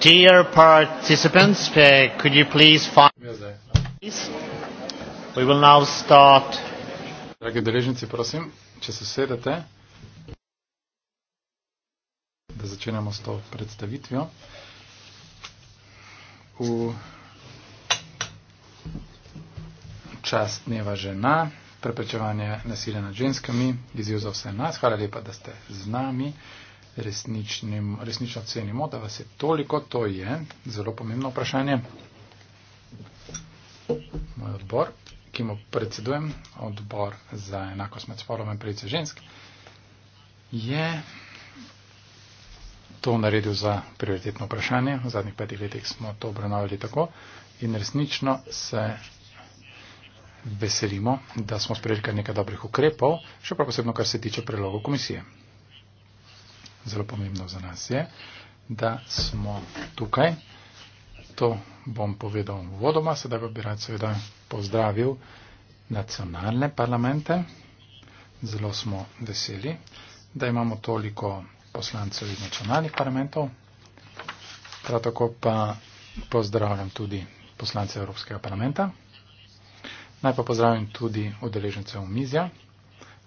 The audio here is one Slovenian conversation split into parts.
Dear participants, uh, could you please find ja, no. please? We will now start. Dragi deležnici, prosim, če se sedete, da začenjamo s to predstavitvijo. V čast dneva žena, preprečevanje nasilja nad ženskami, izjiv za vse nas, hvala lepa, da ste z nami. Uh, resnično cenimo, da vas je toliko, to je zelo pomembno vprašanje. Moj odbor, ki mu predsedujem, odbor za enakost med spolom in pravice žensk, je to naredil za prioritetno vprašanje. V zadnjih petih letih smo to obravnavali tako in resnično se veselimo, da smo sprejeli kar nekaj dobrih ukrepov, še pa posebno, kar se tiče predlogov komisije zelo pomembno za nas je, da smo tukaj. To bom povedal vodoma, sedaj pa bi rad seveda pozdravil nacionalne parlamente. Zelo smo veseli, da imamo toliko poslancev iz nacionalnih parlamentov. Prav tako pa pozdravljam tudi poslance Evropskega parlamenta. Naj pa pozdravim tudi udeležence omizja,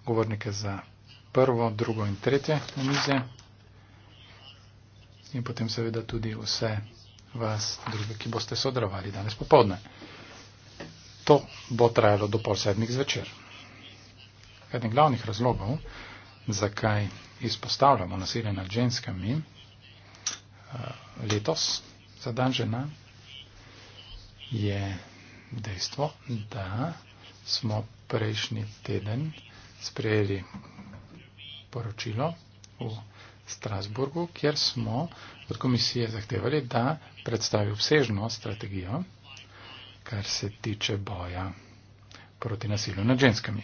govornike za prvo, drugo in tretje omizje in potem seveda tudi vse vas druge, ki boste sodelovali danes popovdne. To bo trajalo do pol sedmih zvečer. Eden glavnih razlogov, zakaj izpostavljamo nasilje nad ženskami eh, letos za dan žena, je dejstvo, da smo prejšnji teden sprejeli poročilo v Strasburgu, kjer smo od komisije zahtevali, da predstavi obsežno strategijo, kar se tiče boja proti nasilju nad ženskami.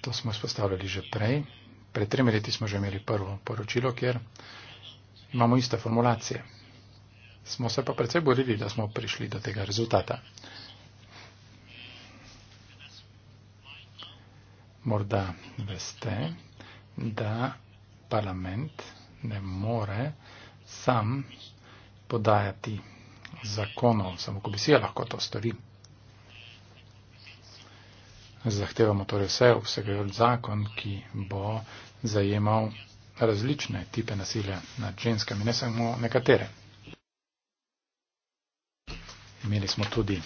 To smo spostavljali že prej. Pred tremi leti smo že imeli prvo poročilo, kjer imamo iste formulacije. Smo se pa predvsej borili, da smo prišli do tega rezultata. Morda veste, da parlament ne more sam podajati zakonov, samo komisija lahko to stori. Zahtevamo torej vse obsegajoč zakon, ki bo zajemal različne tipe nasilja nad ženskami, ne samo nekatere. Imeli smo tudi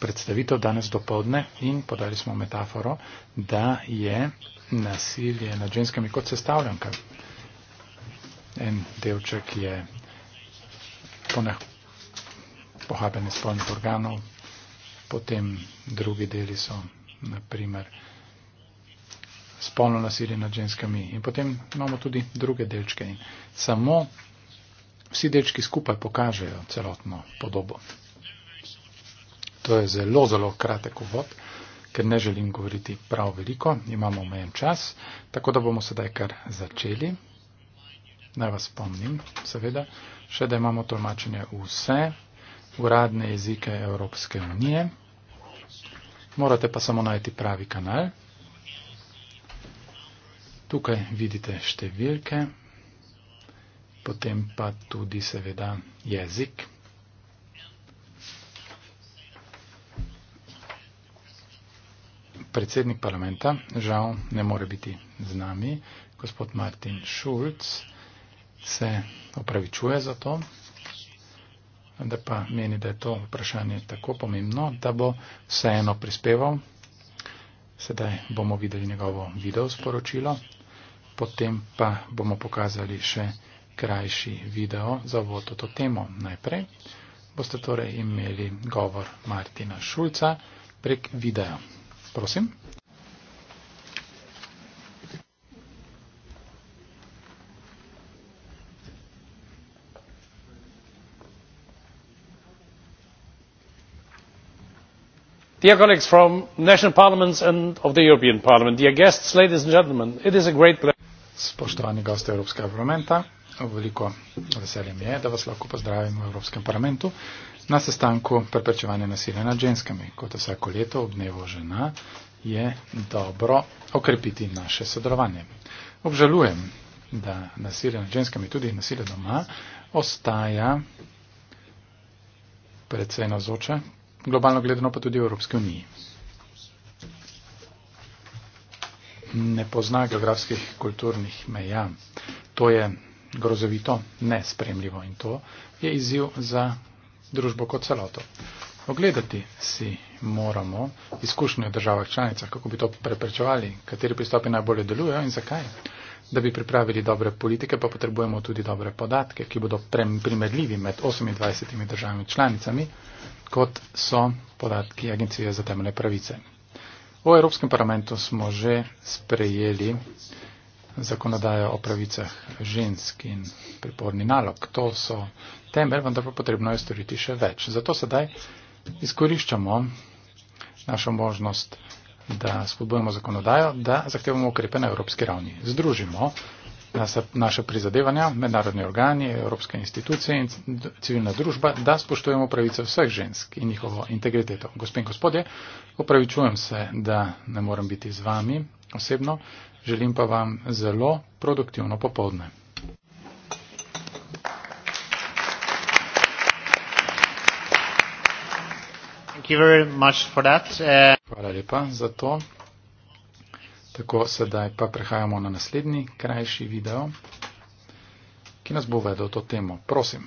predstavitev danes dopoledne in podali smo metaforo, da je nasilje nad ženskami kot sestavljanka. En delček je poneh, pohabene spolnih organov, potem drugi deli so naprimer spolno nasilje nad ženskami in potem imamo tudi druge delčke in samo vsi delčki skupaj pokažejo celotno podobo. To je zelo, zelo kratek uvod, ker ne želim govoriti prav veliko, imamo omejen čas, tako da bomo sedaj kar začeli. Naj vas spomnim, seveda, še da imamo tolmačenje vse uradne jezike Evropske unije. Morate pa samo najti pravi kanal. Tukaj vidite številke, potem pa tudi seveda jezik. predsednik parlamenta, žal ne more biti z nami, gospod Martin Schulz, se opravičuje za to, da pa meni, da je to vprašanje tako pomembno, da bo vseeno prispeval. Sedaj bomo videli njegovo video sporočilo, potem pa bomo pokazali še krajši video za vod to temo. Najprej boste torej imeli govor Martina Šulca prek videa. Prosim. Dear colleagues from national parliaments and of the European Parliament, dear guests, ladies and gentlemen, it is a great pleasure. Spoštovani gosti Evropskega parlamenta, veliko veselje mi je, da vas lahko pozdravim v Evropskem parlamentu. Na sestanku preprečevanja nasilja nad ženskami, kot vsako leto ob dnevu žena, je dobro okrepiti naše sodelovanje. Obžalujem, da nasilje nad ženskami, tudi nasilje doma, ostaja predvsej nazoče, globalno gledano pa tudi v Evropski uniji. Ne pozna geografskih kulturnih meja. To je grozovito, nespremljivo in to je izziv za družbo kot celoto. Ogledati si moramo izkušnje v državah članicah, kako bi to preprečevali, kateri pristopi najbolje delujejo in zakaj. Da bi pripravili dobre politike, pa potrebujemo tudi dobre podatke, ki bodo primerljivi med 28 državami članicami, kot so podatki Agencije za temeljne pravice. V Evropskem parlamentu smo že sprejeli zakonodajo o pravicah žensk in priporni nalog. To so temelj, vendar pa potrebno je storiti še več. Zato sedaj izkoriščamo našo možnost, da spodbujemo zakonodajo, da zahtevamo ukrepe na evropski ravni. Združimo naše prizadevanja, mednarodni organi, evropske institucije in civilna družba, da spoštujemo pravice vseh žensk in njihovo integriteto. Gospod in gospodje, opravičujem se, da ne morem biti z vami osebno, želim pa vam zelo produktivno popovdne. Thank you very much for that. Eh, Hvala lepa za to. Tako, sedaj pa prehajamo na naslednji krajši video, ki nas bo vedel to temo. Prosim.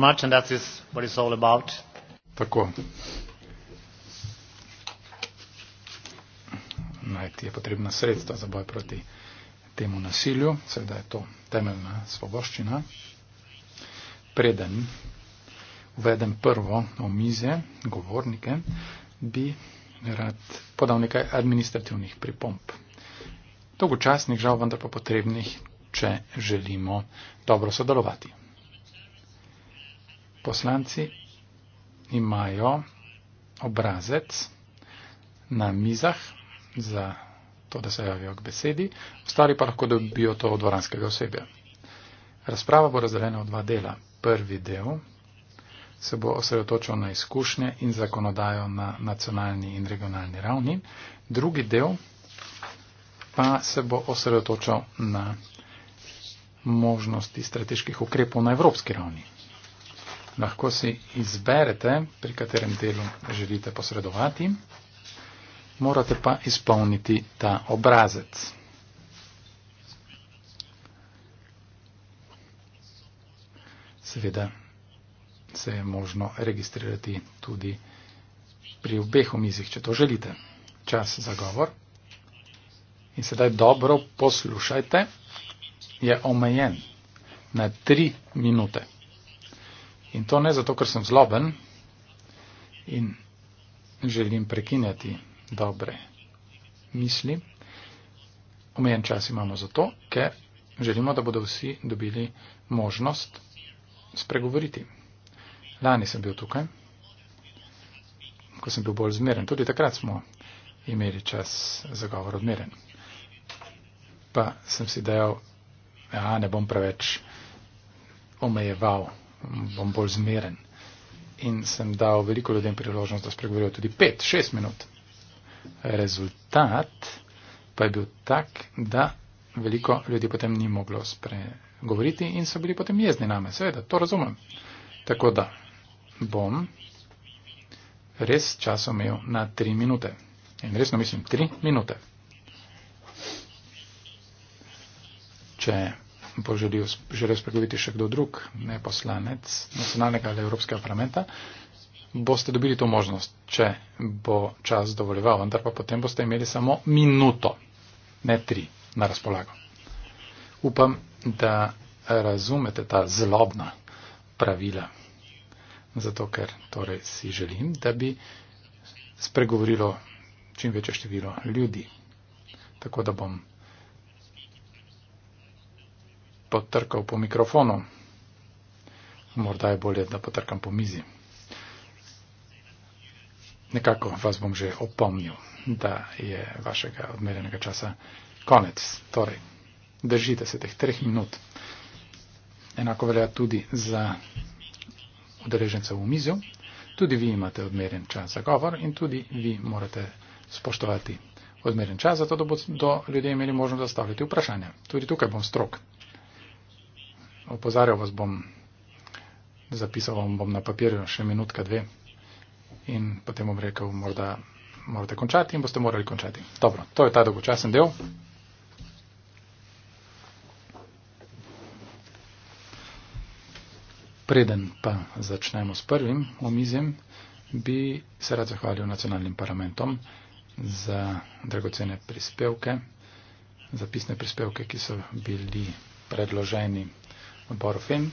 much and that is what it's all about. Tako. Najti je potrebna sredstva za boj proti temu nasilju, seveda je to temeljna svoboščina. Preden uvedem prvo omize, govornike, bi rad podal nekaj administrativnih pripomp. Dolgočasnih žal vendar pa potrebnih, če želimo dobro sodelovati poslanci imajo obrazec na mizah za to, da se javijo k besedi, ostali pa lahko dobijo to od dvoranskega osebja. Razprava bo razdeljena v dva dela. Prvi del se bo osredotočil na izkušnje in zakonodajo na nacionalni in regionalni ravni, drugi del pa se bo osredotočil na možnosti strateških ukrepov na evropski ravni lahko si izberete, pri katerem delu želite posredovati. Morate pa izpolniti ta obrazec. Seveda se je možno registrirati tudi pri obeh omizih, če to želite. Čas za govor. In sedaj dobro poslušajte, je omejen na tri minute. In to ne zato, ker sem zloben in želim prekinjati dobre misli. Omejen čas imamo zato, ker želimo, da bodo vsi dobili možnost spregovoriti. Lani sem bil tukaj, ko sem bil bolj zmeren. Tudi takrat smo imeli čas za govor odmeren. Pa sem si dejal, da ja, ne bom preveč omejeval bom bolj zmeren. In sem dal veliko ljudem priložnost, da spregovorijo tudi 5-6 minut. Rezultat pa je bil tak, da veliko ljudi potem ni moglo spregovoriti in so bili potem jezni name. Seveda, to razumem. Tako da bom res časom imel na 3 minute. In resno mislim 3 minute. Če bo želel, želel spregovoriti še kdo drug, ne poslanec nacionalnega ali evropskega parlamenta, boste dobili to možnost, če bo čas dovoljeval, vendar pa potem boste imeli samo minuto, ne tri, na razpolago. Upam, da razumete ta zlobna pravila, zato ker torej si želim, da bi spregovorilo čim večje število ljudi. Tako da bom potrkal po mikrofonu. Morda je bolje, da potrkam po mizi. Nekako vas bom že opomnil, da je vašega odmerjenega časa konec. Torej, držite se teh treh minut. Enako velja tudi za udeležence v mizu. Tudi vi imate odmerjen čas za govor in tudi vi morate spoštovati odmeren čas, zato da bodo ljudje imeli možnost zastavljati vprašanja. Tudi tukaj bom strok opozarjal vas bom, zapisal vam bom na papirju še minutka dve in potem bom rekel, morda morate končati in boste morali končati. Dobro, to je ta dolgočasen del. Preden pa začnemo s prvim omizjem, bi se rad zahvalil nacionalnim parlamentom za dragocene prispevke, zapisne prispevke, ki so bili predloženi odboru FEM.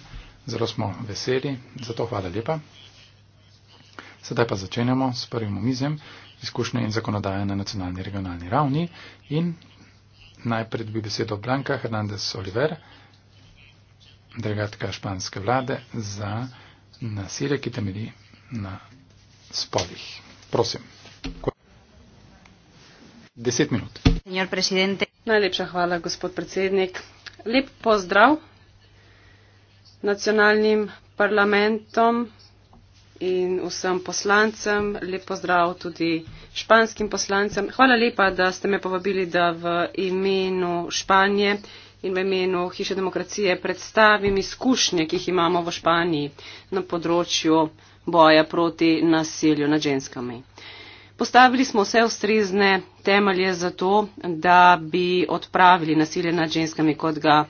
Zelo smo veseli, zato hvala lepa. Sedaj pa začenjamo s prvim omizjem izkušnje in zakonodaje na nacionalni in regionalni ravni. In najprej bi besedo Blanka Hernandez Oliver, delegatka španske vlade za nasilje, ki temelji na spolih. Prosim. Deset minut. Najlepša hvala, gospod predsednik. Lep pozdrav nacionalnim parlamentom in vsem poslancem. Lep pozdrav tudi španskim poslancem. Hvala lepa, da ste me povabili, da v imenu Španije in v imenu Hiše demokracije predstavim izkušnje, ki jih imamo v Španiji na področju boja proti nasilju nad ženskami. Postavili smo vse ustrezne temelje za to, da bi odpravili nasilje nad ženskami, kot ga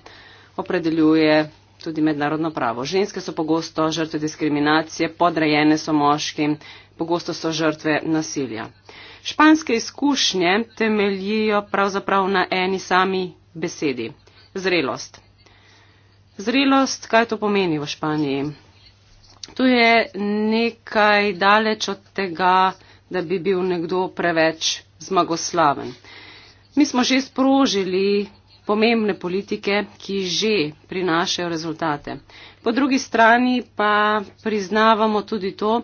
opredeljuje tudi mednarodno pravo. Ženske so pogosto žrtve diskriminacije, podrejene so moškim, pogosto so žrtve nasilja. Španske izkušnje temeljijo pravzaprav na eni sami besedi - zrelost. Zrelost, kaj to pomeni v Španiji? Tu je nekaj daleč od tega, da bi bil nekdo preveč zmagoslaven. Mi smo že sprožili pomembne politike, ki že prinašajo rezultate. Po drugi strani pa priznavamo tudi to,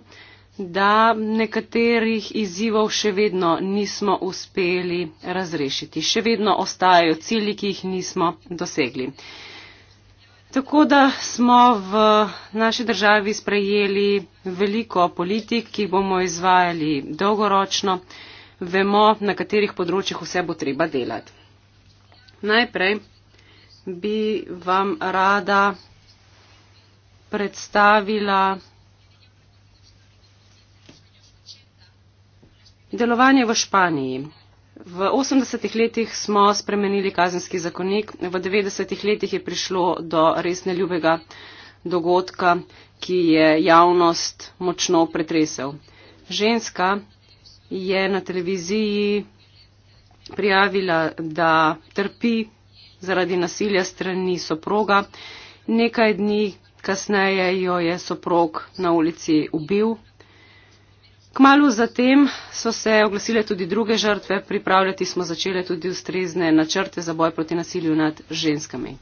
da nekaterih izzivov še vedno nismo uspeli razrešiti. Še vedno ostajajo cilji, ki jih nismo dosegli. Tako da smo v naši državi sprejeli veliko politik, ki bomo izvajali dolgoročno. Vemo, na katerih področjih vse bo treba delati. Najprej bi vam rada predstavila delovanje v Španiji. V 80-ih letih smo spremenili kazenski zakonik, v 90-ih letih je prišlo do res neljubega dogodka, ki je javnost močno pretresel. Ženska je na televiziji prijavila, da trpi zaradi nasilja strani soproga. Nekaj dni kasneje jo je soprog na ulici ubil. Kmalo zatem so se oglasile tudi druge žrtve, pripravljati smo začele tudi ustrezne načrte za boj proti nasilju nad ženskami.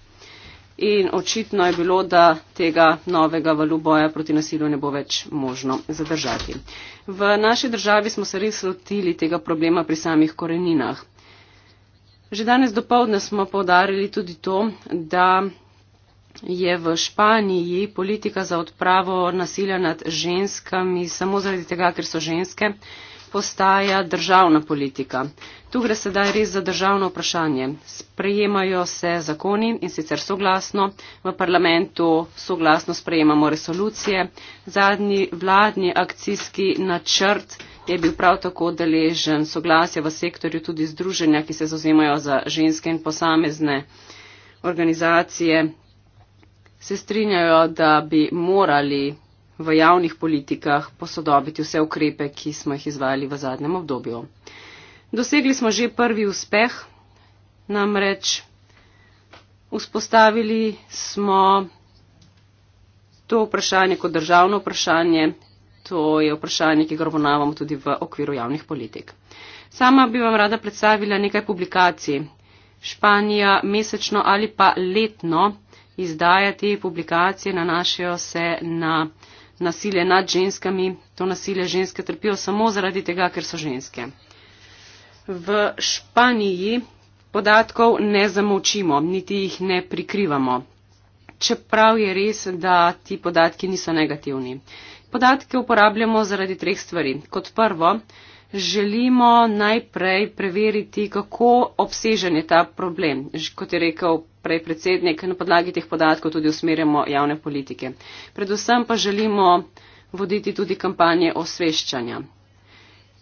In očitno je bilo, da tega novega valu boja proti nasilju ne bo več možno zadržati. V naši državi smo se res lotili tega problema pri samih koreninah. Že danes dopoledne smo povdarili tudi to, da je v Španiji politika za odpravo nasilja nad ženskami samo zaradi tega, ker so ženske, postaja državna politika. Tu gre sedaj res za državno vprašanje. Sprejemajo se zakoni in sicer soglasno, v parlamentu soglasno sprejemamo resolucije, zadnji vladni akcijski načrt je bil prav tako deležen soglasja v sektorju tudi združenja, ki se zauzemajo za ženske in posamezne organizacije. Se strinjajo, da bi morali v javnih politikah posodobiti vse ukrepe, ki smo jih izvajali v zadnjem obdobju. Dosegli smo že prvi uspeh, namreč vzpostavili smo to vprašanje kot državno vprašanje, to je vprašanje, ki ga obravnavamo tudi v okviru javnih politik. Sama bi vam rada predstavila nekaj publikacij. Španija mesečno ali pa letno izdaja te publikacije, nanašajo se na nasilje nad ženskami. To nasilje ženske trpijo samo zaradi tega, ker so ženske. V Španiji podatkov ne zamovčimo, niti jih ne prikrivamo. Čeprav je res, da ti podatki niso negativni. Podatke uporabljamo zaradi treh stvari. Kot prvo, želimo najprej preveriti, kako obsežen je ta problem. Kot je rekel prej predsednik, na podlagi teh podatkov tudi usmerjamo javne politike. Predvsem pa želimo voditi tudi kampanje osveščanja.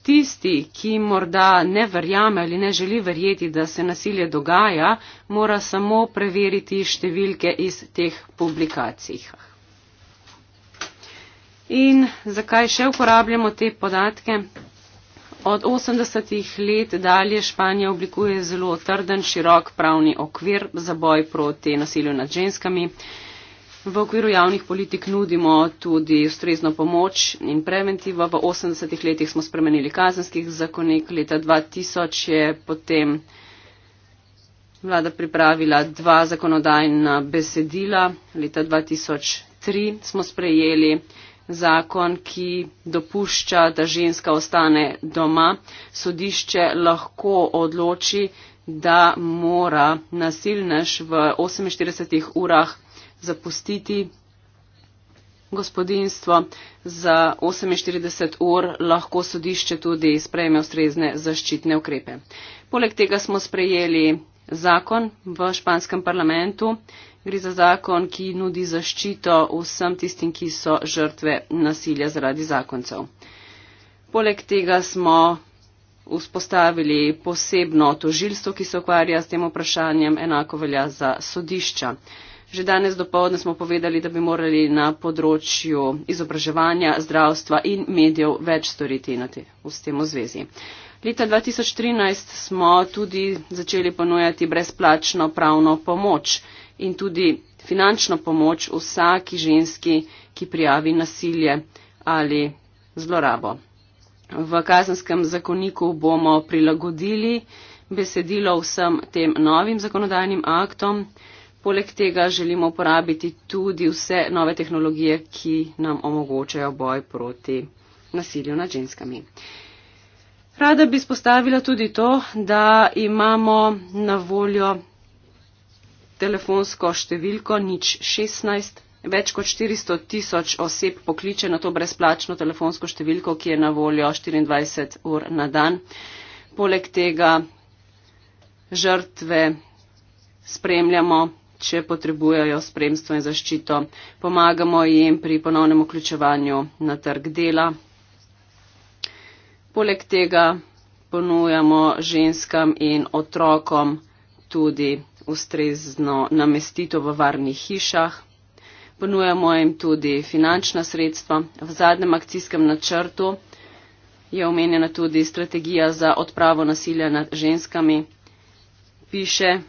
Tisti, ki morda ne verjame ali ne želi verjeti, da se nasilje dogaja, mora samo preveriti številke iz teh publikacij. In zakaj še uporabljamo te podatke? Od 80-ih let dalje Španija oblikuje zelo trden, širok pravni okvir za boj proti nasilju nad ženskami. V okviru javnih politik nudimo tudi ustrezno pomoč in preventivo. V 80-ih letih smo spremenili kazenskih zakonik, leta 2000 je potem vlada pripravila dva zakonodajna besedila, leta 2003 smo sprejeli zakon, ki dopušča, da ženska ostane doma, sodišče lahko odloči, da mora nasilnež v 48 urah zapustiti gospodinstvo. Za 48 ur lahko sodišče tudi sprejme ustrezne zaščitne ukrepe. Poleg tega smo sprejeli zakon v španskem parlamentu, Gre za zakon, ki nudi zaščito vsem tistim, ki so žrtve nasilja zaradi zakoncev. Poleg tega smo vzpostavili posebno tožilstvo, ki se ukvarja s tem vprašanjem, enako velja za sodišča. Že danes dopovdne smo povedali, da bi morali na področju izobraževanja, zdravstva in medijev več storiti na te, v tem v zvezi. Leta 2013 smo tudi začeli ponujati brezplačno pravno pomoč in tudi finančno pomoč vsaki ženski, ki prijavi nasilje ali zlorabo. V kazenskem zakoniku bomo prilagodili besedilo vsem tem novim zakonodajnim aktom. Poleg tega želimo uporabiti tudi vse nove tehnologije, ki nam omogočajo boj proti nasilju nad ženskami. Rada bi spostavila tudi to, da imamo na voljo telefonsko številko nič 16. Več kot 400 tisoč oseb pokliče na to brezplačno telefonsko številko, ki je na voljo 24 ur na dan. Poleg tega žrtve spremljamo, če potrebujejo spremstvo in zaščito. Pomagamo jim pri ponovnem vključevanju na trg dela. Poleg tega ponujamo ženskam in otrokom tudi ustrezno namestitev v varnih hišah. Ponujamo jim tudi finančna sredstva. V zadnjem akcijskem načrtu je omenjena tudi strategija za odpravo nasilja nad ženskami. Piše,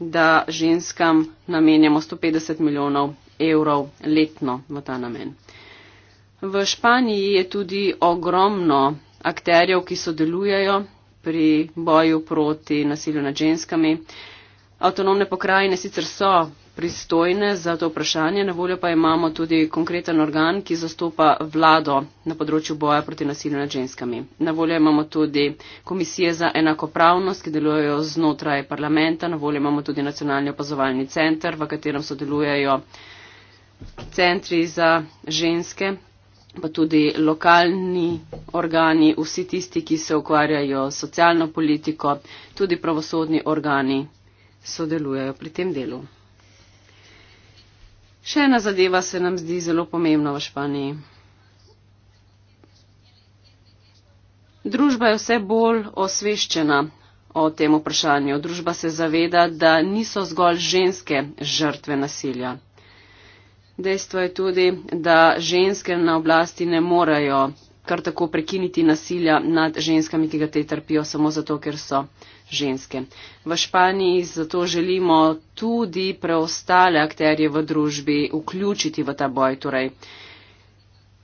da ženskam namenjamo 150 milijonov evrov letno v ta namen. V Španiji je tudi ogromno akterjev, ki sodelujajo pri boju proti nasilju nad ženskami. Avtonomne pokrajine sicer so pristojne za to vprašanje, na voljo pa imamo tudi konkreten organ, ki zastopa vlado na področju boja proti nasilju nad ženskami. Na voljo imamo tudi komisije za enakopravnost, ki delujejo znotraj parlamenta, na voljo imamo tudi nacionalni opazovalni center, v katerem sodelujejo centri za ženske pa tudi lokalni organi, vsi tisti, ki se ukvarjajo s socialno politiko, tudi pravosodni organi sodelujejo pri tem delu. Še ena zadeva se nam zdi zelo pomembna v Španiji. Družba je vse bolj osveščena o tem vprašanju. Družba se zaveda, da niso zgolj ženske žrtve nasilja. Dejstvo je tudi, da ženske na oblasti ne morejo kar tako prekiniti nasilja nad ženskami, ki ga te trpijo samo zato, ker so ženske. V Španiji zato želimo tudi preostale akterje v družbi vključiti v ta boj, torej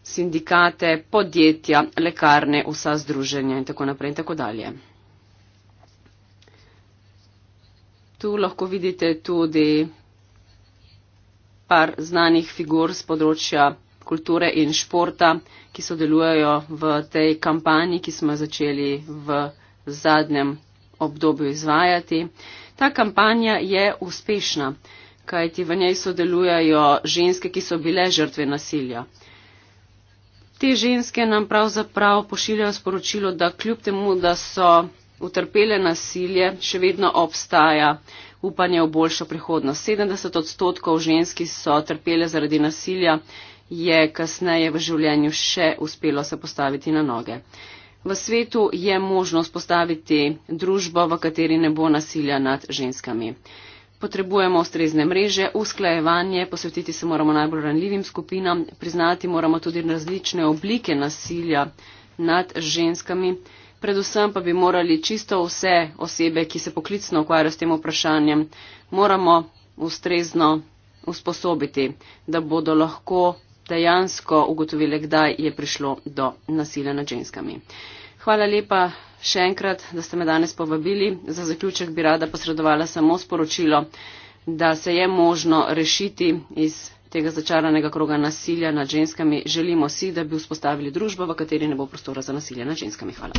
sindikate, podjetja, lekarne, vsa združenja in tako naprej in tako dalje. Tu lahko vidite tudi par znanih figur z področja kulture in športa, ki sodelujejo v tej kampanji, ki smo začeli v zadnjem obdobju izvajati. Ta kampanja je uspešna, kajti v njej sodelujejo ženske, ki so bile žrtve nasilja. Te ženske nam pravzaprav pošiljajo sporočilo, da kljub temu, da so utrpele nasilje, še vedno obstaja uh, upanje v boljšo prihodnost. 70 odstotkov ženski so trpele zaradi nasilja, je kasneje v življenju še uspelo se postaviti na noge. V svetu je možno spostaviti družbo, v kateri ne bo nasilja nad ženskami. Potrebujemo ustrezne mreže, usklajevanje, posvetiti se moramo najbolj ranljivim skupinam, priznati moramo tudi različne oblike nasilja nad ženskami predvsem pa bi morali čisto vse osebe, ki se poklicno ukvarjajo s tem vprašanjem, moramo ustrezno usposobiti, da bodo lahko dejansko ugotovile, kdaj je prišlo do nasilja nad ženskami. Hvala lepa še enkrat, da ste me danes povabili. Za zaključek bi rada posredovala samo sporočilo, da se je možno rešiti iz tega začaranega kroga nasilja nad ženskami. Želimo si, da bi vzpostavili družbo, v kateri ne bo prostora za nasilje nad ženskami. Hvala.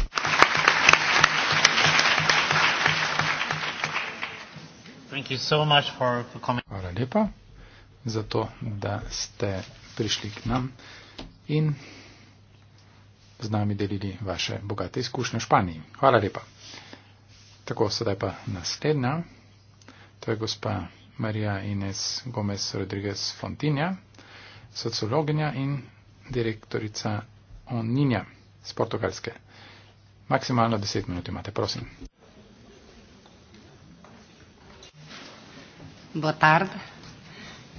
Hvala lepa za to, da ste prišli k nam in z nami delili vaše bogate izkušnje v Španiji. Hvala lepa. Tako, sedaj pa naslednja. To je gospa Marija Ines Gomez Rodriguez Fontinja, sociologinja in direktorica Oninja z Portugalske. Maksimalno 10 minut imate, prosim. Boa tarde,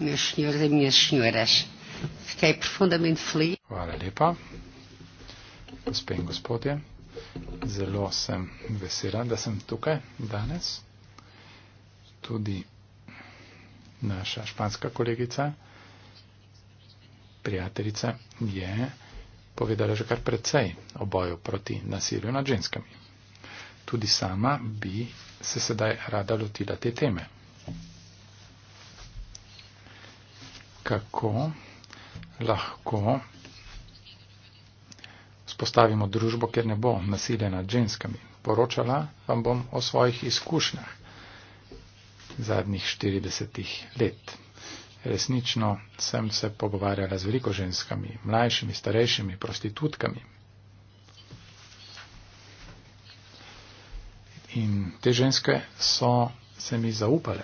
meus senhores e minhas senhoras. Fiquei profundamente feliz. Hvala lepa, gospe in gospodje. Zelo sem vesela, da sem tukaj danes. Tudi naša španska kolegica, prijateljica, je povedala že kar precej o boju proti nasilju nad ženskami. Tudi sama bi se sedaj rada lotila te teme. Kako lahko spostavimo družbo, kjer ne bo nasilja nad ženskami. Poročala vam bom o svojih izkušnjah zadnjih 40 let. Resnično sem se pogovarjala z veliko ženskami, mlajšimi, starejšimi, prostitutkami. In te ženske so se mi zaupale.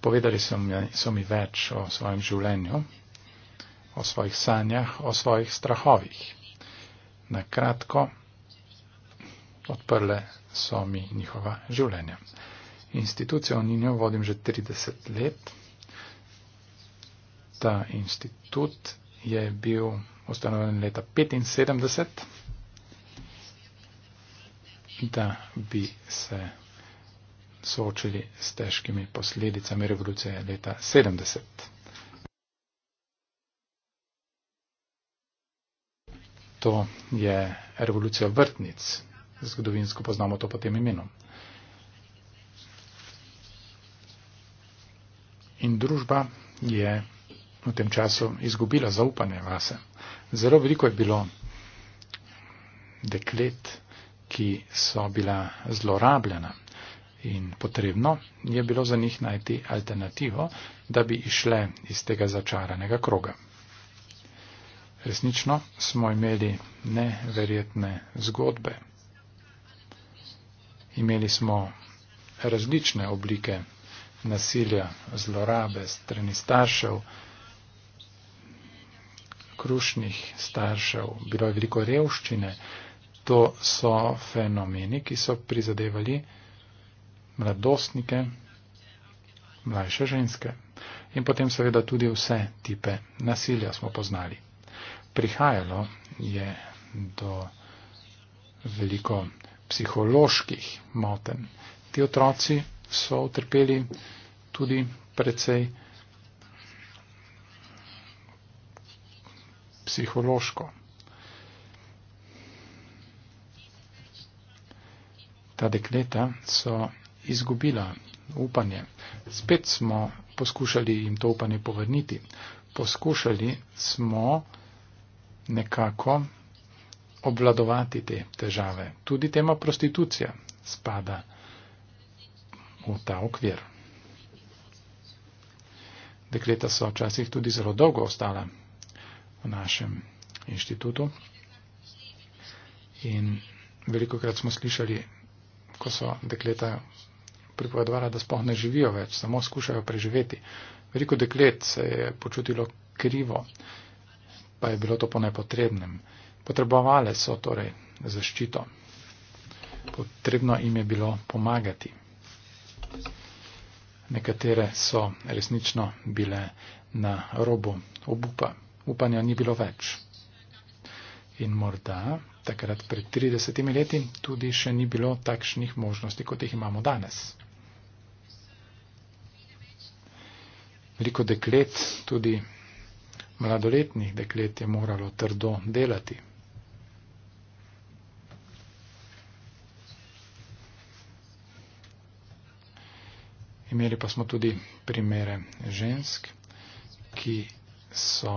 Povedali so mi, so mi več o svojem življenju, o svojih sanjah, o svojih strahovih. Na kratko, odprle so mi njihova življenja institucijo, in jo vodim že 30 let. Ta institut je bil ustanovljen leta 75, da bi se soočili s težkimi posledicami revolucije leta 70. To je revolucija vrtnic. Zgodovinsko poznamo to pod tem imenom. in družba je v tem času izgubila zaupanje vase. Zelo veliko je bilo deklet, ki so bila zlorabljena in potrebno je bilo za njih najti alternativo, da bi išle iz tega začaranega kroga. Resnično smo imeli neverjetne zgodbe. Imeli smo različne oblike nasilja, zlorabe strani staršev, krušnih staršev, bilo je veliko revščine. To so fenomeni, ki so prizadevali mladostnike, mlajše ženske in potem seveda tudi vse tipe nasilja smo poznali. Prihajalo je do veliko psiholoških moten. Ti otroci so utrpeli tudi precej psihološko. Ta dekleta so izgubila upanje. Spet smo poskušali jim to upanje povrniti. Poskušali smo nekako obvladovati te težave. Tudi tema prostitucija spada v ta okvir. Dekleta so včasih tudi zelo dolgo ostala v našem inštitutu in veliko krat smo slišali, ko so dekleta pripovedovala, da spohne živijo več, samo skušajo preživeti. Veliko deklet se je počutilo krivo, pa je bilo to po nepotrebnem. Potrebovali so torej zaščito. Potrebno jim je bilo pomagati. Nekatere so resnično bile na robu obupa. Upanja ni bilo več. In morda takrat pred 30 leti tudi še ni bilo takšnih možnosti, kot jih imamo danes. Veliko deklet, tudi mladoletnih deklet, je moralo trdo delati. Imeli pa smo tudi primere žensk, ki so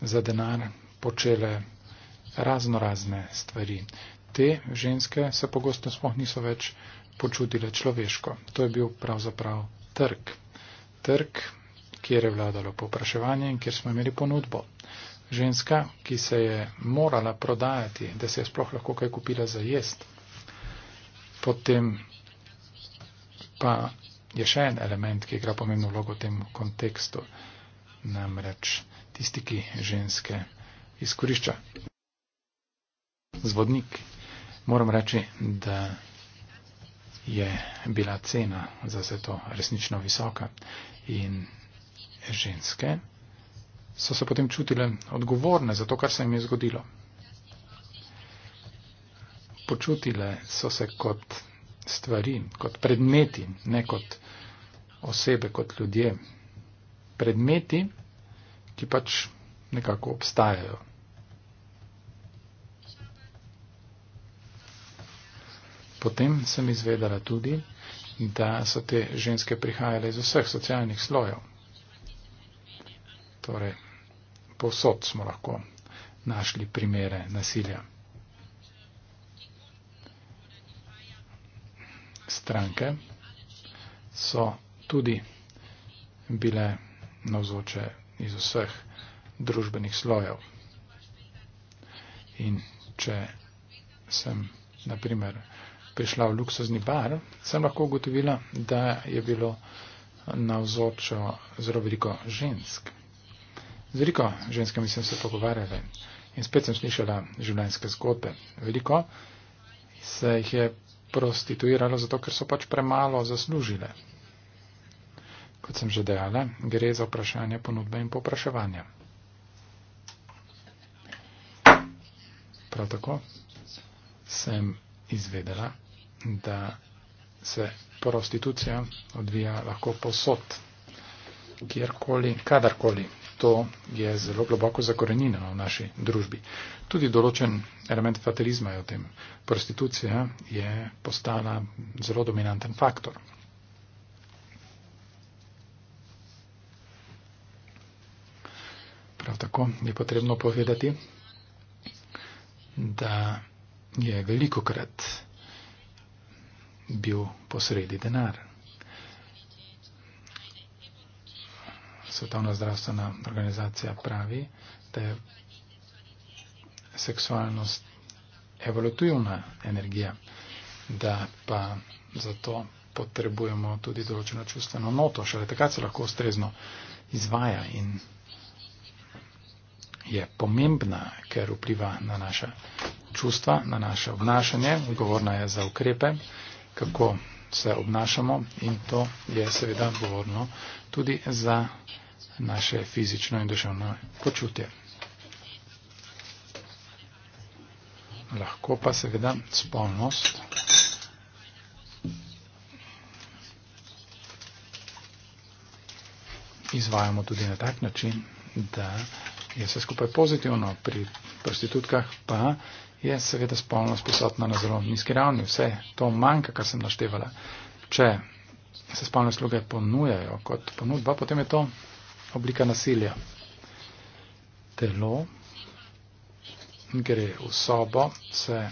za denar počele razno razne stvari. Te ženske se pogosto sploh niso več počutile človeško. To je bil pravzaprav trg. Trg, kjer je vladalo popraševanje in kjer smo imeli ponudbo. Ženska, ki se je morala prodajati, da se je sploh lahko kaj kupila za jest, potem pa je še en element, ki igra pomembno vlogo v tem kontekstu, namreč tisti, ki ženske izkorišča. Zvodnik. Moram reči, da je bila cena za vse to resnično visoka in ženske so se potem čutile odgovorne za to, kar se jim je zgodilo. Počutile so se kot stvari, kot predmeti, ne kot osebe, kot ljudje. Predmeti, ki pač nekako obstajajo. Potem sem izvedela tudi, da so te ženske prihajale iz vseh socialnih slojev. Torej, povsod smo lahko našli primere nasilja. stranke so tudi bile navzoče iz vseh družbenih slojev. In če sem, na primer, prišla v luksuzni bar, sem lahko ugotovila, da je bilo navzočo zelo veliko žensk. Z veliko ženskami sem se pogovarjala in spet sem slišala življenjske zgodbe. Veliko se jih je prostituirale, zato ker so pač premalo zaslužile. Kot sem že dejala, gre za vprašanje ponudbe in popraševanja. Prav tako sem izvedela, da se prostitucija odvija lahko posod, kjerkoli, kadarkoli to je zelo globoko zakorenjeno v naši družbi. Tudi določen element fatalizma je v tem. Prostitucija je postala zelo dominanten faktor. Prav tako je potrebno povedati, da je veliko krat bil posredi denar. Svetovna zdravstvena organizacija pravi, da je seksualnost evolutivna energija, da pa zato potrebujemo tudi določeno čustveno noto, šele takrat se lahko ustrezno izvaja in je pomembna, ker vpliva na naša čustva, na naše obnašanje, odgovorna je za ukrepe, kako se obnašamo in to je seveda govorno tudi za naše fizično in duševno počutje. Lahko pa seveda spolnost izvajamo tudi na tak način, da je vse skupaj pozitivno, pri prostitutkah pa je seveda spolnost prisotna na zelo nizki ravni. Vse to manjka, kar sem naštevala. Če se spolne sluge ponujajo kot ponudba, potem je to oblika nasilja. Telo gre v sobo, se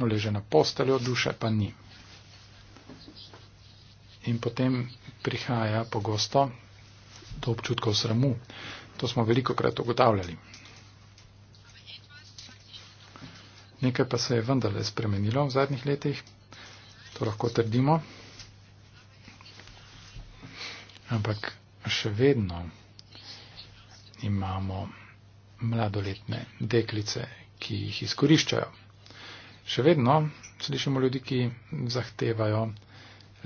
leže na postelju, duše pa ni. In potem prihaja pogosto do občutkov sramu. To smo veliko krat ugotavljali. Nekaj pa se je vendarle spremenilo v zadnjih letih, to lahko trdimo. Ampak še vedno imamo mladoletne deklice, ki jih izkoriščajo. Še vedno slišimo ljudi, ki zahtevajo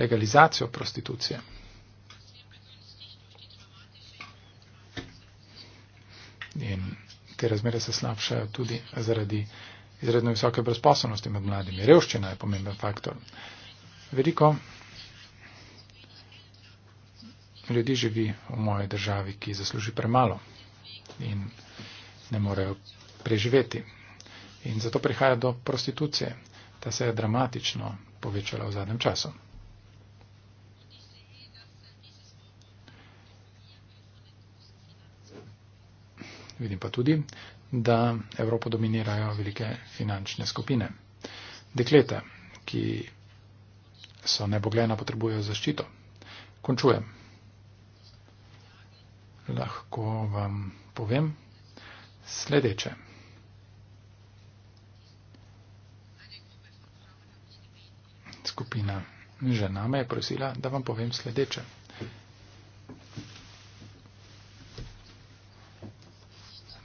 legalizacijo prostitucije. in te razmere se slabšajo tudi zaradi izredno visoke brezposobnosti med mladimi. Revščina je pomemben faktor. Veliko ljudi živi v moji državi, ki zasluži premalo in ne morejo preživeti. In zato prihaja do prostitucije. Ta se je dramatično povečala v zadnjem času. Vidim pa tudi, da Evropo dominirajo velike finančne skupine. Deklete, ki so nebogljena, potrebujejo zaščito. Končujem. Lahko vam povem sledeče. Skupina žena me je prosila, da vam povem sledeče.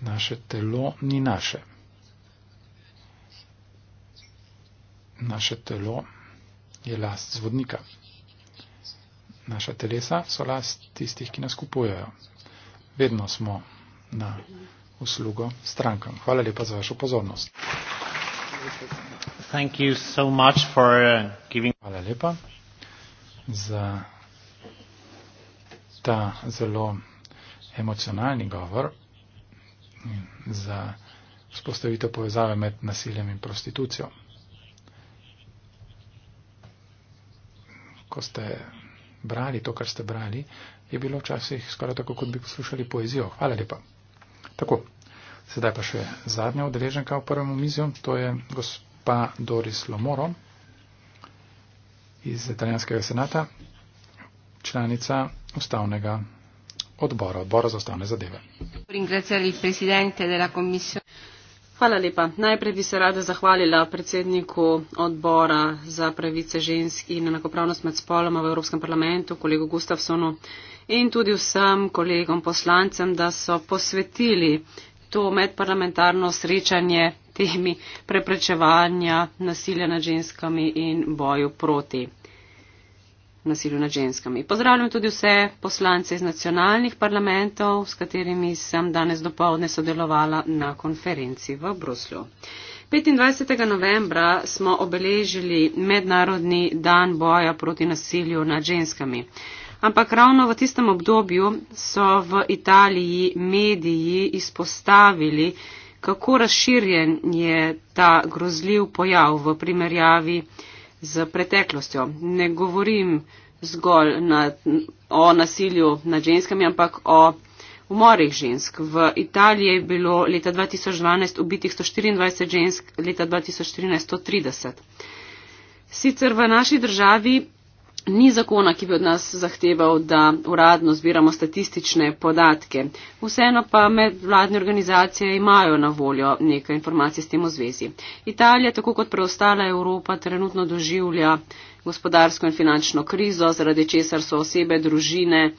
naše telo ni naše. Naše telo je last zvodnika. Naša telesa so last tistih, ki nas kupujejo. Vedno smo na uslugo strankam. Hvala lepa za vašo pozornost. So for, uh, giving... Hvala lepa za ta zelo emocionalni govor za vzpostavitev povezave med nasiljem in prostitucijo. Ko ste brali to, kar ste brali, je bilo včasih skoraj tako, kot bi poslušali poezijo. Hvala lepa. Tako, sedaj pa še zadnja udeleženka v prvem omizju, to je gospa Doris Lomoro iz italijanskega senata, članica ustavnega odbora, odbora za ustavne zadeve. Hvala lepa. Najprej bi se rada zahvalila predsedniku odbora za pravice žensk in enakopravnost med spoloma v Evropskem parlamentu, kolegu Gustafsonu in tudi vsem kolegom poslancem, da so posvetili to medparlamentarno srečanje temi preprečevanja nasilja nad ženskami in boju proti nasilju nad ženskami. Pozdravljam tudi vse poslance iz nacionalnih parlamentov, s katerimi sem danes dopoledne sodelovala na konferenci v Bruslju. 25. novembra smo obeležili Mednarodni dan boja proti nasilju nad ženskami. Ampak ravno v tistem obdobju so v Italiji mediji izpostavili, kako razširjen je ta grozljiv pojav v primerjavi z preteklostjo. Ne govorim zgolj na, o nasilju nad ženskami, ampak o umorih žensk. V Italiji je bilo leta 2012 ubitih 124 žensk, leta 2014 130. Sicer v naši državi ni zakona, ki bi od nas zahteval, da uradno zbiramo statistične podatke. Vseeno pa medvladne organizacije imajo na voljo nekaj informacij s tem v zvezi. Italija, tako kot preostala Evropa, trenutno doživlja gospodarsko in finančno krizo, zaradi česar so osebe, družine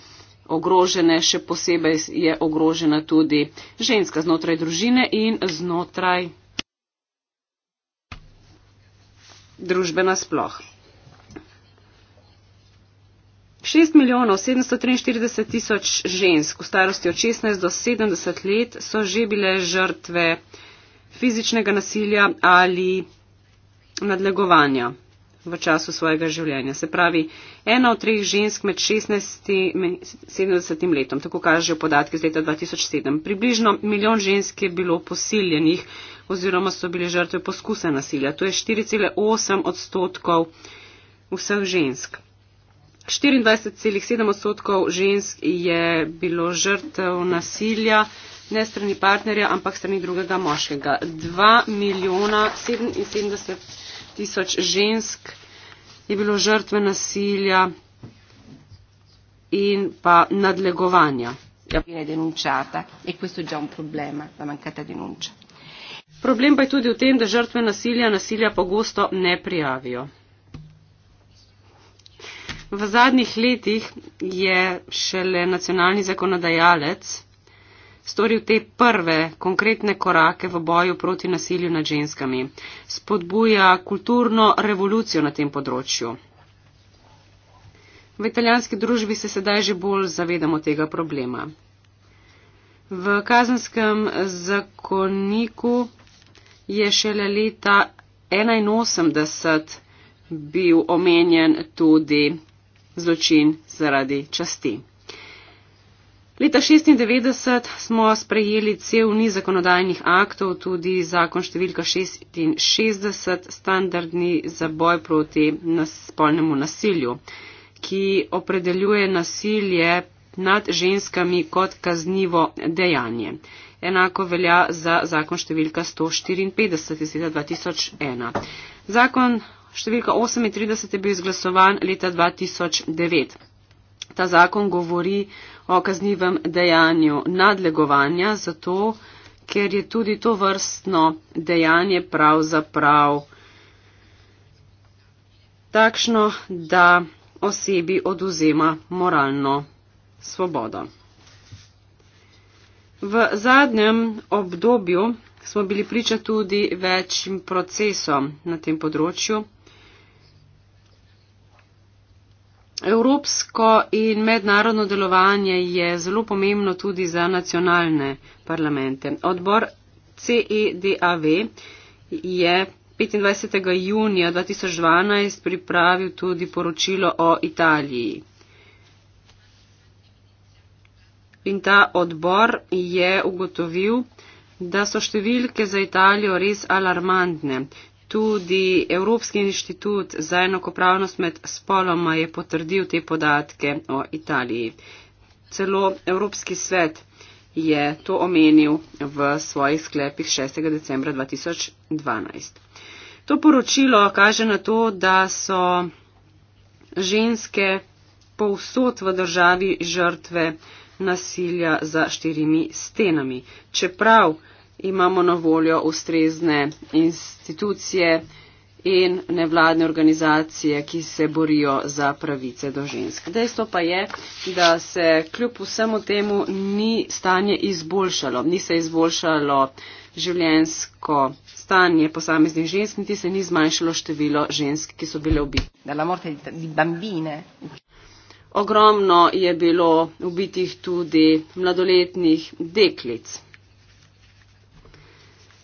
ogrožene, še posebej je ogrožena tudi ženska znotraj družine in znotraj družbe nasploh. 6 milijonov 743 tisoč žensk v starosti od 16 do 70 let so že bile žrtve fizičnega nasilja ali nadlegovanja v času svojega življenja. Se pravi, ena od treh žensk med 16 in 70 letom, tako kažejo podatki iz leta 2007. Približno milijon žensk je bilo posiljenih oziroma so bile žrtve poskusa nasilja. To je 4,8 odstotkov vseh žensk. 24,7 odstotkov žensk je bilo žrtev nasilja, ne strani partnerja, ampak strani drugega moškega. 2 milijona 77 tisoč žensk je bilo žrtve nasilja in pa nadlegovanja. Ja. E Problem pa je tudi v tem, da žrtve nasilja nasilja pogosto ne prijavijo. V zadnjih letih je šele nacionalni zakonodajalec storil te prve konkretne korake v boju proti nasilju nad ženskami. Spodbuja kulturno revolucijo na tem področju. V italijanski družbi se sedaj že bolj zavedamo tega problema. V kazenskem zakoniku je šele leta 1981 bil omenjen tudi zločin zaradi časti. Leta 1996 smo sprejeli cel ni zakonodajnih aktov, tudi zakon številka 66, standardni za boj proti spolnemu nasilju, ki opredeljuje nasilje nad ženskami kot kaznivo dejanje. Enako velja za zakon številka 154 iz leta 2001. Zakon številka 38 je bil izglasovan leta 2009. Ta zakon govori o kaznivem dejanju nadlegovanja, zato ker je tudi to vrstno dejanje pravzaprav takšno, da osebi oduzema moralno svobodo. V zadnjem obdobju smo bili priča tudi večjim procesom na tem področju. Evropsko in mednarodno delovanje je zelo pomembno tudi za nacionalne parlamente. Odbor CEDAV je 25. junija 2012 pripravil tudi poročilo o Italiji. In ta odbor je ugotovil, da so številke za Italijo res alarmantne tudi Evropski inštitut za enakopravnost med spoloma je potrdil te podatke o Italiji. Celo Evropski svet je to omenil v svojih sklepih 6. decembra 2012. To poročilo kaže na to, da so ženske povsod v državi žrtve nasilja za štirimi stenami. Čeprav imamo na voljo ustrezne institucije in nevladne organizacije, ki se borijo za pravice do žensk. Dejstvo pa je, da se kljub vsemu temu ni stanje izboljšalo, ni se izboljšalo življensko stanje posameznih žensk, niti se ni zmanjšalo število žensk, ki so bile ubite. Ogromno je bilo ubitih tudi mladoletnih deklic.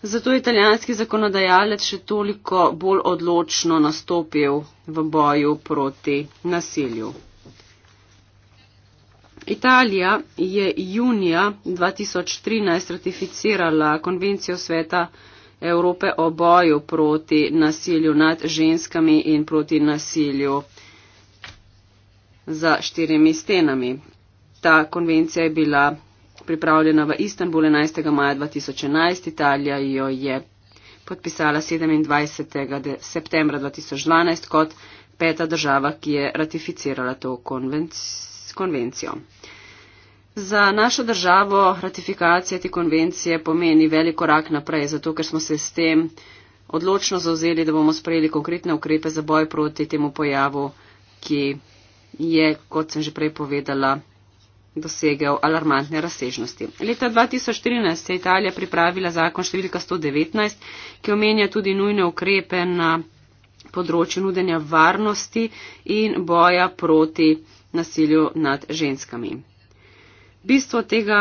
Zato je italijanski zakonodajalec še toliko bolj odločno nastopil v boju proti nasilju. Italija je junija 2013 ratificirala konvencijo sveta Evrope o boju proti nasilju nad ženskami in proti nasilju za štirimi stenami. Ta konvencija je bila pripravljena v Istanbul 11. maja 2011. Italija jo je podpisala 27. septembra 2012 kot peta država, ki je ratificirala to konvenc konvencijo. Za našo državo ratifikacija te konvencije pomeni velik korak naprej, zato ker smo se s tem odločno zauzeli, da bomo sprejeli konkretne ukrepe za boj proti temu pojavu, ki je, kot sem že prej povedala, dosegel alarmantne razsežnosti. Leta 2014 je Italija pripravila zakon številka 119, ki omenja tudi nujne ukrepe na področju nudenja varnosti in boja proti nasilju nad ženskami. Bistvo tega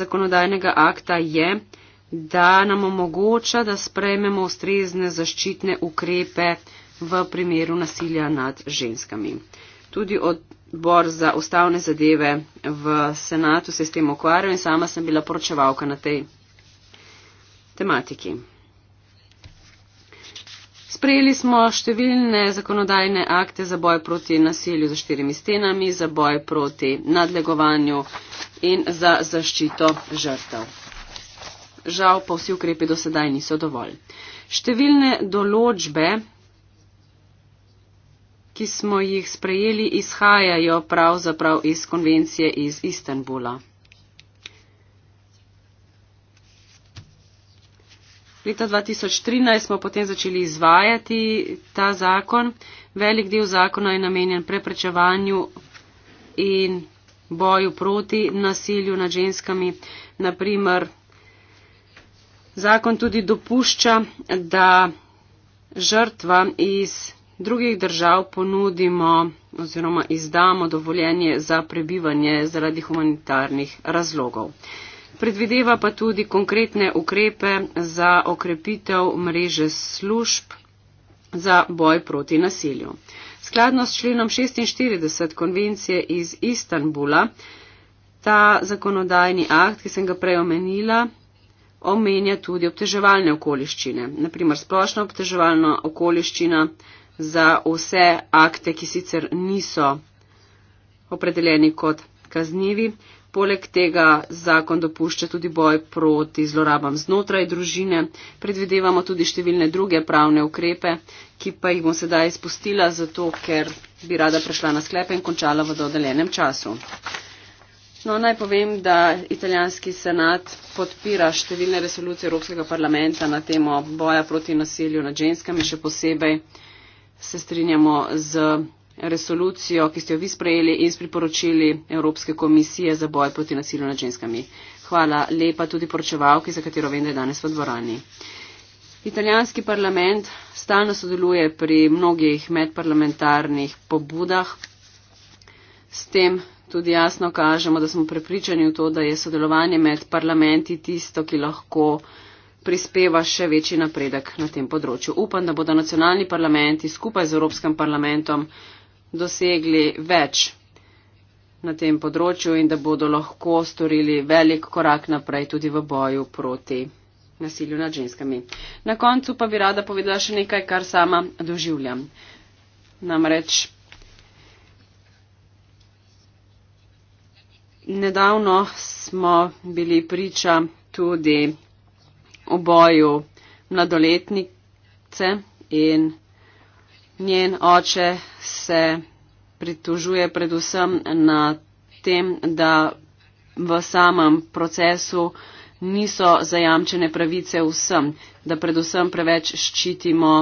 zakonodajnega akta je, da nam omogoča, da sprejmemo ustrezne zaščitne ukrepe v primeru nasilja nad ženskami tudi odbor za ustavne zadeve v senatu se s tem ukvarjal in sama sem bila poročevalka na tej tematiki. Sprejeli smo številne zakonodajne akte za boj proti nasilju za štirimi stenami, za boj proti nadlegovanju in za zaščito žrtev. Žal pa vsi ukrepi do sedaj niso dovolj. Številne določbe ki smo jih sprejeli, izhajajo pravzaprav iz konvencije iz Istanbula. Leta 2013 smo potem začeli izvajati ta zakon. Velik del zakona je namenjen preprečevanju in boju proti nasilju nad ženskami. Naprimer, zakon tudi dopušča, da žrtva iz drugih držav ponudimo oziroma izdamo dovoljenje za prebivanje zaradi humanitarnih razlogov. Predvideva pa tudi konkretne ukrepe za okrepitev mreže služb za boj proti nasilju. Skladno s členom 46 konvencije iz Istanbula, ta zakonodajni akt, ki sem ga prej omenila, omenja tudi obteževalne okoliščine. Naprimer, splošna obteževalna okoliščina za vse akte, ki sicer niso opredeljeni kot kaznjivi. Poleg tega zakon dopušča tudi boj proti zlorabam znotraj družine. Predvidevamo tudi številne druge pravne ukrepe, ki pa jih bom sedaj izpustila, zato ker bi rada prešla na sklepe in končala v dodeljenem času. No, naj povem, da italijanski senat podpira številne resolucije Evropskega parlamenta na temo boja proti nasilju nad ženskami, še posebej se strinjamo z resolucijo, ki ste jo vi sprejeli in s priporočili Evropske komisije za boj proti nasilju nad ženskami. Hvala lepa tudi poročevalki, za katero vem, da je danes v dvorani. Italijanski parlament stalno sodeluje pri mnogih medparlamentarnih pobudah. S tem tudi jasno kažemo, da smo prepričani v to, da je sodelovanje med parlamenti tisto, ki lahko uh, prispeva še večji napredek na tem področju. Upam, da bodo nacionalni parlamenti skupaj z Evropskim parlamentom dosegli več na tem področju in da bodo lahko storili velik korak naprej tudi v boju proti nasilju nad ženskami. Na koncu pa bi rada povedala še nekaj, kar sama doživljam. Namreč nedavno smo bili priča tudi o boju mladoletnice in njen oče se pritožuje predvsem na tem, da v samem procesu niso zajamčene pravice vsem, da predvsem preveč ščitimo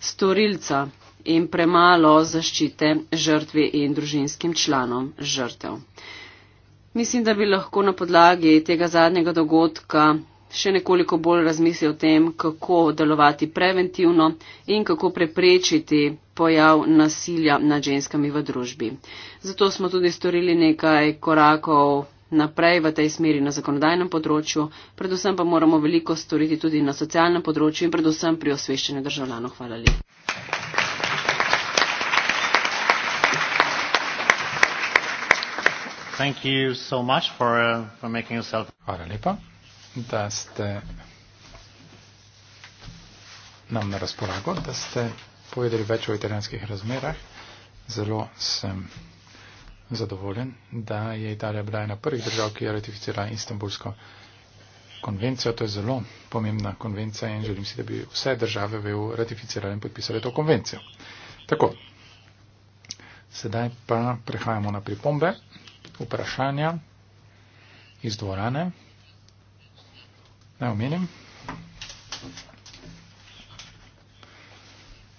storilca in premalo zaščite žrtvi in družinskim članom žrtev. Mislim, da bi lahko na podlagi tega zadnjega dogodka še nekoliko bolj razmisli o tem, kako delovati preventivno in kako preprečiti pojav nasilja nad ženskami v družbi. Zato smo tudi storili nekaj korakov naprej v tej smeri na zakonodajnem področju, predvsem pa moramo veliko storiti tudi na socialnem področju in predvsem pri osveščanju državljanov. Hvala lepa. Thank you so much for, uh, for making yourself. Hvala lepa da ste nam na razpolago, da ste povedali več o italijanskih razmerah. Zelo sem zadovoljen, da je Italija bila ena prvih držav, ki je ratificirala Istanbulsko konvencijo. To je zelo pomembna konvencija in želim si, da bi vse države v EU ratificirale in podpisale to konvencijo. Tako, sedaj pa prehajamo na pripombe, vprašanja iz dvorane. Da omenim,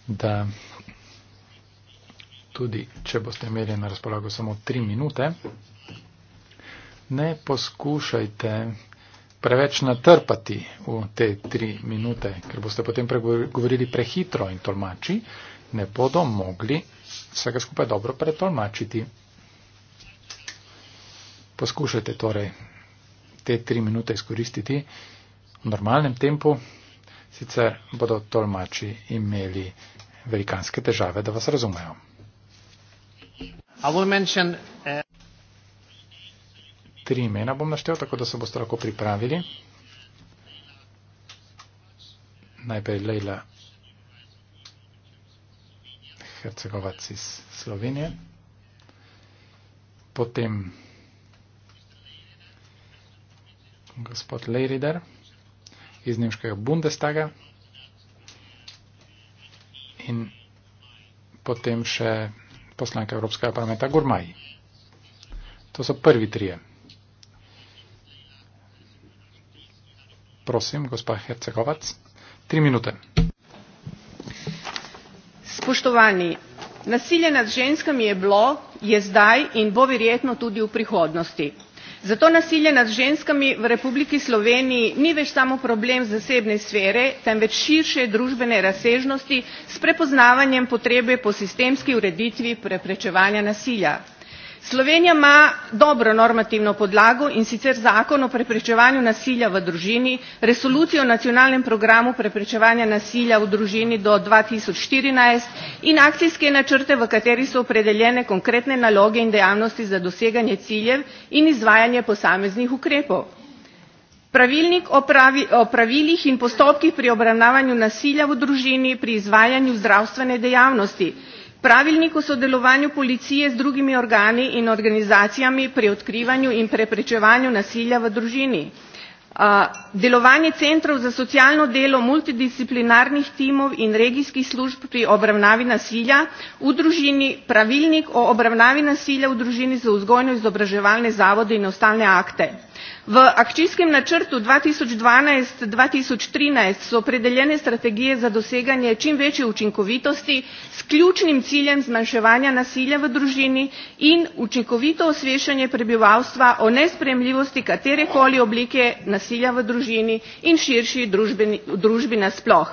da tudi, če boste imeli na razpolago samo tri minute, ne poskušajte preveč natrpati v te tri minute, ker boste potem pregovorili prehitro in tolmači ne bodo mogli vsega skupaj dobro pretolmačiti. Poskušajte torej te tri minute izkoristiti v normalnem tempu, sicer bodo tolmači imeli velikanske težave, da vas razumejo. Eh, Tri imena bom naštel, tako da se boste lahko pripravili. Najprej Leila Hercegovac iz Slovenije, potem gospod Leirider iz nemškega Bundestaga in potem še poslanka Evropskega parlamenta Gurmaj. To so prvi trije. Prosim, gospa Hercegovac, tri minute. Spoštovani, nasilje nad ženskami je bilo, je zdaj in bo verjetno tudi v prihodnosti zato nasilje nad ženskami v republiki sloveniji ni več samo problem zasebne sfere temveč širše družbene razsežnosti s prepoznavanjem potrebe po sistemski ureditvi preprečevanja nasilja slovenija ima dobro normativno podlago in sicer zakon o preprečevanju nasilja v družini resolucijo o nacionalnem programu preprečevanja nasilja v družini do dva tisoč štirinajst in akcijske načrte v katerih so opredeljene konkretne naloge in dejavnosti za doseganje ciljev in izvajanje posameznih ukrepov. pravilnik o, pravi, o pravilih in postopkih pri obravnavanju nasilja v družini pri izvajanju zdravstvene dejavnosti Pravilnik o sodelovanju policije z drugimi organi in organizacijami pri odkrivanju in preprečevanju nasilja v družini. Delovanje centrov za socialno delo multidisciplinarnih timov in regijskih služb pri obravnavi nasilja v družini, pravilnik o obravnavi nasilja v družini za vzgojno izobraževalne zavode in ostale akte v akcijskem načrtu dva tisoč dvanajst dva tisoč trinajst so opredeljene strategije za doseganje čim večje učinkovitosti s ključnim ciljem zmanjševanja nasilja v družini in učinkovito osveščanje prebivalstva o nesprejemljivosti katerekoli oblike nasilja v družini in širši družbi nasploh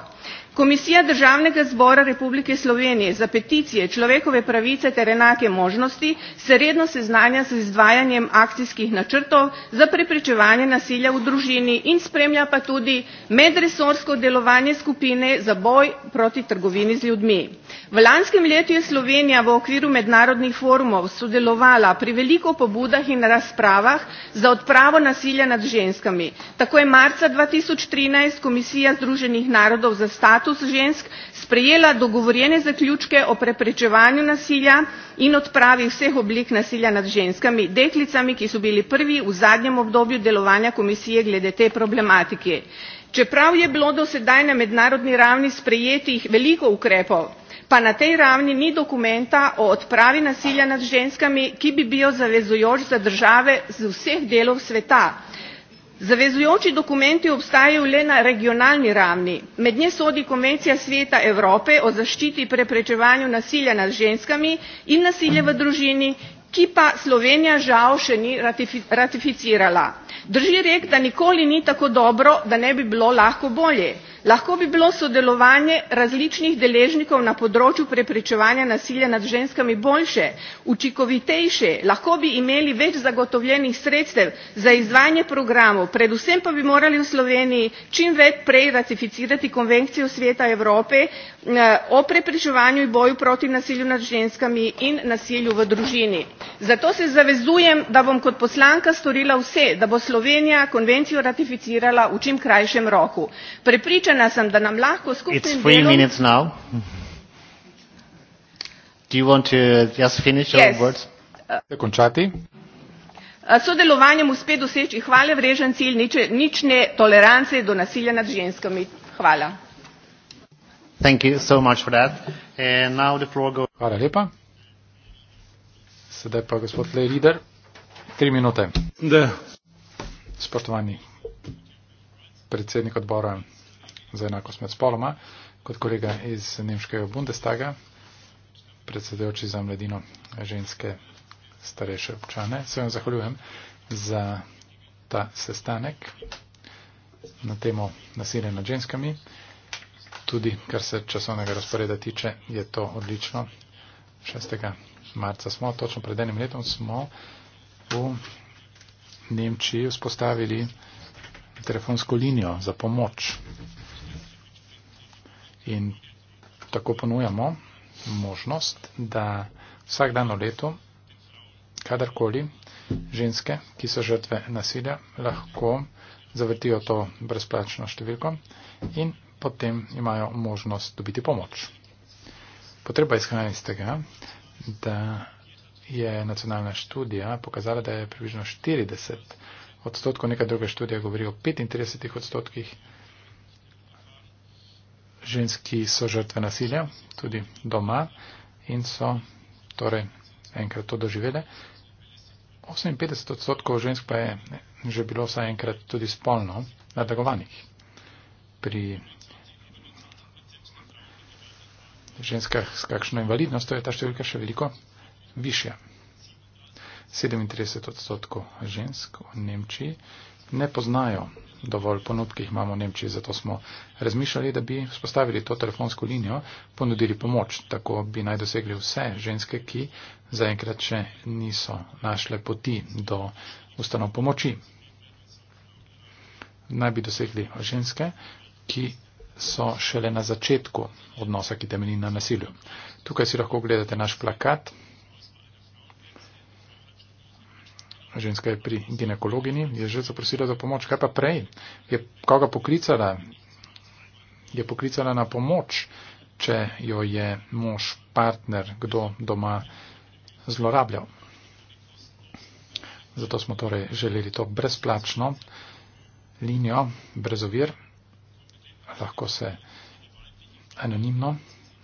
komisija državnega zbora republike slovenije za peticije človekove pravice ter enake možnosti se redno seznanja z izvajanjem akcijskih načrtov za preprečevanje nasilja v družini in spremlja pa tudi medresorsko delovanje skupine za boj proti trgovini z ljudmi. v lanskem letu je slovenija v okviru mednarodnih forumov sodelovala pri veliko pobudah in razpravah za odpravo nasilja nad ženskami. tako je marca dva tisoč trinajst komisija združenih narodov za status status žensk sprejela dogovorjene zaključke o preprečevanju nasilja in odpravi vseh oblik nasilja nad ženskami deklicami ki so bili prvi v zadnjem obdobju delovanja komisije glede te problematike. čeprav je bilo do sedaj na mednarodni ravni sprejetih veliko ukrepov pa na tej ravni ni dokumenta o odpravi nasilja nad ženskami ki bi bil zavezujoč za države z vseh delov sveta zavezujoči dokumenti obstajajo le na regionalni ravni med nje sodi konvencija sveta evrope o zaščiti preprečevanju nasilja nad ženskami in nasilja v družini ki pa slovenija žal še ni ratificirala drži rek da nikoli ni tako dobro da ne bi bilo lahko bolje lahko bi bilo sodelovanje različnih deležnikov na področju preprečevanja nasilja nad ženskami boljše učinkovitejše lahko bi imeli več zagotovljenih sredstev za izvajanje programov predvsem pa bi morali v sloveniji čim prej ratificirati konvencijo sveta evrope eh, o preprečevanju in boju proti nasilju nad ženskami in nasilju v družini. zato se zavezujem da bom kot poslanka storila vse da bo slovenija konvencijo ratificirala v čim krajšem roku prepričana sem da nam lahko skupaj uh, uh, sodelovanjem uspe doseči hvale vrežen cilj nič, nične tolerance do nasilja nad ženskami. Hvala. Thank you so much for that. And now the floor goes... Hvala lepa. Sedaj pa gospod Lej Rider. Tri minute. Da. Spoštovani predsednik odbora za enakost med spoloma, kot kolega iz Nemškega Bundestaga, predsedujoči za mladino ženske starejše občane. Se vam zahvaljujem za ta sestanek na temo nasilja nad ženskami. Tudi, kar se časovnega razporeda tiče, je to odlično. 6. marca smo, točno pred enim letom smo v Nemčiji vzpostavili telefonsko linijo za pomoč In tako ponujamo možnost, da vsak dan v letu, kadarkoli, ženske, ki so žrtve nasilja, lahko zavrtijo to brezplačno številko in potem imajo možnost dobiti pomoč. Potreba izhaja iz tega, da je nacionalna študija pokazala, da je približno 40 odstotkov, nekaj druge študije govori o 35 odstotkih žensk, ki so žrtve nasilja, tudi doma in so torej enkrat to doživele. 58 odstotkov žensk pa je že bilo vsaj enkrat tudi spolno nadlegovanih. Pri ženskah s kakšno invalidnostjo je ta številka še veliko višja. 37 odstotkov žensk v Nemčiji ne poznajo dovolj ponud, ki jih imamo v Nemčiji, zato smo razmišljali, da bi spostavili to telefonsko linijo, ponudili pomoč, tako bi naj dosegli vse ženske, ki zaenkrat še niso našle poti do ustanov pomoči. Naj bi dosegli ženske, ki so šele na začetku odnosa, ki temelji na nasilju. Tukaj si lahko gledate naš plakat, ženska je pri ginekologini, je že zaprosila za pomoč. Kaj pa prej? Je koga poklicala? Je poklicala na pomoč, če jo je mož, partner, kdo doma zlorabljal. Zato smo torej želeli to brezplačno linijo, brez ovir. Lahko se anonimno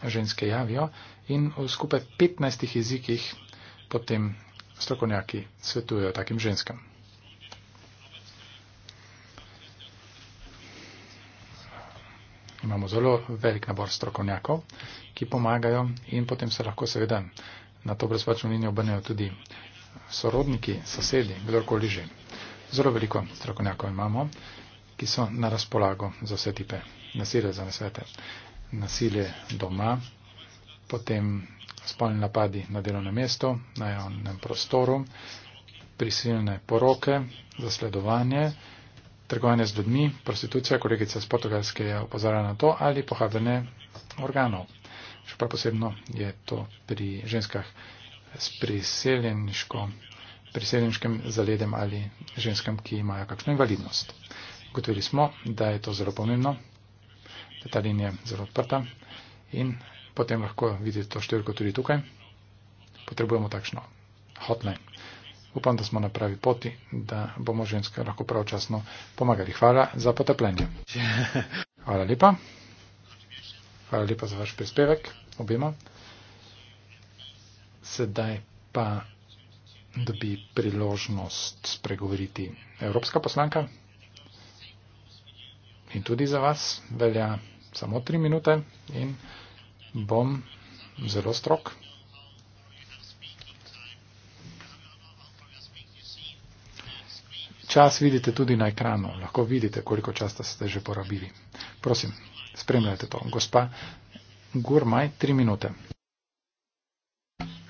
ženske javijo in v skupaj 15 jezikih potem strokovnjaki svetujejo takim ženskam. Imamo zelo velik nabor strokovnjakov, ki pomagajo in potem se lahko seveda na to brezplačno linijo obrnejo tudi sorodniki, sosedi, kdorkoli že. Zelo veliko strokovnjakov imamo, ki so na razpolago za vse tipe nasilja za nasvete. Nasilje doma, potem spolni napadi na delovnem mestu, na javnem prostoru, prisilne poroke, zasledovanje, trgovanje z ljudmi, prostitucija, kolegica iz Portugalske je opozorila na to, ali pohabljanje organov. Še prav posebno je to pri ženskah s priseljenjškim zaledem ali ženskam, ki imajo kakšno invalidnost. Gotovili smo, da je to zelo pomembno, da ta linija je zelo odprta in potem lahko vidite to številko tudi tukaj. Potrebujemo takšno hotline. Upam, da smo na pravi poti, da bomo ženske lahko pravčasno pomagali. Hvala za potepljenje. Hvala lepa. Hvala lepa za vaš prispevek obima. Sedaj pa dobi priložnost spregovoriti evropska poslanka. In tudi za vas velja samo tri minute. In bom zelo strok. Čas vidite tudi na ekranu, lahko vidite, koliko časa ste že porabili. Prosim, spremljajte to. Gospa Gurmaj, tri minute.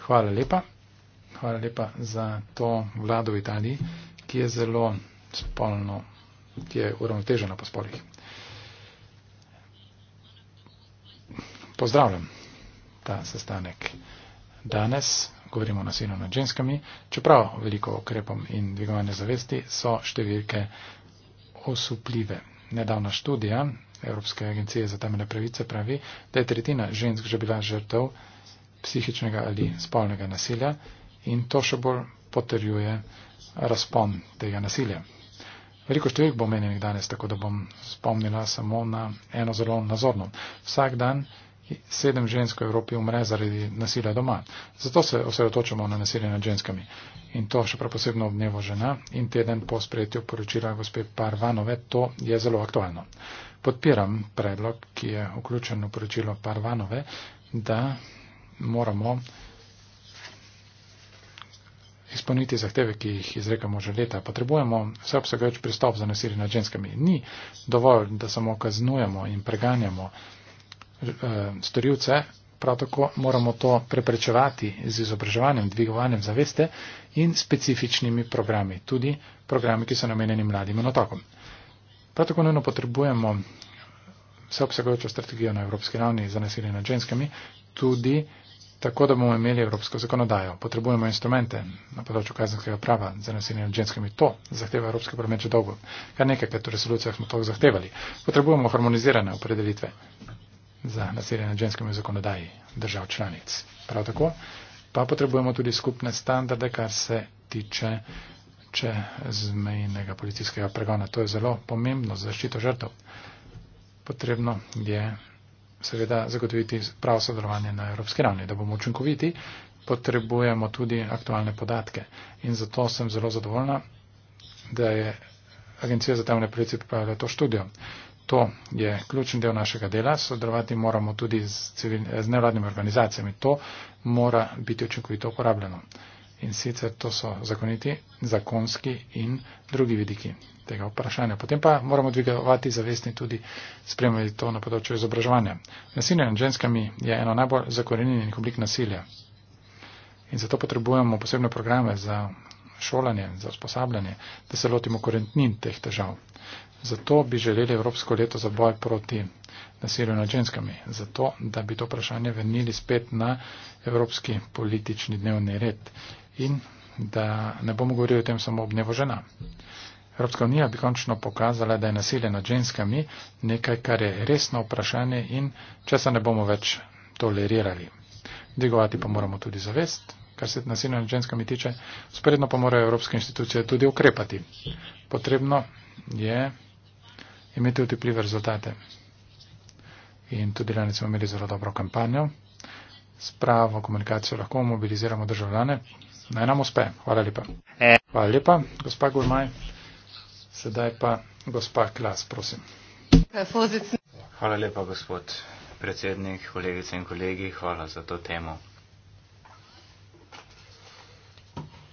Hvala lepa. Hvala lepa za to vlado v Italiji, ki je zelo spolno, ki je uravnotežena po spolih. pozdravljam ta sestanek danes. Govorimo o nasilju nad ženskami. Čeprav veliko okrepom in dvigovanje zavesti so številke osupljive. Nedavna študija Evropske agencije za temeljne pravice pravi, da je tretjina žensk že bila žrtev psihičnega ali spolnega nasilja in to še bolj potrjuje razpon tega nasilja. Veliko številk bo omenjenih danes, tako da bom spomnila samo na eno zelo nazorno. Vsak dan sedem žensk v Evropi umre zaradi nasilja doma. Zato se osredotočamo na nasilje nad ženskami. In to še prav posebno ob dnevo žena in teden po sprejetju poročila gospe Parvanove, to je zelo aktualno. Podpiram predlog, ki je vključen v poročilo Parvanove, da moramo izpolniti zahteve, ki jih izrekamo že leta. Potrebujemo vseobsegajoč pristop za nasilje nad ženskami. Ni dovolj, da samo kaznujemo in preganjamo Eh, storilce, prav tako moramo to preprečevati z izobraževanjem, dvigovanjem zaveste in specifičnimi programi, tudi programi, ki so namenjeni mladim in otokom. Prav tako nujno potrebujemo vseobsegajočo strategijo na evropski ravni za nasilje nad ženskami, tudi tako, da bomo imeli evropsko zakonodajo. Potrebujemo instrumente na področju kazenskega prava za nasilje nad ženskami. To zahteva Evropski parlament že dolgo. Kar nekajkrat v resolucijah smo to zahtevali. Potrebujemo harmonizirane opredelitve za nasilje nad ženskimi v zakonodaji držav članic. Prav tako pa potrebujemo tudi skupne standarde, kar se tiče če zmejnega policijskega pregona. To je zelo pomembno za zaščito žrtev. Potrebno je seveda zagotoviti pravo sodelovanje na evropski ravni. Da bomo učinkoviti, potrebujemo tudi aktualne podatke. In zato sem zelo zadovoljna, da je Agencija za temne policije pripravila to študijo to je ključen del našega dela, sodelovati moramo tudi z, civil, z nevladnimi organizacijami. To mora biti učinkovito uporabljeno. In sicer to so zakoniti, zakonski in drugi vidiki tega vprašanja. Potem pa moramo dvigovati zavestni tudi spremljati to na področju izobraževanja. Nasilje nad ženskami je eno najbolj zakoreninjenih oblik nasilja. In zato potrebujemo posebne programe za šolanje, za usposabljanje, da se lotimo korentnin teh težav. Zato bi želeli Evropsko leto za boj proti nasilju nad ženskami, zato da bi to vprašanje vrnili spet na evropski politični dnevni red in da ne bomo govorili o tem samo ob dnevu žena. Evropska unija bi končno pokazala, da je nasilje nad ženskami nekaj, kar je resno vprašanje in česa ne bomo več tolerirali. Digovati pa moramo tudi zavest, kar se nasilja nad ženskami tiče, sporedno pa morajo evropske institucije tudi ukrepati. Potrebno je imeti vtepljive rezultate. In tudi lani smo imeli zelo dobro kampanjo. S pravo komunikacijo lahko mobiliziramo državljane. Naj nam uspe. Hvala lepa. E. Hvala lepa, gospa Gurmaj. Sedaj pa gospa Klas, prosim. Hvala lepa, gospod predsednik, kolegice in kolegi. Hvala za to temo.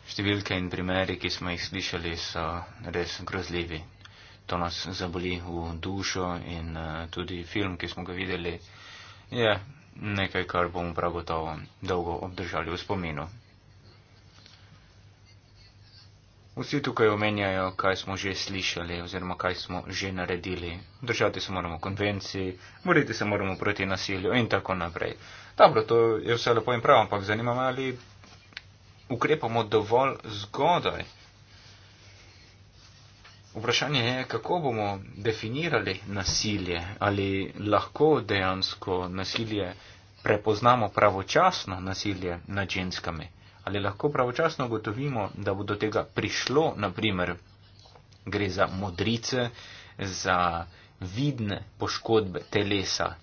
Številke in primeri, ki smo jih slišali, so res grozljivi to nas zaboli v dušo in uh, tudi film, ki smo ga videli, je nekaj, kar bomo prav gotovo dolgo obdržali v spominu. Vsi tukaj omenjajo, kaj smo že slišali oziroma kaj smo že naredili. Držati se moramo konvenciji, boriti se moramo proti nasilju in tako naprej. Dobro, to je vse lepo in prav, ampak zanima me, ali ukrepamo dovolj zgodaj Vprašanje je, kako bomo definirali nasilje, ali lahko dejansko nasilje prepoznamo pravočasno nasilje nad ženskami, ali lahko pravočasno ugotovimo, da bo do tega prišlo, naprimer, gre za modrice, za vidne poškodbe telesa,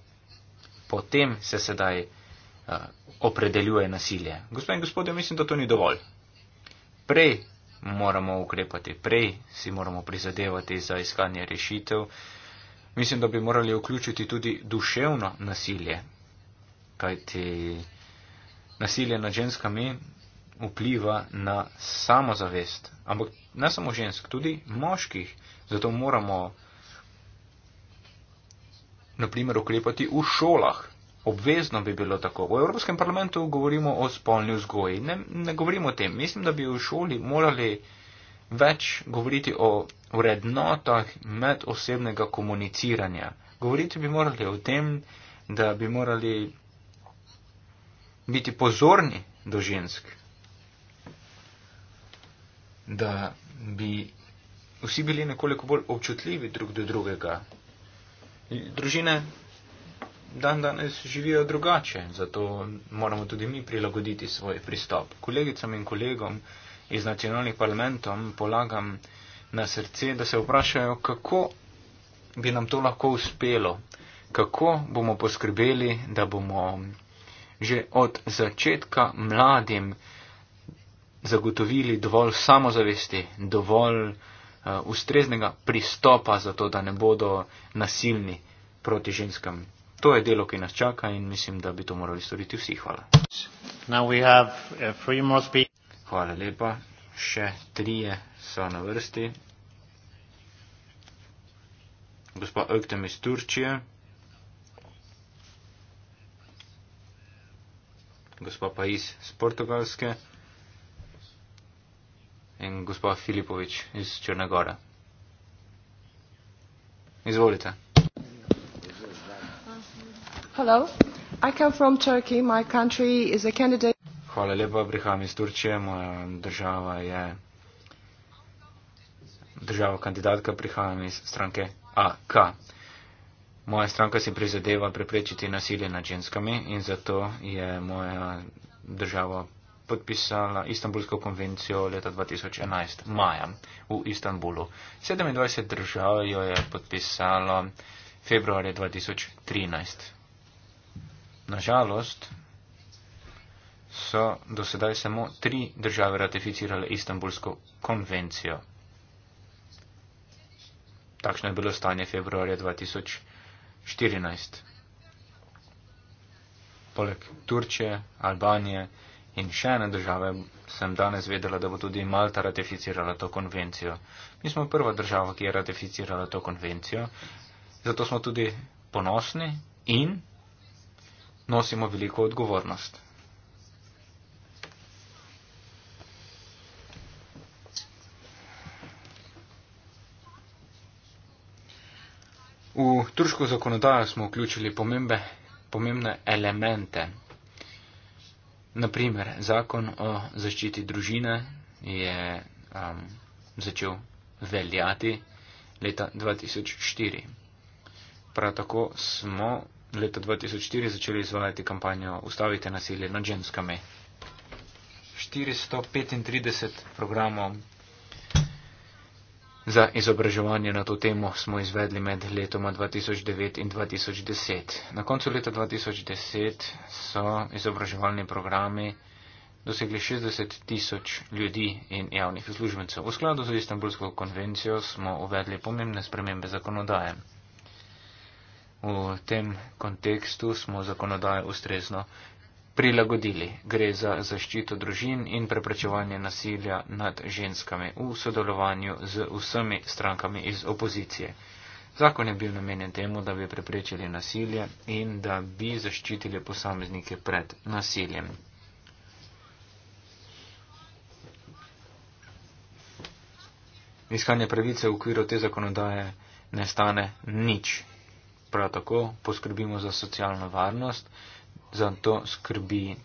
potem se sedaj uh, opredeljuje nasilje. Gospod in gospodje, mislim, da to ni dovolj. Prej moramo ukrepati prej, si moramo prizadevati za iskanje rešitev. Mislim, da bi morali vključiti tudi duševno nasilje, kajti nasilje nad ženskami vpliva na samozavest, ampak ne samo žensk, tudi moških. Zato moramo, naprimer, ukrepati v šolah, obvezno bi bilo tako. V Evropskem parlamentu govorimo o spolni vzgoji. Ne, ne govorimo o tem. Mislim, da bi v šoli morali več govoriti o vrednotah medosebnega komuniciranja. Govoriti bi morali o tem, da bi morali biti pozorni do žensk. Da bi vsi bili nekoliko bolj občutljivi drug do drugega. Družine dan danes živijo drugače, zato moramo tudi mi prilagoditi svoj pristop. Kolegicam in kolegom iz nacionalnih parlamentov polagam na srce, da se vprašajo, kako bi nam to lahko uspelo, kako bomo poskrbeli, da bomo že od začetka mladim zagotovili dovolj samozavesti, dovolj eh, ustreznega pristopa za to, da ne bodo nasilni proti ženskam. To je delo, ki nas čaka in mislim, da bi to morali storiti vsi. Hvala. Eh, Hvala lepa. Še trije so na vrsti. Gospa Öktem iz Turčije. Gospa Pais iz Portugalske. In gospa Filipovič iz Črnagora. Izvolite. Hvala lepa, prihajam iz Turčije, moja država je država kandidatka, prihajam iz stranke AK. Moja stranka si prizadeva preprečiti nasilje nad ženskami in zato je moja država podpisala Istanbulsko konvencijo leta 2011 maja v Istanbulu. 27 držav jo je podpisalo februarja 2013 nažalost, so do sedaj samo tri države ratificirale Istanbulsko konvencijo. Takšno je bilo stanje februarja 2014. Poleg Turčije, Albanije in še ene države sem danes vedela, da bo tudi Malta ratificirala to konvencijo. Mi smo prva država, ki je ratificirala to konvencijo, zato smo tudi ponosni in nosimo veliko odgovornost. V turško zakonodajo smo vključili pomembe, pomembne elemente. Naprimer, zakon o zaščiti družine je um, začel veljati leta 2004. Prav tako smo leta 2004 začeli izvajati kampanjo Ustavite nasilje nad ženskami. 435 programov za izobraževanje na to temo smo izvedli med letoma 2009 in 2010. Na koncu leta 2010 so izobraževalni programi dosegli 60 tisoč ljudi in javnih uslužbencev. V skladu z Istanbulsko konvencijo smo uvedli pomembne spremembe zakonodaje v tem kontekstu smo zakonodajo ustrezno prilagodili. Gre za zaščito družin in preprečevanje nasilja nad ženskami v sodelovanju z vsemi strankami iz opozicije. Zakon je bil namenjen temu, da bi preprečili nasilje in da bi zaščitili posameznike pred nasiljem. Iskanje pravice v okviru te zakonodaje ne stane nič prav tako poskrbimo za socialno varnost, za to skrbi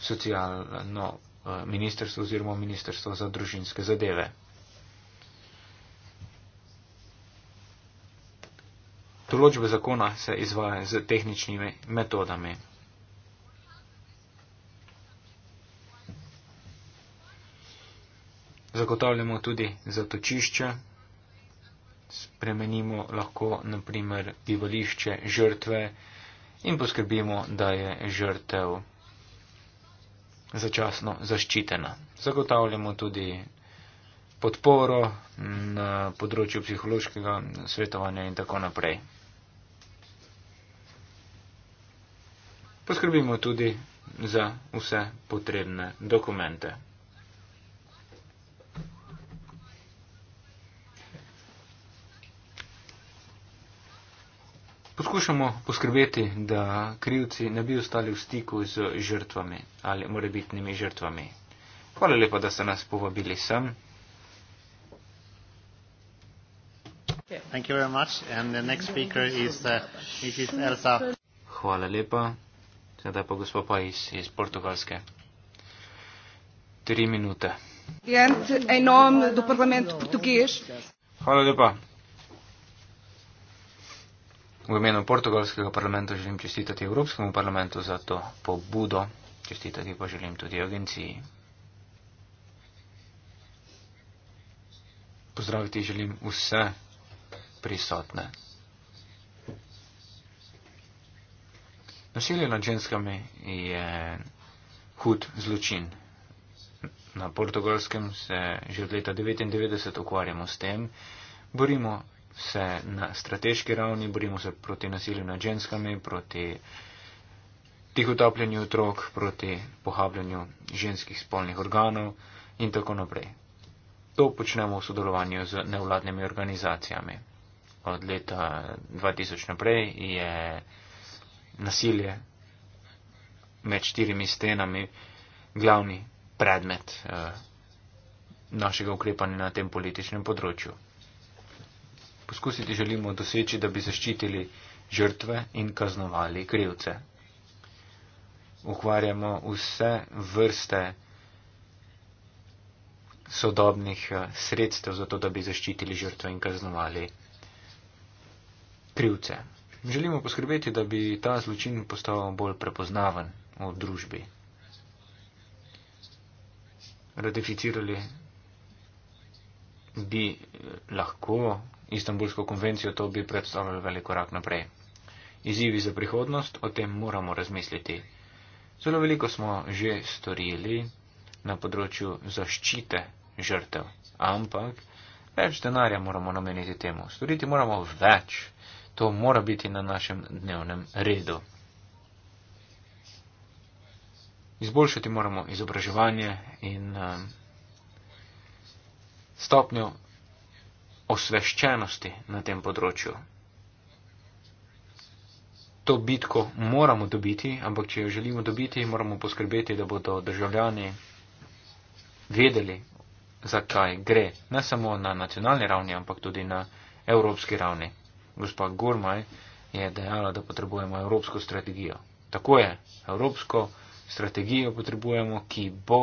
socialno eh, ministrstvo oziroma ministrstvo za družinske zadeve. Določbe zakona se izvajajo z tehničnimi metodami. Zagotavljamo tudi zatočišče spremenimo lahko naprimer bivališče žrtve in poskrbimo, da je žrtev začasno zaščitena. Zagotavljamo tudi podporo na področju psihološkega svetovanja in tako naprej. Poskrbimo tudi za vse potrebne dokumente. Poskušamo poskrbeti, da krivci ne bi ostali v stiku z žrtvami ali morebitnimi žrtvami. Hvala lepa, da ste nas povabili sem. Uh, Hvala lepa. Sedaj pa gospod pa iz, iz Portugalske. Tri minute. Hvala lepa. V imenu portugalskega parlamenta želim čestitati Evropskemu parlamentu za to pobudo, čestitati pa želim tudi agenciji. Pozdraviti želim vse prisotne. Nasilje nad ženskami je hud zločin. Na portugalskem se že od leta 1999 ukvarjamo s tem, borimo se na strateški ravni, borimo se proti nasilju nad ženskami, proti tihotapljanju otrok, proti pohabljanju ženskih spolnih organov in tako naprej. To počnemo v sodelovanju z nevladnimi organizacijami. Od leta 2000 naprej je nasilje med štirimi stenami glavni predmet eh, našega ukrepanja na tem političnem področju poskusiti želimo doseči, da bi zaščitili žrtve in kaznovali krivce. Ukvarjamo vse vrste sodobnih eh, sredstev za to, da bi zaščitili žrtve in kaznovali krivce. Želimo poskrbeti, da bi ta zločin postal bolj prepoznaven v družbi. Ratificirali bi lahko Istanbulsko konvencijo to bi predstavljalo velik korak naprej. Izzivi za prihodnost, o tem moramo razmisliti. Zelo veliko smo že storili na področju zaščite žrtev, ampak več denarja moramo nameniti temu. Storiti moramo več. To mora biti na našem dnevnem redu. Izboljšati moramo izobraževanje in um, stopnjo osveščenosti na tem področju. To bitko moramo dobiti, ampak če jo želimo dobiti, moramo poskrbeti, da bodo državljani vedeli, zakaj gre. Ne samo na nacionalni ravni, ampak tudi na evropski ravni. Gospa Gormaj je dejala, da potrebujemo evropsko strategijo. Tako je, evropsko strategijo potrebujemo, ki bo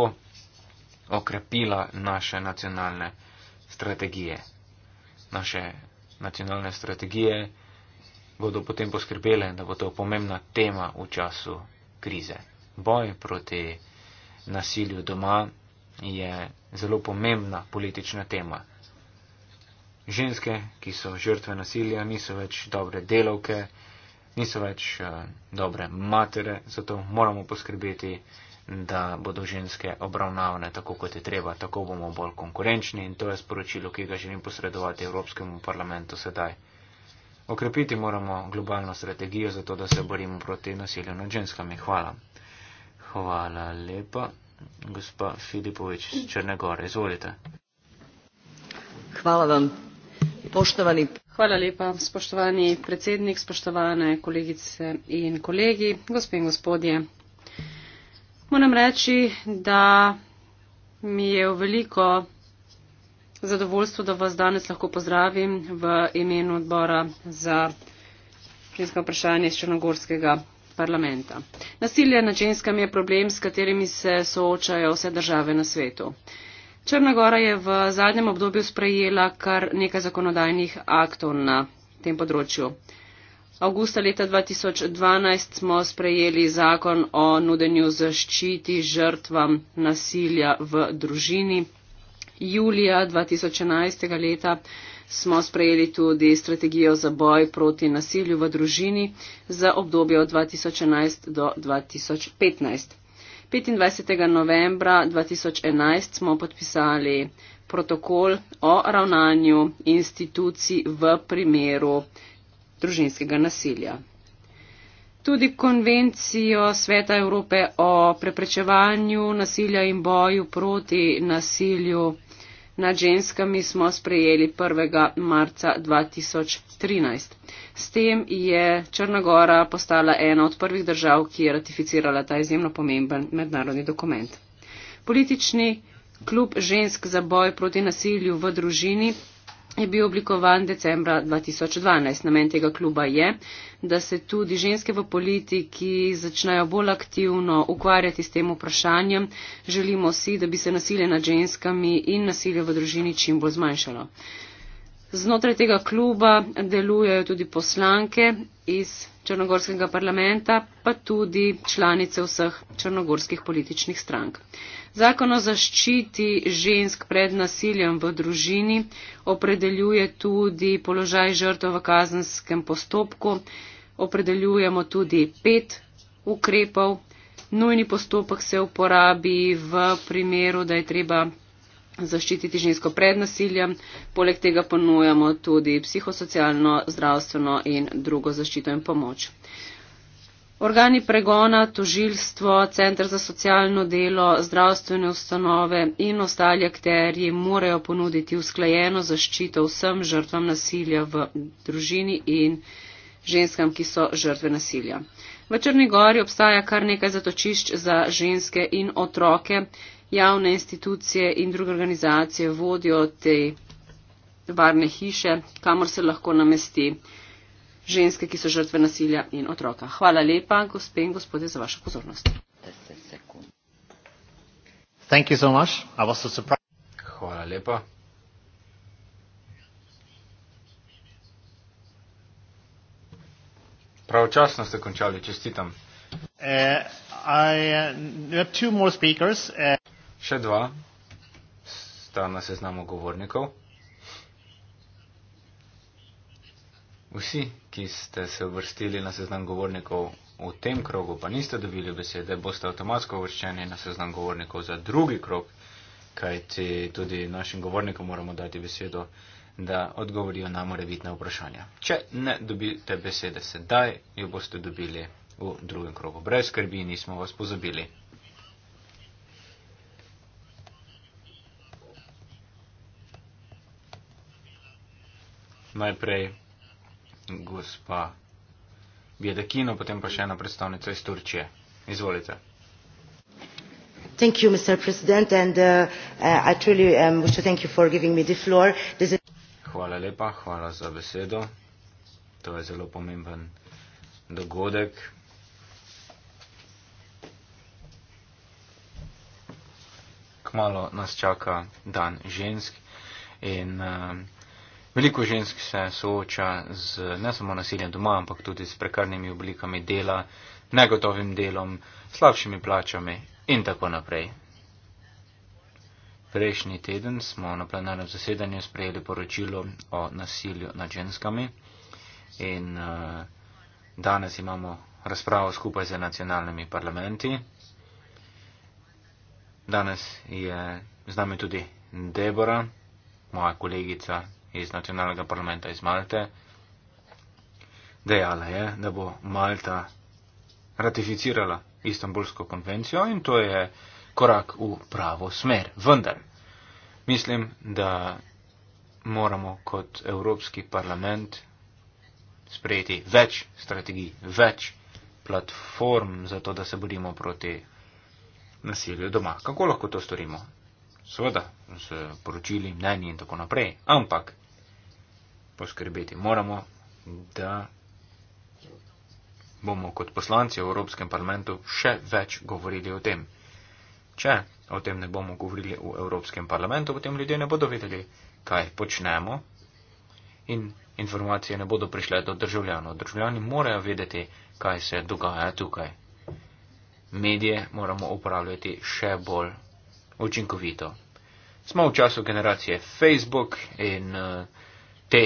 okrepila naše nacionalne strategije naše nacionalne strategije bodo potem poskrbele, da bo to pomembna tema v času krize. Boj proti nasilju doma je zelo pomembna politična tema. Ženske, ki so žrtve nasilja, niso več dobre delavke, niso več eh, dobre matere, zato moramo poskrbeti da bodo ženske obravnavane tako, kot je treba, tako bomo bolj konkurenčni in to je sporočilo, ki ga želim posredovati Evropskemu parlamentu sedaj. Okrepiti moramo globalno strategijo za to, da se borimo proti nasilju nad ženskami. Hvala. Hvala lepa, gospa Filipovič iz Črne Gore. Izvolite. Hvala vam. Poštovani. Hvala lepa, spoštovani predsednik, spoštovane kolegice in kolegi, gospe in gospodje. Moram reči, da mi je v veliko zadovoljstvo, da vas danes lahko pozdravim v imenu odbora za ženska vprašanja iz Črnogorskega parlamenta. Nasilje na ženskam je problem, s katerimi se soočajo vse države na svetu. Črna Gora je v zadnjem obdobju sprejela kar nekaj zakonodajnih aktov na tem področju. Augusta leta 2012 smo sprejeli zakon o nudenju zaščiti žrtvam nasilja v družini. Julija 2011. leta smo sprejeli tudi strategijo za boj proti nasilju v družini za obdobje od 2011 do 2015. 25. novembra 2011 smo podpisali protokol o ravnanju institucij v primeru družinskega nasilja. Tudi konvencijo Sveta Evrope o preprečevanju nasilja in boju proti nasilju nad ženskami smo sprejeli 1. marca 2013. S tem je Črnagora postala ena od prvih držav, ki je ratificirala ta izjemno pomemben mednarodni dokument. Politični klub žensk za boj proti nasilju v družini je bil oblikovan decembra 2012. Namen tega kluba je, da se tudi ženske v politiki začnejo bolj aktivno ukvarjati s tem vprašanjem. Želimo si, da bi se nasilje nad ženskami in nasilje v družini čim bolj zmanjšalo. Znotraj tega kluba delujejo tudi poslanke iz Črnogorskega parlamenta, pa tudi članice vseh črnogorskih političnih strank. Zakon o zaščiti žensk pred nasiljem v družini opredeljuje tudi položaj žrtev v kazenskem postopku, opredeljujemo tudi pet ukrepov. Nujni postopek se uporabi v primeru, da je treba zaščititi žensko pred nasiljem, poleg tega ponujamo tudi psihosocialno, zdravstveno in drugo zaščito in pomoč. Organi pregona, tožilstvo, centr za socialno delo, zdravstvene ustanove in ostali akterji morajo ponuditi usklajeno zaščito vsem žrtvam nasilja v družini in ženskam, ki so žrtve nasilja. V Črni gori obstaja kar nekaj zatočišč za ženske in otroke, javne institucije in druge organizacije vodijo te varne hiše, kamor se lahko namesti ženske, ki so žrtve nasilja in otroka. Hvala lepa, gospe in gospode, za vašo pozornost. So Hvala lepa. Pravočasno ste končali, čestitam. Uh, I, uh, Še dva sta na seznamu govornikov. Vsi, ki ste se uvrstili na seznam govornikov v tem krogu, pa niste dobili besede, boste avtomatsko uvrščeni na seznam govornikov za drugi krog, kajti tudi našim govornikom moramo dati besedo, da odgovorijo na morebitne vprašanja. Če ne dobite besede sedaj, jo boste dobili v drugem krogu. Brez skrbi nismo vas pozabili. najprej gospa Bjedekino, potem pa še ena predstavnica iz Turčije. Izvolite. Uh, uh, um, hvala lepa, hvala za besedo. To je zelo pomemben dogodek. Kmalo nas čaka dan žensk in uh, Veliko žensk se sooča z ne samo nasiljem doma, ampak tudi s prekarnimi oblikami dela, negotovim delom, slabšimi plačami in tako naprej. Prejšnji teden smo na plenarnem zasedanju sprejeli poročilo o nasilju nad ženskami in uh, danes imamo razpravo skupaj z nacionalnimi parlamenti. Danes je z nami tudi Debora, moja kolegica iz nacionalnega parlamenta iz Malte, dejala je, da bo Malta ratificirala Istanbulsko konvencijo in to je korak v pravo smer. Vendar mislim, da moramo kot Evropski parlament sprejeti več strategij, več platform za to, da se bodimo proti nasilju doma. Kako lahko to storimo? Sveda, s poročili, mnenji in tako naprej. Ampak poskrbeti. Moramo, da bomo kot poslanci v Evropskem parlamentu še več govorili o tem. Če o tem ne bomo govorili v Evropskem parlamentu, potem ljudje ne bodo vedeli, kaj počnemo in informacije ne bodo prišle do državljanov. Državljani morajo vedeti, kaj se dogaja tukaj. Medije moramo uporabljati še bolj učinkovito. Smo v času generacije Facebook in eh, te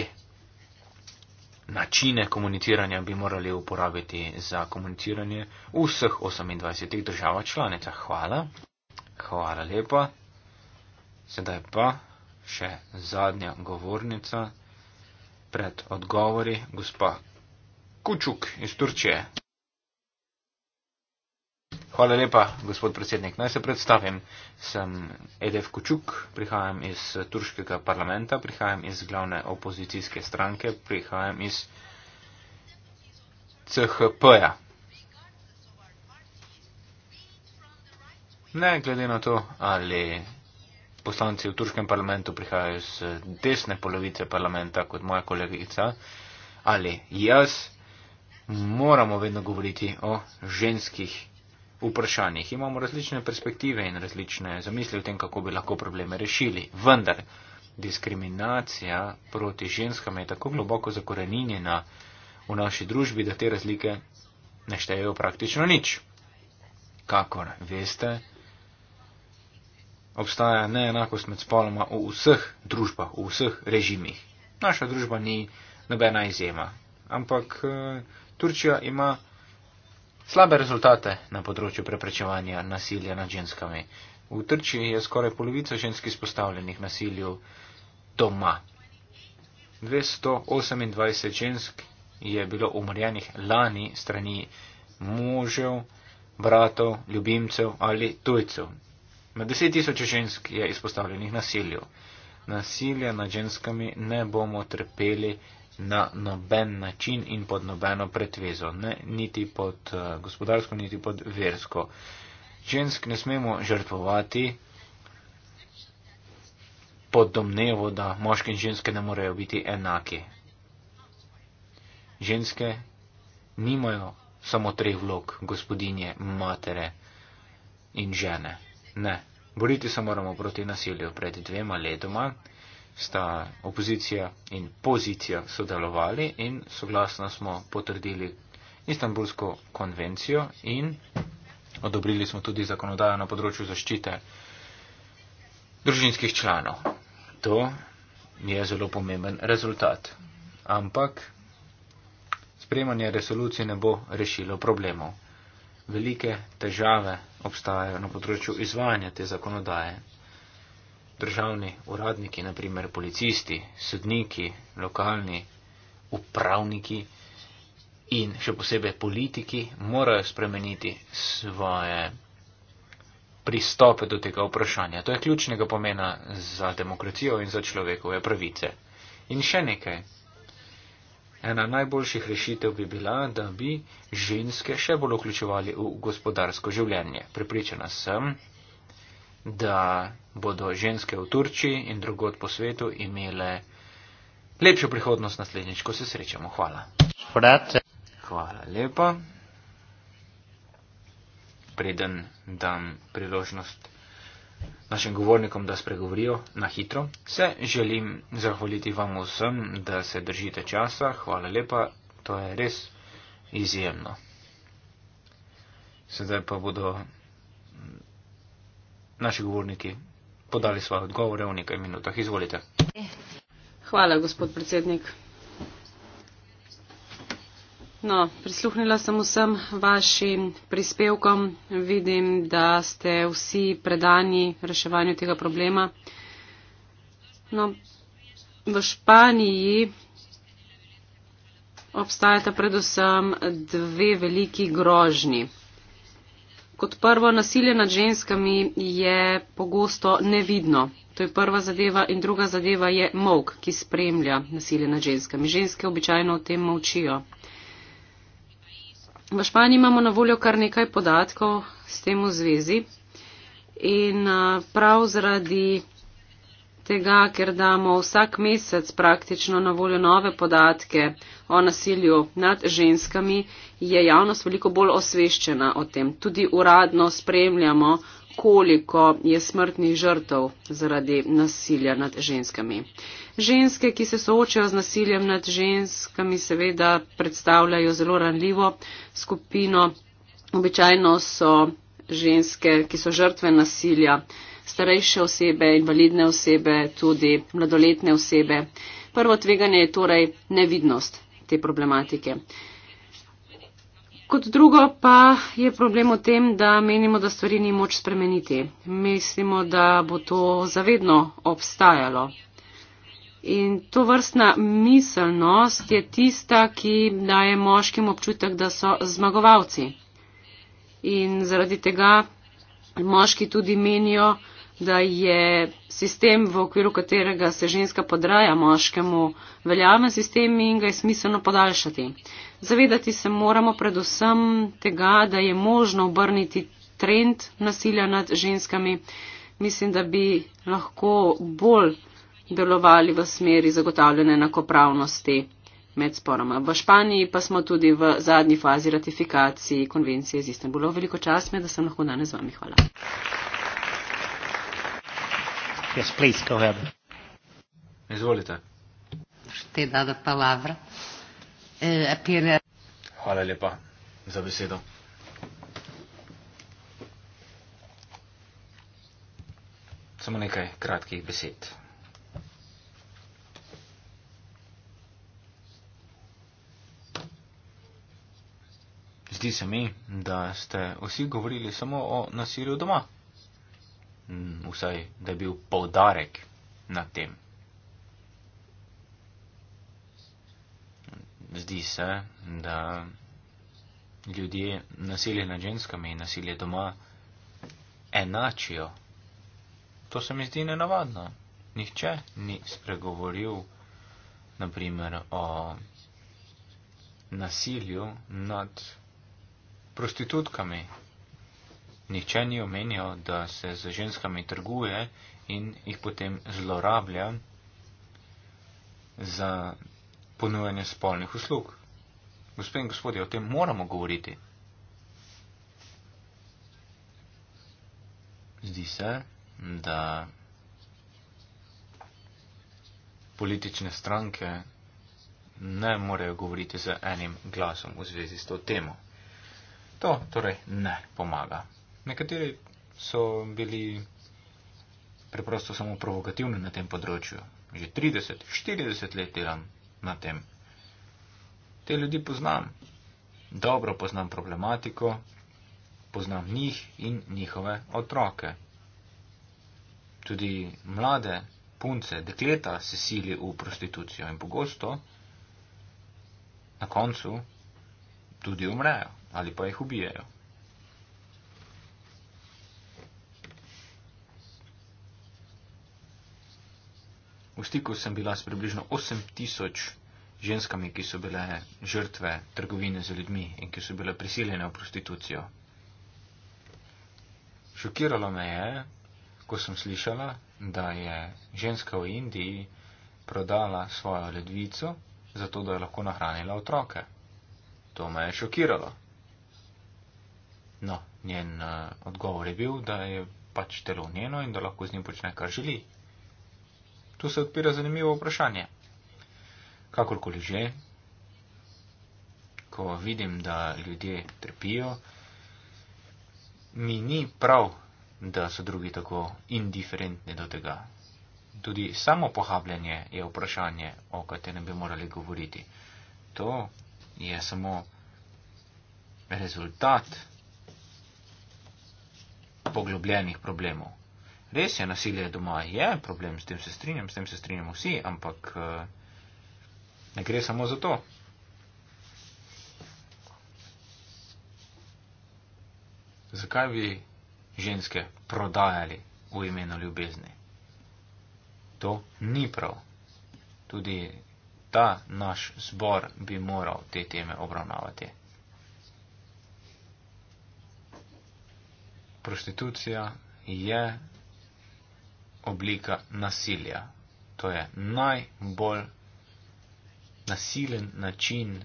načine komuniciranja bi morali uporabiti za komuniciranje v vseh 28 državah članicah. Hvala. Hvala lepa. Sedaj pa še zadnja govornica pred odgovori, gospa Kučuk iz Turčije. Hvala lepa, gospod predsednik. Naj se predstavim. Sem Edev Kučuk, prihajam iz turškega parlamenta, prihajam iz glavne opozicijske stranke, prihajam iz CHP-ja. Ne glede na to, ali poslanci v turškem parlamentu prihajajo iz desne polovice parlamenta kot moja kolegica ali jaz, moramo vedno govoriti o ženskih vprašanjih. Imamo različne perspektive in različne zamisli o tem, kako bi lahko probleme rešili. Vendar diskriminacija proti ženskam je tako globoko zakorenjena v naši družbi, da te razlike ne štejejo praktično nič. Kakor veste, obstaja neenakost med spoloma v vseh družbah, v vseh režimih. Naša družba ni nobena izjema. Ampak eh, Turčija ima slabe rezultate na področju preprečevanja nasilja nad ženskami. V Trči je skoraj polovica žensk izpostavljenih nasilju doma. 228 žensk je bilo umrjenih lani strani možev, bratov, ljubimcev ali tujcev. Med deset tisoč žensk je izpostavljenih nasilju. Nasilje nad ženskami ne bomo trpeli, na noben način in pod nobeno pretvezo, ne, niti pod eh, gospodarsko, niti pod versko. Žensk ne smemo žrtvovati pod domnevo, da moški in ženske ne morejo biti enake. Ženske nimajo samo treh vlog, gospodinje, matere in žene. Ne, boriti se moramo proti nasilju pred dvema letoma sta opozicija in pozicija sodelovali in soglasno smo potrdili Istanbulsko konvencijo in odobrili smo tudi zakonodajo na področju zaščite družinskih članov. To je zelo pomemben rezultat. Ampak sprejemanje resolucije ne bo rešilo problemov. Velike težave obstajajo na področju izvajanja te zakonodaje državni uradniki, naprimer policisti, sodniki, lokalni upravniki in še posebej politiki, morajo spremeniti svoje pristope do tega vprašanja. To je ključnega pomena za demokracijo in za človekove pravice. In še nekaj. Ena najboljših rešitev bi bila, da bi ženske še bolj vključevali v gospodarsko življenje. Pripričana sem, da bodo ženske v Turčiji in drugod po svetu imele lepšo prihodnost naslednjič, ko se srečamo. Hvala. Hvala, Hvala lepa. Preden dam priložnost našim govornikom, da spregovorijo na hitro, se želim zahvaliti vam vsem, da se držite časa. Hvala lepa, to je res izjemno. Sedaj pa bodo naši govorniki podali svoje odgovore v nekaj minutah. Izvolite. Hvala, gospod predsednik. No, prisluhnila sem vsem vašim prispevkom. Vidim, da ste vsi predani reševanju tega problema. No, v Španiji obstajata predvsem dve veliki grožnji. Kot prvo, nasilje nad ženskami je pogosto nevidno. To je prva zadeva in druga zadeva je mok, ki spremlja nasilje nad ženskami. Ženske običajno o tem molčijo. V Španiji imamo na voljo kar nekaj podatkov s tem v zvezi in prav zaradi tega, ker damo vsak mesec praktično na voljo nove podatke o nasilju nad ženskami, je javnost veliko bolj osveščena o tem. Tudi uradno spremljamo, koliko je smrtnih žrtev zaradi nasilja nad ženskami. Ženske, ki se soočajo z nasiljem nad ženskami, seveda predstavljajo zelo ranljivo skupino. Običajno so ženske, ki so žrtve nasilja starejše osebe, invalidne osebe, tudi mladoletne osebe. Prvo tveganje je torej nevidnost te problematike. Kot drugo pa je problem v tem, da menimo, da stvari ni moč spremeniti. Mislimo, da bo to zavedno obstajalo. In to vrstna miselnost je tista, ki daje moškim občutek, da so zmagovalci. In zaradi tega moški tudi menijo, da je sistem, v okviru katerega se ženska podraja moškemu, veljaven sistem in ga je smiselno podaljšati. Zavedati se moramo predvsem tega, da je možno obrniti trend nasilja nad ženskami. Mislim, da bi lahko bolj delovali v smeri zagotavljanja enakopravnosti med sporoma. V Španiji pa smo tudi v zadnji fazi ratifikaciji konvencije z Istanbulom. Veliko čast mi je, da sem lahko danes z vami. Hvala. Yes, please, go ahead. Izvolite. Te da da palavra. Eh, apenas... Hvala lepa za besedo. Samo nekaj kratkih besed. Zdi se mi, da ste vsi govorili samo o nasilju doma. Mm, vsaj da je bil povdarek na tem. Zdi se, da ljudje nasilje nad ženskami in nasilje doma enačijo. To se mi zdi nenavadno. Nihče ni spregovoril, naprimer, o nasilju nad prostitutkami, nihče ni omenjal, da se z ženskami trguje in jih potem zlorablja za ponujanje spolnih uslug. Gospod in gospodje, o tem moramo govoriti. Zdi se, da politične stranke ne morejo govoriti z enim glasom v zvezi s to temo. To torej ne pomaga nekateri so bili preprosto samo provokativni na tem področju. Že 30, 40 let delam na tem. Te ljudi poznam, dobro poznam problematiko, poznam njih in njihove otroke. Tudi mlade punce, dekleta se sili v prostitucijo in pogosto na koncu tudi umrejo ali pa jih ubijejo. V stiku sem bila s približno 8000 ženskami, ki so bile žrtve trgovine z ljudmi in ki so bile prisiljene v prostitucijo. Šokiralo me je, ko sem slišala, da je ženska v Indiji prodala svojo ledvico, zato da je lahko nahranila otroke. To me je šokiralo. No, njen eh, odgovor je bil, da je pač telo njeno in da lahko z njim počne, kar želi. Tu se odpira zanimivo vprašanje. Kakorkoli že, ko vidim, da ljudje trpijo, mi ni prav, da so drugi tako indiferentni do tega. Tudi samo pohabljanje je vprašanje, o katerem bi morali govoriti. To je samo rezultat poglobljenih problemov. Res je, nasilje doma je problem, s tem se strinjam, s tem se strinjamo vsi, ampak eh, ne gre samo za to. Zakaj bi ženske prodajali v imenu ljubezni? To ni prav. Tudi ta naš zbor bi moral te teme obravnavati. Prostitucija je oblika nasilja. To je najbolj nasilen način,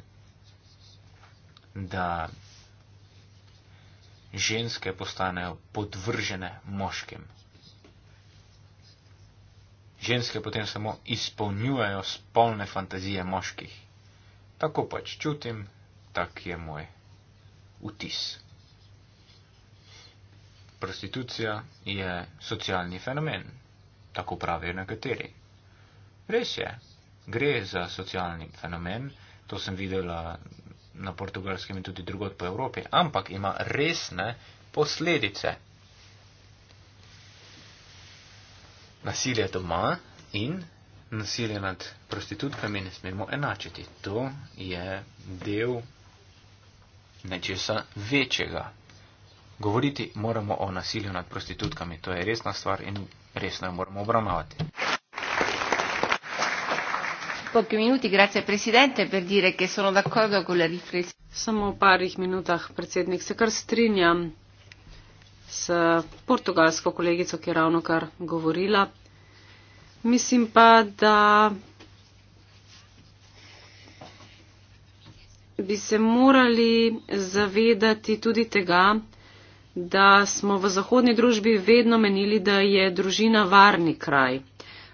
da ženske postanejo podvržene moškim. Ženske potem samo izpolnjujejo spolne fantazije moških. Tako pač čutim, tak je moj vtis. Prostitucija je socialni fenomen tako pravijo nekateri. Res je, gre za socialni fenomen, to sem videla na portugalskem in tudi drugot po Evropi, ampak ima resne posledice. Nasilje doma in nasilje nad prostitutkami ne smemo enačiti. To je del nečesa večjega. Govoriti moramo o nasilju nad prostitutkami, to je resna stvar in resno jo moramo obravnavati. Pochi minuti, grazie Presidente, per dire che sono d'accordo con la riflessione. Samo v parih minutah, predsednik, se kar strinjam s portugalsko kolegico, ki je ravno kar govorila. Mislim pa, da bi se morali zavedati tudi tega, da smo v zahodni družbi vedno menili, da je družina varni kraj.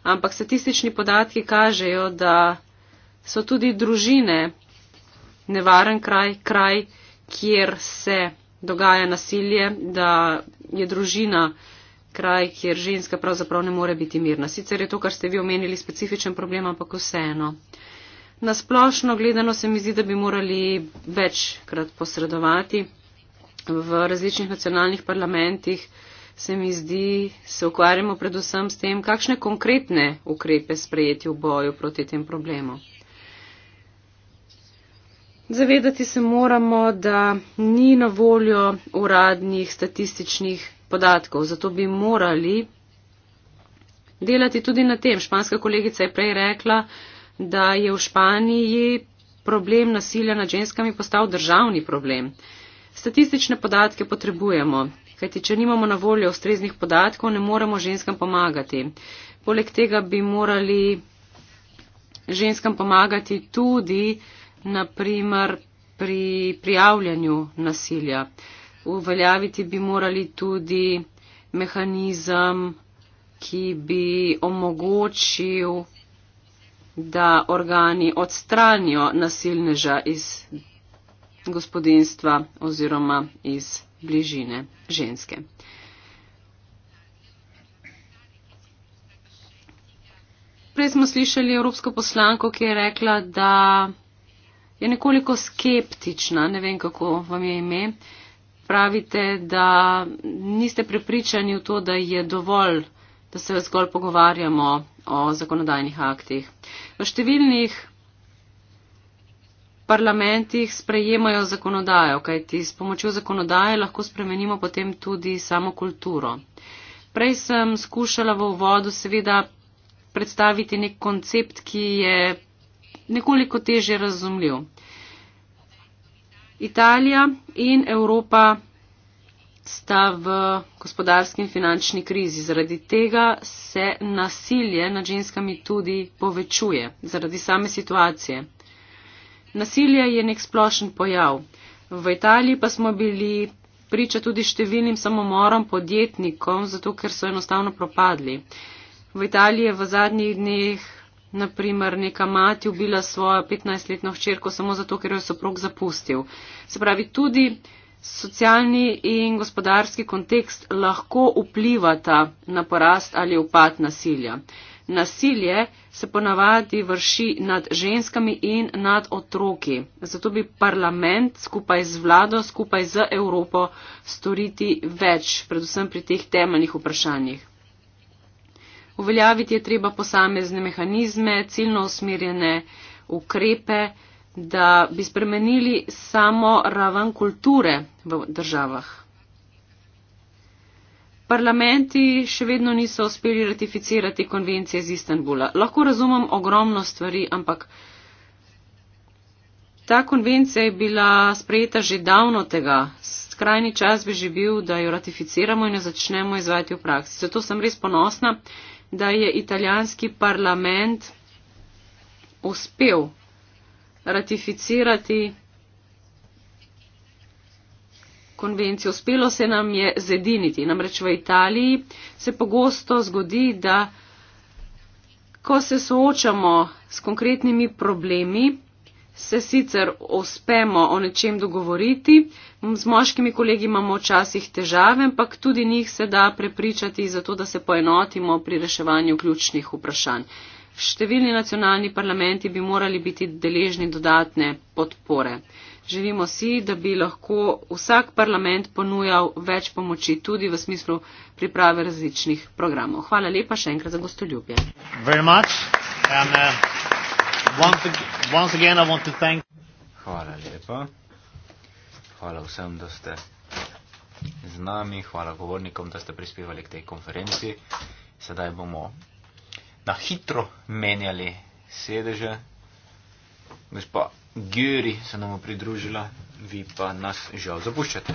Ampak statistični podatki kažejo, da so tudi družine nevaren kraj, kraj, kjer se dogaja nasilje, da je družina kraj, kjer ženska pravzaprav ne more biti mirna. Sicer je to, kar ste vi omenili, specifičen problem, ampak vseeno. Na splošno gledano se mi zdi, da bi morali večkrat posredovati v različnih nacionalnih parlamentih, se mi zdi, se ukvarjamo predvsem s tem, kakšne konkretne ukrepe sprejeti v boju proti tem problemom. Zavedati se moramo, da ni na voljo uradnih statističnih podatkov, zato bi morali delati tudi na tem. Španska kolegica je prej rekla, da je v Španiji problem nasilja nad ženskami postal državni problem. Uh, Statistične podatke potrebujemo, kajti če nimamo na voljo ustreznih podatkov, ne moremo ženskam pomagati. Poleg tega bi morali ženskam pomagati tudi, naprimer, pri prijavljanju nasilja. Uveljaviti bi morali tudi mehanizem, ki bi omogočil, da organi odstranijo nasilneža iz gospodinstva oziroma iz bližine ženske. Prej smo slišali evropsko poslanko, ki je rekla, da je nekoliko skeptična, ne vem, kako vam je ime. Pravite, da niste prepričani v to, da je dovolj, da se zgolj pogovarjamo o zakonodajnih aktih. V številnih parlamentih sprejemajo zakonodajo, kajti s pomočjo zakonodaje lahko spremenimo potem tudi samo kulturo. Prej sem skušala v uvodu seveda predstaviti nek koncept, ki je nekoliko teže razumljiv. Italija in Evropa sta v gospodarski in finančni krizi. Zaradi tega se nasilje nad ženskami tudi povečuje, zaradi same situacije. Nasilje je nek splošen pojav. V Italiji pa smo bili priča tudi številnim samomorom podjetnikom, zato ker so enostavno propadli. V Italiji je v zadnjih dneh, naprimer, neka mati ubila svojo 15-letno hčerko samo zato, ker jo je soprog zapustil. Se pravi, tudi socialni in gospodarski kontekst lahko vplivata na porast ali upad nasilja. Nasilje se ponavadi vrši nad ženskami in nad otroki. Zato bi parlament skupaj z vlado, skupaj z Evropo storiti več, predvsem pri teh temeljnih vprašanjih. Uveljaviti je treba posamezne mehanizme, ciljno usmerjene ukrepe, da bi spremenili samo raven kulture v državah parlamenti še vedno niso uspeli ratificirati konvencije iz Istanbula. Lahko razumem ogromno stvari, ampak ta konvencija je bila sprejeta že davno tega. Skrajni čas bi že bil, da jo ratificiramo in jo začnemo izvajati v praksi. Zato sem res ponosna, da je italijanski parlament uspel ratificirati konvencijo. Uspelo se nam je zediniti. Namreč v Italiji se pogosto zgodi, da ko se soočamo s konkretnimi problemi, se sicer uspemo o nečem dogovoriti, z moškimi kolegi imamo včasih težave, ampak tudi njih se da prepričati za to, da se poenotimo pri reševanju ključnih vprašanj. Številni nacionalni parlamenti bi morali biti deležni dodatne podpore. Želimo si, da bi lahko vsak parlament ponujal več pomoči tudi v smislu priprave različnih programov. Hvala lepa še enkrat za gostoljubje. And, uh, once again, once again Hvala lepa. Hvala vsem, da ste z nami. Hvala govornikom, da ste prispevali k tej konferenci. Sedaj bomo na hitro menjali sedeže. Gospod. Gyuri se nam je pridružila, vi pa nas žal zapuščate.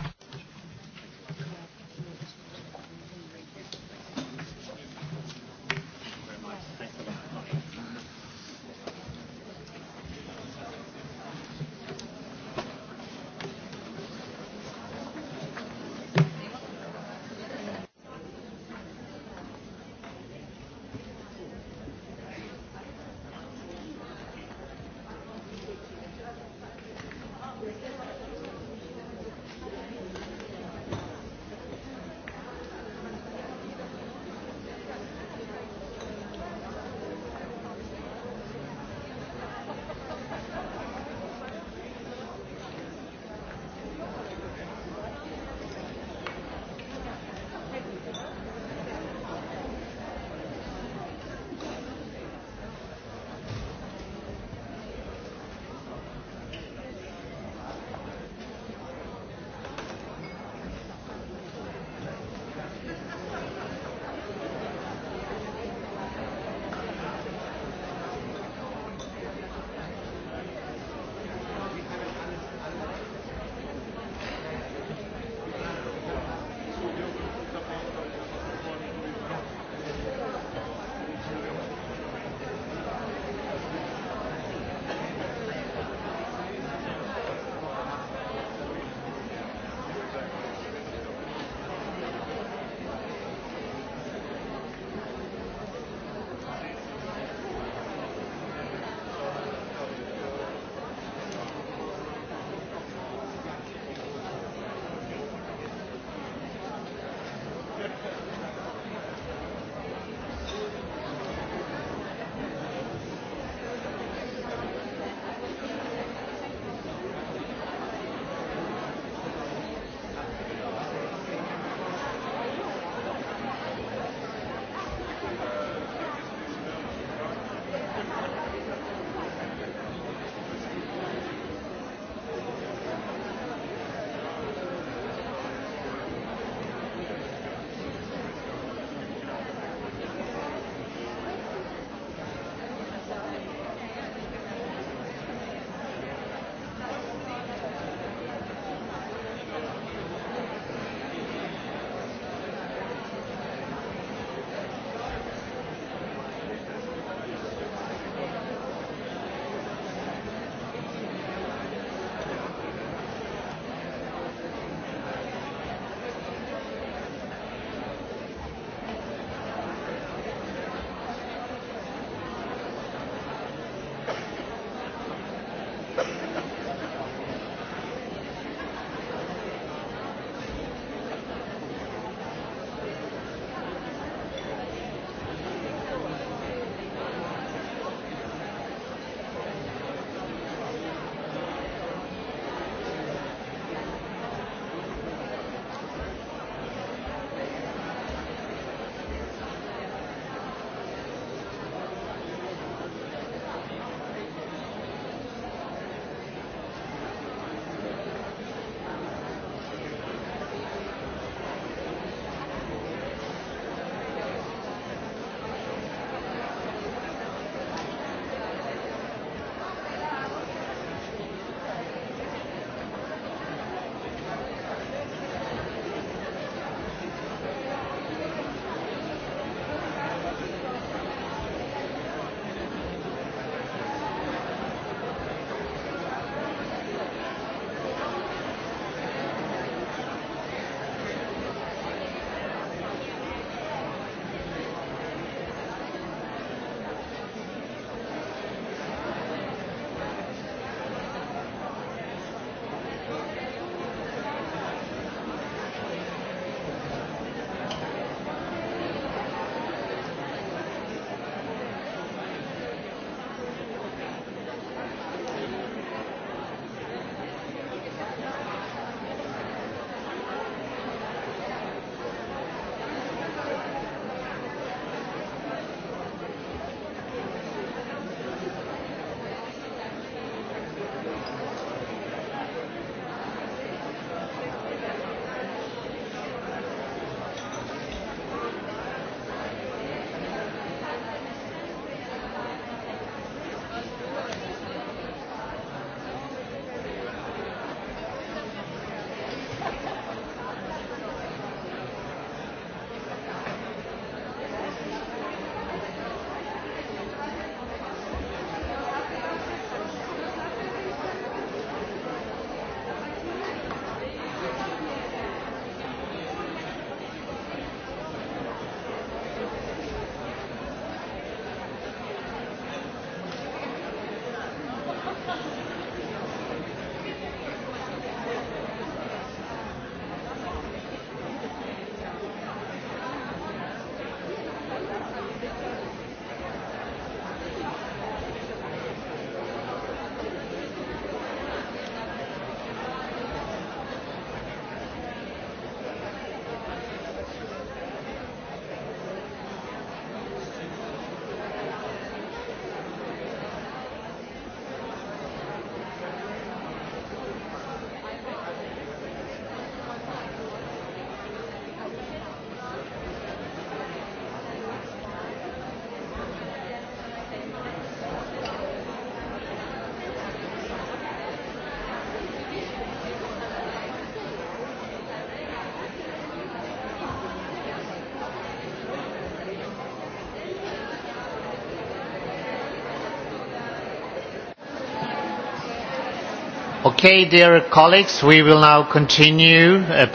Okay, dear colleagues, we will now continue. Uh,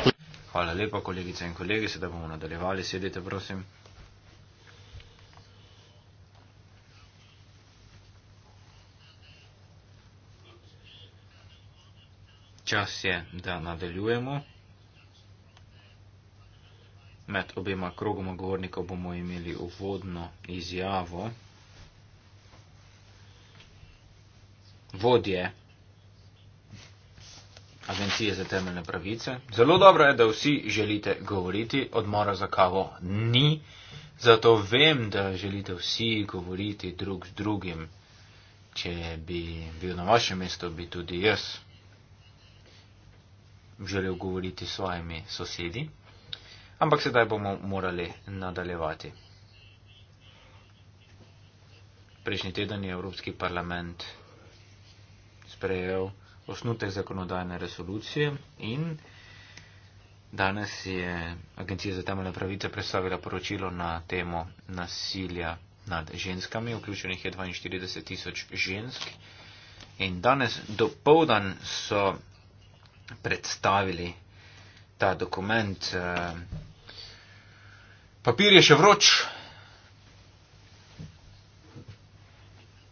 Hvala lepa, kolegice in kolegi, sedaj bomo nadaljevali. Sedite, prosim. Čas je, da nadaljujemo. Med obema krogoma govornikov bomo imeli uvodno izjavo. Vodje Agencije za temeljne pravice. Zelo dobro je, da vsi želite govoriti, odmora za kavo ni, zato vem, da želite vsi govoriti drug z drugim. Če bi bil na vašem mestu, bi tudi jaz želel govoriti s svojimi sosedi, ampak sedaj bomo morali nadaljevati. Prejšnji teden je Evropski parlament sprejel osnutek zakonodajne resolucije in danes je Agencija za temeljne pravice predstavila poročilo na temo nasilja nad ženskami. Vključenih je 42 tisoč žensk in danes do povdan so predstavili ta dokument. Eh, Papir je še vroč.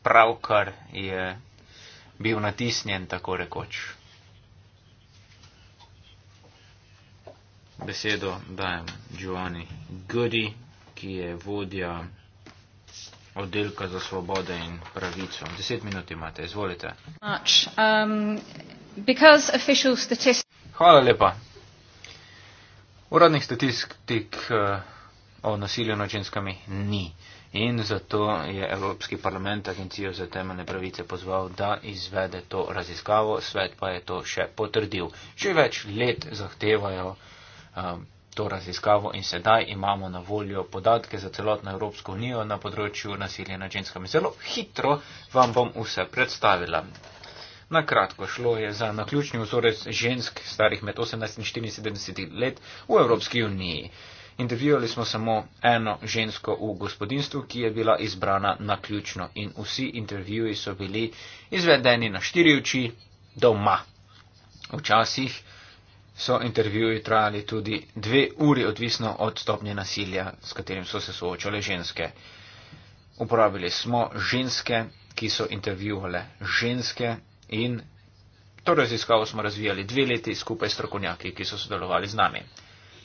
Pravkar je bil natisnjen tako rekoč. Besedo dajem Giovanni Gudi, ki je vodja oddelka za svobode in pravico. Deset minut imate, izvolite. Um, Hvala lepa. Uradnih statistik eh, o nasilju nad ženskami ni in zato je Evropski parlament agencijo za temeljne pravice pozval, da izvede to raziskavo, svet pa je to še potrdil. Že več let zahtevajo um, to raziskavo in sedaj imamo na voljo podatke za celotno Evropsko unijo na področju nasilja nad ženskami. Zelo hitro vam bom vse predstavila. Na kratko šlo je za naključni vzorec žensk starih med 18 in 74 let v Evropski uniji. Intervjuvali smo samo eno žensko v gospodinstvu, ki je bila izbrana na ključno in vsi intervjuji so bili izvedeni na štiri oči doma. Včasih so intervjuji trajali tudi dve uri, odvisno od stopnje nasilja, s katerim so se soočale ženske. Uporabili smo ženske, ki so intervjuvale ženske in to raziskavo smo razvijali dve leti skupaj s strokovnjaki, ki so sodelovali z nami.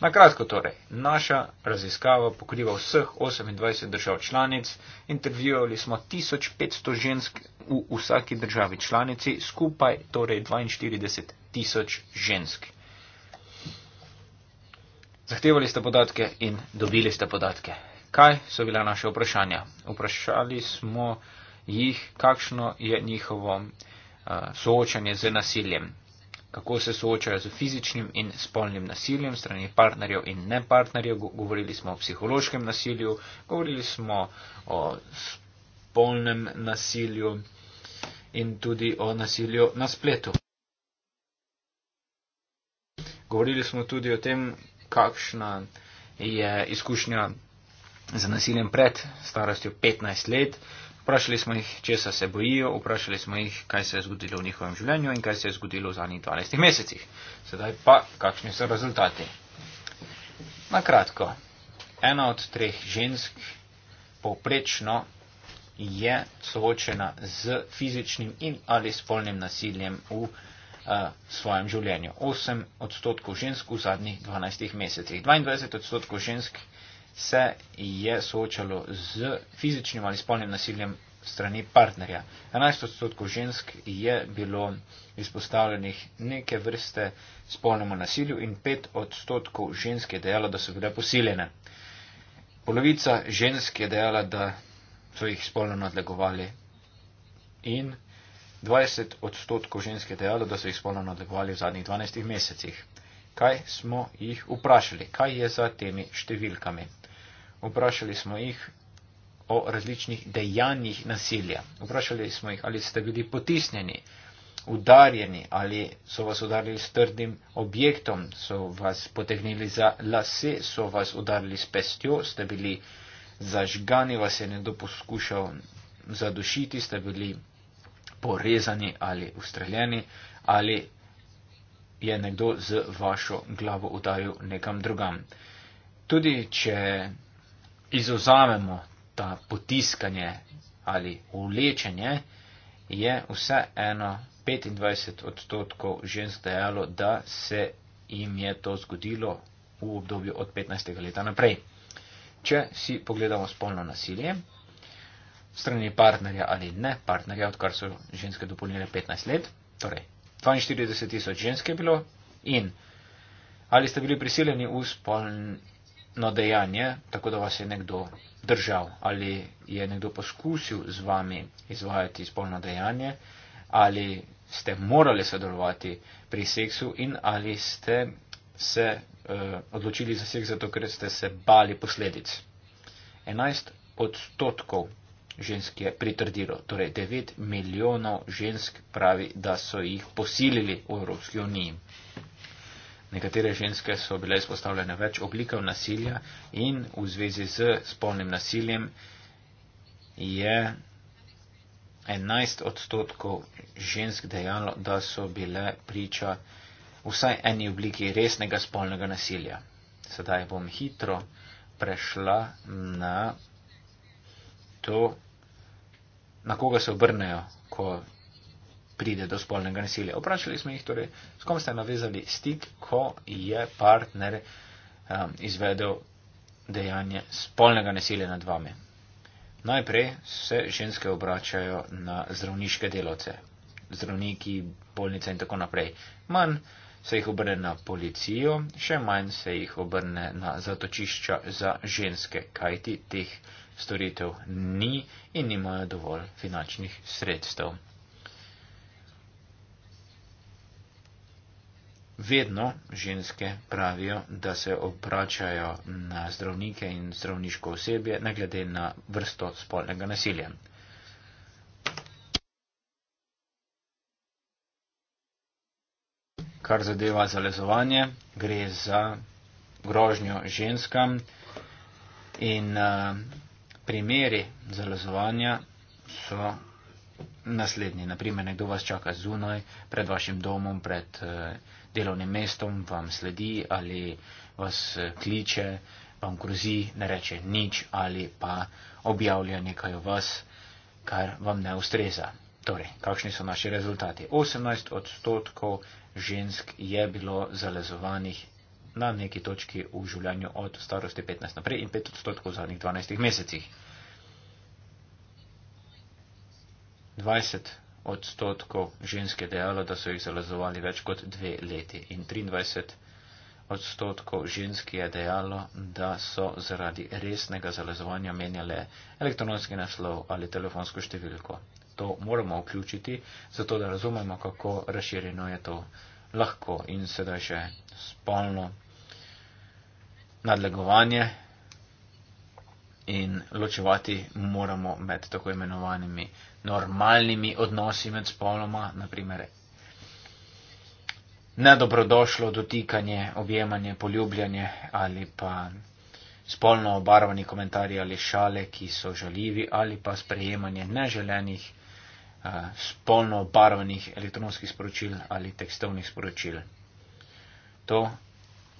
Na kratko torej, naša raziskava pokriva vseh 28 držav članic, intervjuvali smo 1500 žensk v vsaki državi članici, skupaj torej 42 tisoč žensk. Zahtevali ste podatke in dobili ste podatke. Kaj so bila naše vprašanja? Vprašali smo jih, kakšno je njihovo uh, soočanje z nasiljem, kako se soočajo z fizičnim in spolnim nasiljem strani partnerjev in ne partnerjev, govorili smo o psihološkem nasilju, govorili smo o spolnem nasilju in tudi o nasilju na spletu. Govorili smo tudi o tem, kakšna je izkušnja z nasiljem pred starostjo 15 let, Vprašali smo jih, česa se bojijo, vprašali smo jih, kaj se je zgodilo v njihovem življenju in kaj se je zgodilo v zadnjih 12 mesecih. Sedaj pa, kakšni so rezultati. Na kratko, ena od treh žensk povprečno je soočena z fizičnim in ali spolnim nasiljem v uh, svojem življenju. 8 odstotkov žensk v zadnjih 12 mesecih. 22 odstotkov žensk uh, se je soočalo z fizičnim ali spolnim nasiljem strani partnerja. 11 odstotkov žensk je bilo izpostavljenih neke vrste spolnemu nasilju in 5 odstotkov žensk je dejala, da so bile posiljene. Polovica žensk je dejala, da so jih spolno nadlegovali in 20 odstotkov žensk je dejalo, da so jih spolno nadlegovali v zadnjih 12 mesecih. Kaj smo jih vprašali? Kaj je za temi številkami? Vprašali smo jih o različnih dejanjih nasilja. Vprašali smo jih, ali ste bili potisnjeni, udarjeni, ali so vas udarili s trdim objektom, so vas potegnili za lase, so vas udarili s pestjo, ste bili zažgani, vas je nekdo poskušal zadušiti, ste bili porezani ali ustreljeni, ali je nekdo z vašo glavo udaril nekam drugam. Tudi če izuzamemo ta potiskanje ali vlečenje, je vse eno 25 odstotkov žensk dejalo, da se jim je to zgodilo v obdobju od 15. leta naprej. Če si pogledamo spolno nasilje, strani partnerja ali ne partnerja, odkar so ženske dopolnile 15 let, torej 42 tisoč žensk je bilo in ali ste bili prisiljeni v spolni na dejanje, tako da vas je nekdo držal ali je nekdo poskusil z vami izvajati spolno dejanje ali ste morali sodelovati pri seksu in ali ste se uh, odločili za seks zato, ker ste se bali posledic. 11 odstotkov žensk je pritrdilo, torej 9 milijonov žensk pravi, da so jih posilili v Evropski uniji. Nekatere ženske so bile izpostavljene več oblikov nasilja in v zvezi z spolnim nasiljem je 11 odstotkov žensk dejalo, da so bile priča vsaj eni obliki resnega spolnega nasilja. Sedaj bom hitro prešla na to, na koga se obrnejo, ko pride do spolnega nasilja. Vprašali smo jih torej, s kom ste navezali stik, ko je partner um, izvedel dejanje spolnega nasilja nad vami. Najprej se ženske obračajo na zdravniške delovce, zdravniki, bolnice in tako naprej. Manj se jih obrne na policijo, še manj se jih obrne na zatočišča za ženske, kajti teh storitev ni in nimajo dovolj finančnih sredstev. Vedno ženske pravijo, da se obračajo na zdravnike in zdravniško osebje, ne glede na vrsto spolnega nasilja. Kar zadeva zalezovanje, gre za grožnjo ženskam in eh, primeri zalezovanja so naslednji. Naprimer, nekdo vas čaka zunaj, pred vašim domom, pred. Eh, delovnim mestom, vam sledi ali vas eh, kliče, vam grozi, ne reče nič ali pa objavlja nekaj o vas, kar vam ne ustreza. Torej, kakšni so naši rezultati? 18 odstotkov žensk je bilo zalezovanih na neki točki v življenju od starosti 15 naprej in 5 odstotkov v zadnjih 12 mesecih. 20 odstotkov ženske dejalo, da so jih zalazovali več kot dve leti in 23 odstotkov ženski je dejalo, da so zaradi resnega zalazovanja menjale elektronski naslov ali telefonsko številko. To moramo vključiti, zato da razumemo, kako razširjeno je to lahko in sedaj še spolno nadlegovanje, in ločevati moramo med tako imenovanimi normalnimi odnosi med spoloma, naprimer nedobrodošlo dotikanje, objemanje, poljubljanje ali pa spolno obarvani komentarji ali šale, ki so žaljivi ali pa sprejemanje neželenih eh, spolno obarvanih elektronskih sporočil ali tekstovnih sporočil. To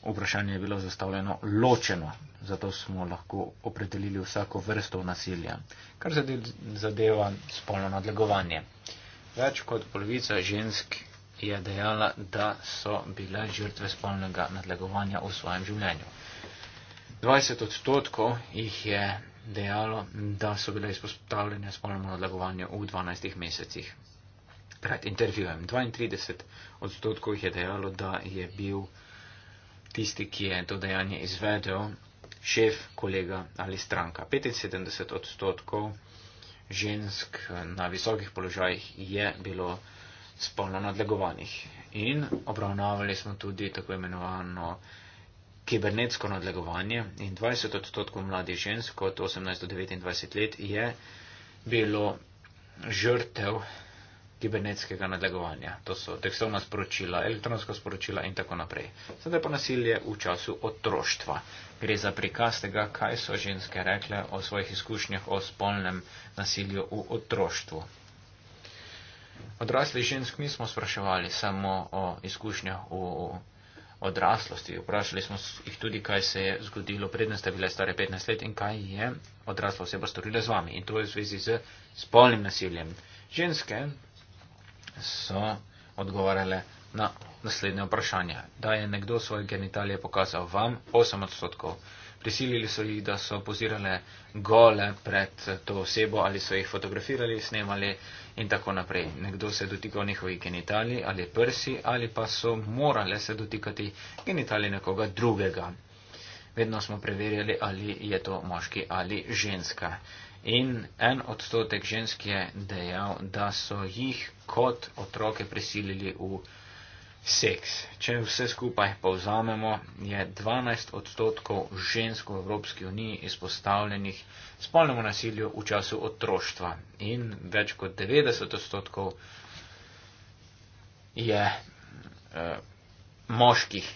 vprašanje je bilo zastavljeno ločeno, zato smo lahko opredelili vsako vrsto nasilja, kar zadeva spolno nadlegovanje. Več kot polovica žensk je dejala, da so bile žrtve spolnega nadlegovanja v svojem življenju. 20 odstotkov jih je dejalo, da so bile izpostavljene spolnemu nadlegovanju v 12 mesecih. Pred intervjujem 32 odstotkov jih je dejalo, da je bil tisti, ki je to dejanje izvedel, šef, kolega ali stranka. 75 odstotkov žensk na visokih položajih je bilo spolno nadlegovanih. In obravnavali smo tudi tako imenovano kibernetsko nadlegovanje in 20 odstotkov mladih žensk od 18 do 29 let je bilo žrtev kibernetskega nadlegovanja. To so tekstovna sporočila, elektronska sporočila in tako naprej. Sedaj pa nasilje v času otroštva. Gre za prikaz tega, kaj so ženske rekle o svojih izkušnjah o spolnem nasilju v otroštvu. Odrasli žensk nismo spraševali samo o izkušnjah v odraslosti. Vprašali smo jih tudi, kaj se je zgodilo, predne ste bile stare 15 let in kaj je odrasla oseba storila z vami. In to je v zvezi z spolnim nasiljem. Ženske so odgovarjale na naslednje vprašanje. Da je nekdo svoje genitalije pokazal vam, 8 odstotkov. Prisilili so jih, da so pozirale gole pred to osebo ali so jih fotografirali, snemali in tako naprej. Nekdo se je dotikal njihovih genitalij ali prsi ali pa so morale se dotikati genitalij nekoga drugega. Vedno smo preverjali, ali je to moški ali ženska in en odstotek žensk je dejal, da so jih kot otroke prisilili v seks. Če vse skupaj povzamemo, je 12 odstotkov žensk v Evropski uniji izpostavljenih spolnemu nasilju v času otroštva in več kot 90 odstotkov je eh, moških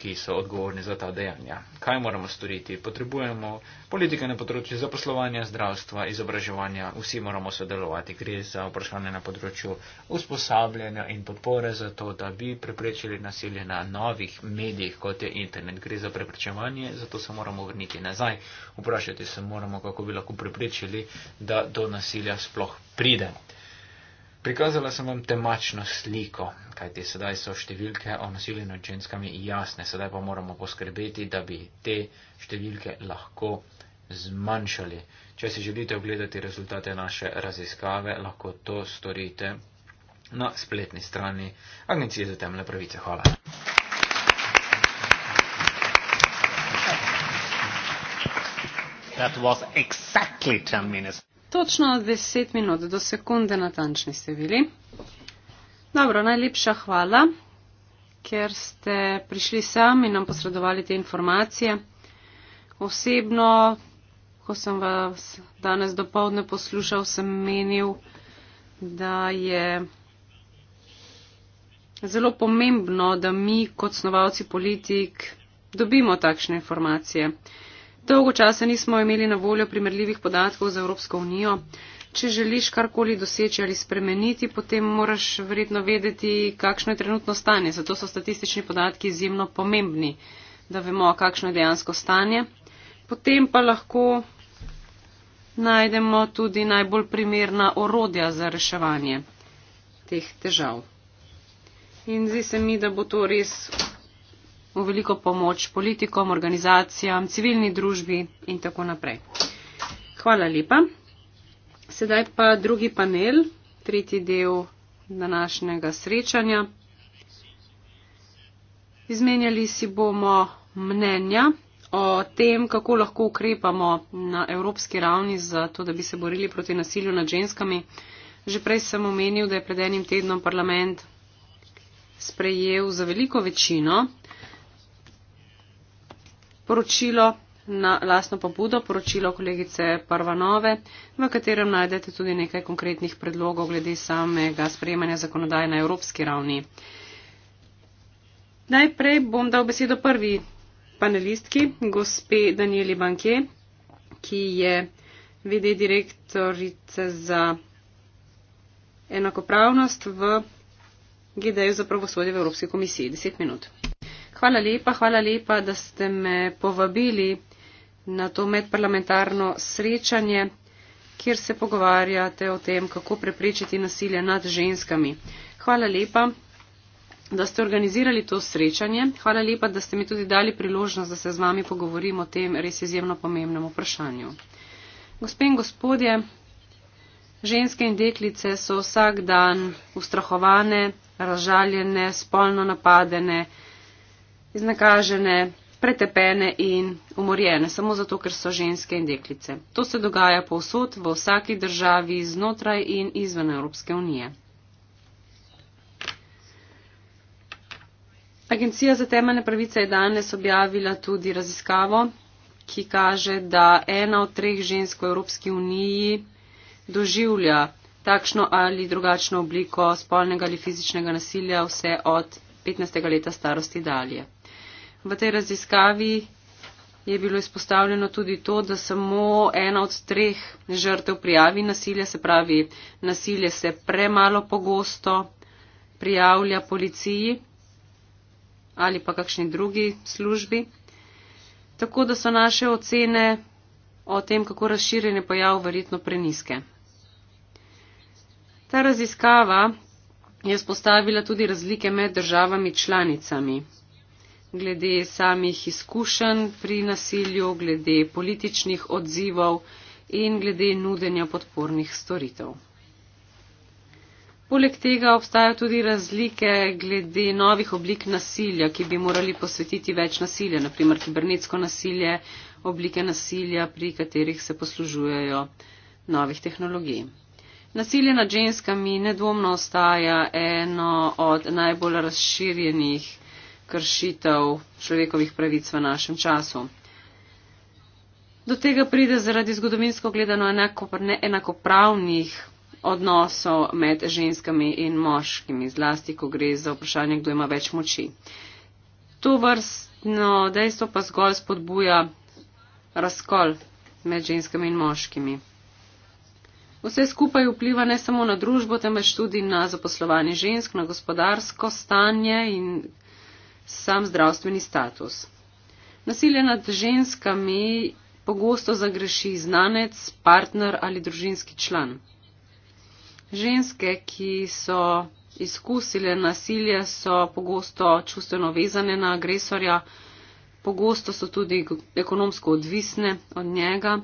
ki so odgovorni za ta dejanja. Kaj moramo storiti? Potrebujemo politike na področju zaposlovanja, zdravstva, izobraževanja, vsi moramo sodelovati. Gre za vprašanje na področju usposabljanja in podpore za to, da bi preprečili nasilje na novih medijih, kot je internet. Gre za preprečevanje, zato se moramo vrniti nazaj. Vprašati se moramo, kako bi lahko preprečili, da do nasilja sploh pride. Prikazala sem vam temačno sliko, kajti sedaj so številke o nasilju nad ženskami jasne, sedaj pa moramo poskrbeti, da bi te številke lahko zmanjšali. Če si želite ogledati rezultate naše raziskave, lahko to storite na spletni strani Agencije za temne pravice. Hvala. That was exactly 10 minutes. Točno 10 minut do sekunde natančni ste bili. Dobro, najlepša hvala, ker ste prišli sami in nam posredovali te informacije. Osebno, ko sem vas danes dopoledne poslušal, sem menil, da je zelo pomembno, da mi kot snovalci politik dobimo takšne informacije. Dolgo časa nismo imeli na voljo primerljivih podatkov za Evropsko unijo. Če želiš karkoli doseči ali spremeniti, potem moraš verjetno vedeti, kakšno je trenutno stanje. Zato so statistični podatki izjemno pomembni, da vemo, kakšno je dejansko stanje. Potem pa lahko najdemo tudi najbolj primerna orodja za reševanje teh težav. In zdi se mi, da bo to res v veliko pomoč politikom, organizacijam, civilni družbi in tako naprej. Hvala lepa. Sedaj pa drugi panel, tretji del današnjega srečanja. Izmenjali si bomo mnenja o tem, kako lahko ukrepamo na evropski ravni za to, da bi se borili proti nasilju nad ženskami. Že prej sem omenil, da je pred enim tednom parlament sprejel za veliko večino poročilo na lastno pobudo, poročilo kolegice Parvanove, v katerem najdete tudi nekaj konkretnih predlogov glede samega sprejemanja zakonodaje na evropski ravni. Najprej bom dal besedo prvi panelistki, gospe Danieli Banke, ki je VD direktorice za enakopravnost v GDE za pravosodje v Evropski komisiji. Deset minut. Hvala lepa, hvala lepa, da ste me povabili na to medparlamentarno srečanje, kjer se pogovarjate o tem, kako preprečiti nasilje nad ženskami. Hvala lepa, da ste organizirali to srečanje. Hvala lepa, da ste mi tudi dali priložnost, da se z vami pogovorim o tem res izjemno pomembnem vprašanju. Gospe in gospodje, ženske in deklice so vsak dan ustrahovane, razžaljene, spolno napadene, iznakažene, pretepene in umorjene, samo zato, ker so ženske in deklice. To se dogaja povsod, v vsaki državi, znotraj in izven Evropske unije. Agencija za temeljne pravice je danes objavila tudi raziskavo, ki kaže, da ena od treh žensk v Evropski uniji doživlja takšno ali drugačno obliko spolnega ali fizičnega nasilja vse od 15. leta starosti dalje. V tej raziskavi je bilo izpostavljeno tudi to, da samo ena od treh žrtev prijavi nasilje, se pravi, nasilje se premalo pogosto prijavlja policiji ali pa kakšni drugi službi. Tako da so naše ocene o tem, kako razširjen je pojav, verjetno preniske. Ta raziskava je spostavila tudi razlike med državami članicami glede samih izkušenj pri nasilju, glede političnih odzivov in glede nudenja podpornih storitev. Poleg tega obstajajo tudi razlike glede novih oblik nasilja, ki bi morali posvetiti več nasilja, naprimer kibernetsko nasilje, oblike nasilja, pri katerih se poslužujejo novih tehnologij. Nasilje nad ženskami nedvomno ostaja eno od najbolj razširjenih kršitev človekovih pravic v našem času. Do tega pride zaradi zgodovinsko gledano neenakopravnih odnosov med ženskami in moškimi, zlasti, ko gre za vprašanje, kdo ima več moči. To vrstno dejstvo pa zgolj spodbuja razkol med ženskami in moškimi. Vse skupaj vpliva ne samo na družbo, temveč tudi na zaposlovanje žensk, na gospodarsko stanje in sam zdravstveni status. Nasilje nad ženskami pogosto zagreši znanec, partner ali družinski član. Ženske, ki so izkusile nasilje, so pogosto čustveno vezane na agresorja, pogosto so tudi ekonomsko odvisne od njega,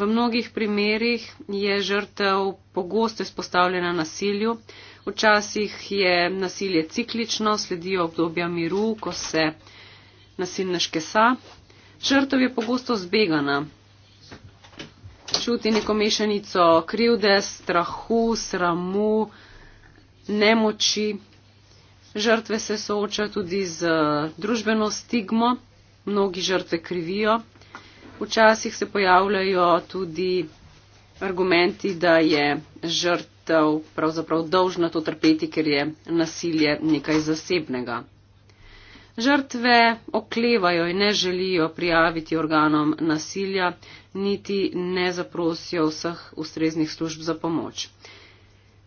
V mnogih primerjih je žrtev pogosto izpostavljena nasilju. Včasih je nasilje ciklično, sledijo obdobja miru, ko se nasilne škesa. Žrtev je pogosto zbegana. Čuti neko mešanico krivde, strahu, sramu, nemoči. Žrtve se soočajo tudi z družbeno stigmo, mnogi žrtve krivijo. Včasih se pojavljajo tudi argumenti, da je žrtev pravzaprav dolžna to trpeti, ker je nasilje nekaj zasebnega. Žrtve oklevajo in ne želijo prijaviti organom nasilja, niti ne zaprosijo vseh ustreznih služb za pomoč.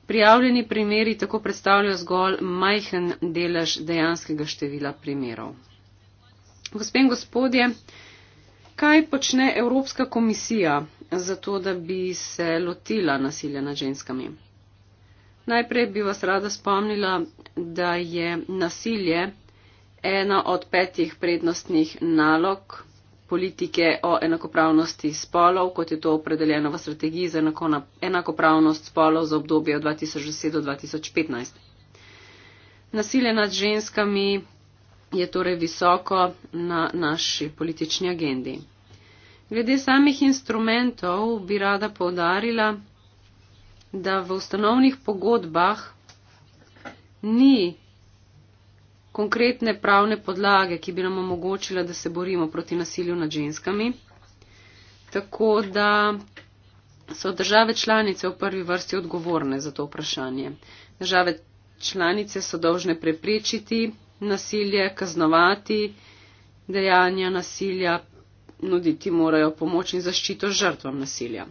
Prijavljeni primeri tako predstavljajo zgolj majhen delež dejanskega števila primerov. Gospe in gospodje, kaj počne Evropska komisija za to, da bi se lotila nasilja nad ženskami. Najprej bi vas rada spomnila, da je nasilje ena od petih prednostnih nalog politike o enakopravnosti spolov, kot je to opredeljeno v strategiji za enakopravnost spolov za obdobje od 2010 do 2015. Nasilje nad ženskami je torej visoko na naši politični agendi. Glede samih instrumentov bi rada povdarila, da v ustanovnih pogodbah ni konkretne pravne podlage, ki bi nam omogočila, da se borimo proti nasilju nad ženskami. Tako da so države članice v prvi vrsti odgovorne za to vprašanje. Države članice so dolžne preprečiti nasilje, kaznovati dejanja nasilja, nuditi morajo pomoč in zaščito žrtvam nasilja.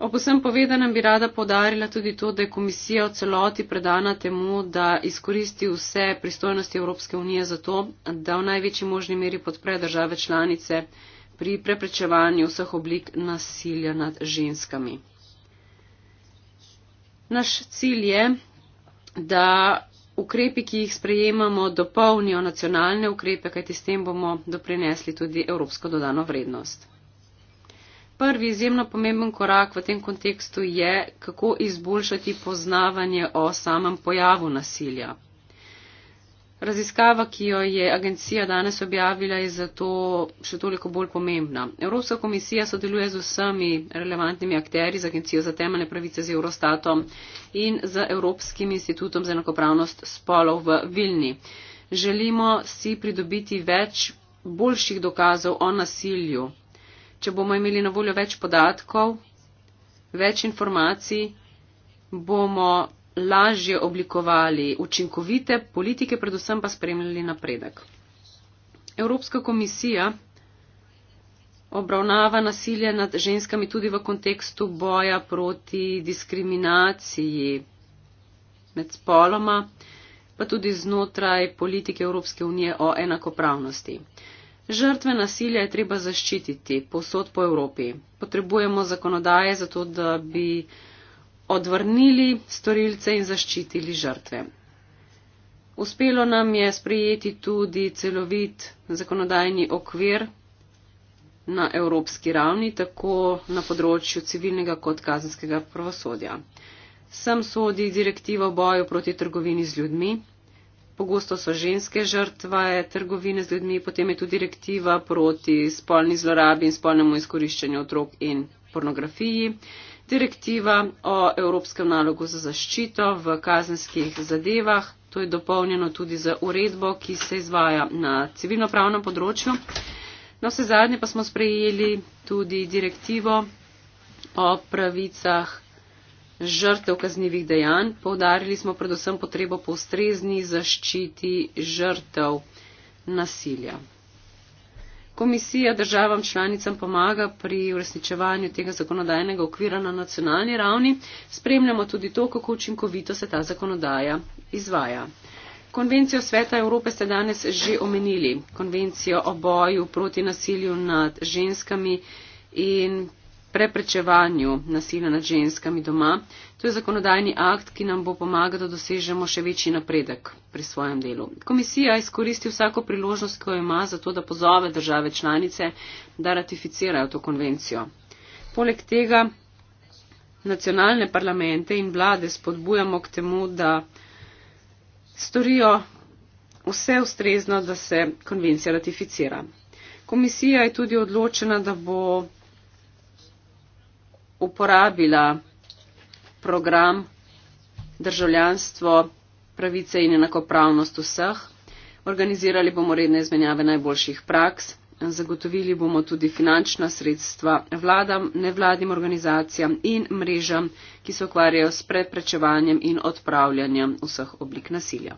Ob vsem povedanem bi rada podarila tudi to, da je komisija v celoti predana temu, da izkoristi vse pristojnosti Evropske unije za to, da v največji možni meri podpre države članice pri preprečevanju vseh oblik nasilja nad ženskami. Naš cilj je, da ukrepi, ki jih sprejemamo, dopolnijo nacionalne ukrepe, kajti s tem bomo doprinesli tudi evropsko dodano vrednost. Prvi izjemno pomemben korak v tem kontekstu je, kako izboljšati poznavanje o samem pojavu nasilja, Raziskava, ki jo je agencija danes objavila, je zato še toliko bolj pomembna. Evropska komisija sodeluje z vsemi relevantnimi akteri, z Agencijo za temeljne pravice z Eurostatom in z Evropskim institutom za enakopravnost spolov v Vilni. Želimo si pridobiti več boljših dokazov o nasilju. Če bomo imeli na voljo več podatkov, več informacij, bomo lažje oblikovali učinkovite politike, predvsem pa spremljali napredek. Evropska komisija obravnava nasilje nad ženskami tudi v kontekstu boja proti diskriminaciji med spoloma, pa tudi znotraj politike Evropske unije o enakopravnosti. Žrtve nasilja je treba zaščititi posod po Evropi. Potrebujemo zakonodaje za to, da bi odvrnili storilce in zaščitili žrtve. Uspelo nam je sprejeti tudi celovit zakonodajni okvir na evropski ravni, tako na področju civilnega kot kazenskega pravosodja. Sem sodi direktiva o boju proti trgovini z ljudmi, pogosto so ženske žrtve trgovine z ljudmi, potem je tudi direktiva proti spolni zlorabi in spolnemu izkoriščanju otrok in pornografiji, direktiva o Evropskem nalogu za zaščito v kazenskih zadevah. To je dopolnjeno tudi z uredbo, ki se izvaja na civilnopravnem področju. Na no, vse zadnje pa smo sprejeli tudi direktivo o pravicah žrtev kaznjivih dejanj. Povdarili smo predvsem potrebo po ustrezni zaščiti žrtev nasilja komisija državam članicam pomaga pri uresničevanju tega zakonodajnega okvira na nacionalni ravni, spremljamo tudi to, kako učinkovito se ta zakonodaja izvaja. Konvencijo Sveta Evrope ste danes že omenili, konvencijo o boju proti nasilju nad ženskami in preprečevanju nasilja nad ženskami doma. To je zakonodajni akt, ki nam bo pomagal, da dosežemo še večji napredek pri svojem delu. Komisija izkoristi vsako priložnost, ki jo ima, zato da pozove države članice, da ratificirajo to konvencijo. Poleg tega nacionalne parlamente in vlade spodbujamo k temu, da storijo vse ustrezno, da se konvencija ratificira. Komisija je tudi odločena, da bo uporabila program državljanstvo, pravice in enakopravnost vseh. Organizirali bomo redne izmenjave najboljših praks, zagotovili bomo tudi finančna sredstva vladam, nevladnim organizacijam in mrežam, ki se ukvarjajo s preprečevanjem in odpravljanjem vseh oblik nasilja.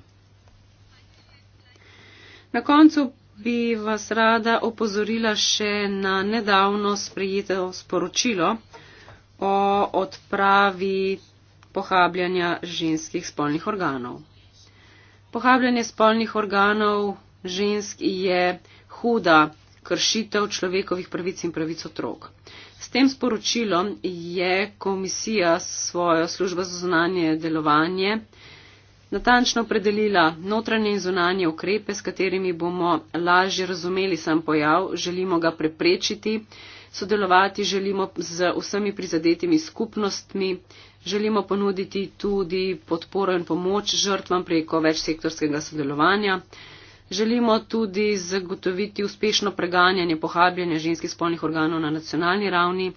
Na koncu bi vas rada opozorila še na nedavno sprejeto sporočilo, o odpravi pohabljanja ženskih spolnih organov. Pohabljanje spolnih organov žensk je huda kršitev človekovih pravic in pravic otrok. S tem sporočilom je komisija svojo službo za zunanje delovanje natančno opredelila notranje in zunanje ukrepe, s katerimi bomo lažje razumeli sam pojav, želimo ga preprečiti. Sodelovati želimo z vsemi prizadetimi skupnostmi, želimo ponuditi tudi podporo in pomoč žrtvam preko večsektorskega sodelovanja. Želimo tudi zagotoviti uspešno preganjanje pohabljanja ženskih spolnih organov na nacionalni ravni.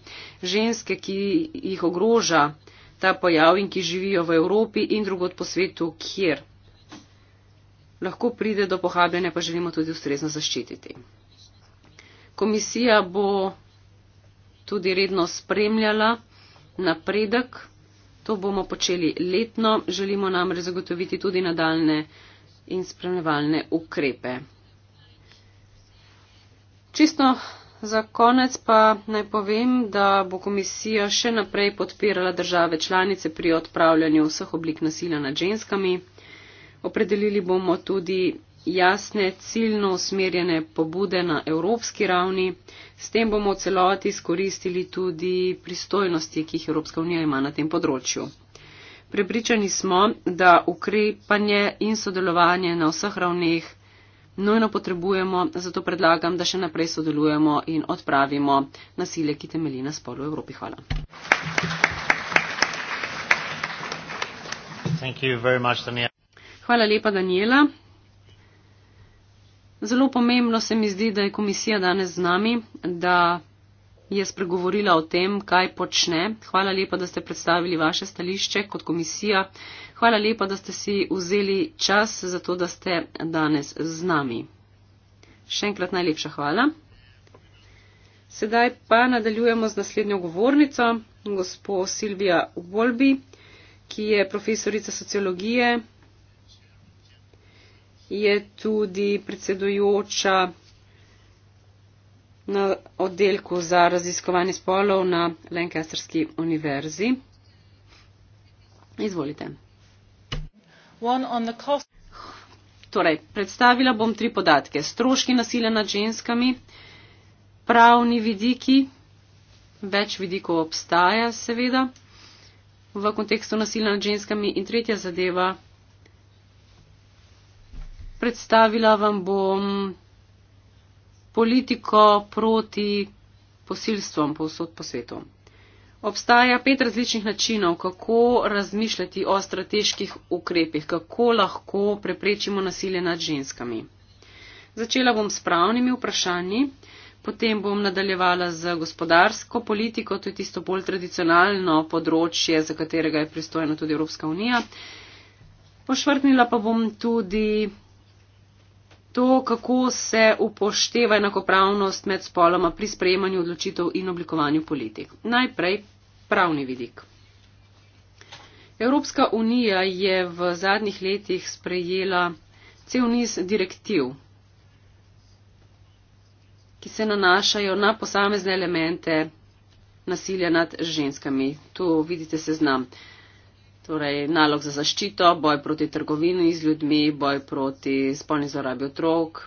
Ženske, ki jih ogroža ta pojav in ki živijo v Evropi in drugod po svetu, kjer lahko pride do pohabljanja, pa želimo tudi ustrezno zaščititi. Komisija bo tudi redno spremljala napredek. To bomo počeli letno, želimo namreč zagotoviti tudi nadaljne in spremljevalne ukrepe. Čisto za konec pa naj povem, da bo komisija še naprej podpirala države članice pri odpravljanju vseh oblik nasilja nad ženskami. Opredelili bomo tudi jasne ciljno usmerjene pobude na evropski ravni. S tem bomo v celoti izkoristili tudi pristojnosti, ki jih Evropska unija ima na tem področju. Prepričani smo, da ukrepanje in sodelovanje na vseh ravneh nujno potrebujemo, zato predlagam, da še naprej sodelujemo in odpravimo nasilje, ki temelji na spolu v Evropi. Hvala. Hvala lepa, Daniela. Zelo pomembno se mi zdi, da je komisija danes z nami, da je spregovorila o tem, kaj počne. Hvala lepa, da ste predstavili vaše stališče kot komisija. Hvala lepa, da ste si vzeli čas za to, da ste danes z nami. Še enkrat najlepša hvala. Sedaj pa nadaljujemo z naslednjo govornico, gospo Silvija Volbi, ki je profesorica sociologije je tudi predsedujoča na oddelku za raziskovanje spolov na Lancasterski univerzi. Izvolite. Torej, predstavila bom tri podatke. Stroški nasilja nad ženskami, pravni vidiki, več vidikov obstaja seveda v kontekstu nasilja nad ženskami in tretja zadeva predstavila vam bom politiko proti posilstvom povsod po svetu. Obstaja pet različnih načinov, kako razmišljati o strateških ukrepih, kako lahko preprečimo nasilje nad ženskami. Začela bom s pravnimi vprašanji, potem bom nadaljevala z gospodarsko politiko, to je tisto bolj tradicionalno področje, za katerega je pristojena tudi Evropska unija. Pošvrtnila pa bom tudi to, kako se upošteva enakopravnost med spoloma pri sprejemanju odločitev in oblikovanju politik. Najprej pravni vidik. Evropska unija je v zadnjih letih sprejela cel niz direktiv, ki se nanašajo na posamezne elemente nasilja nad ženskami. Tu vidite seznam torej nalog za zaščito, boj proti trgovini z ljudmi, boj proti spolni zlorabi otrok,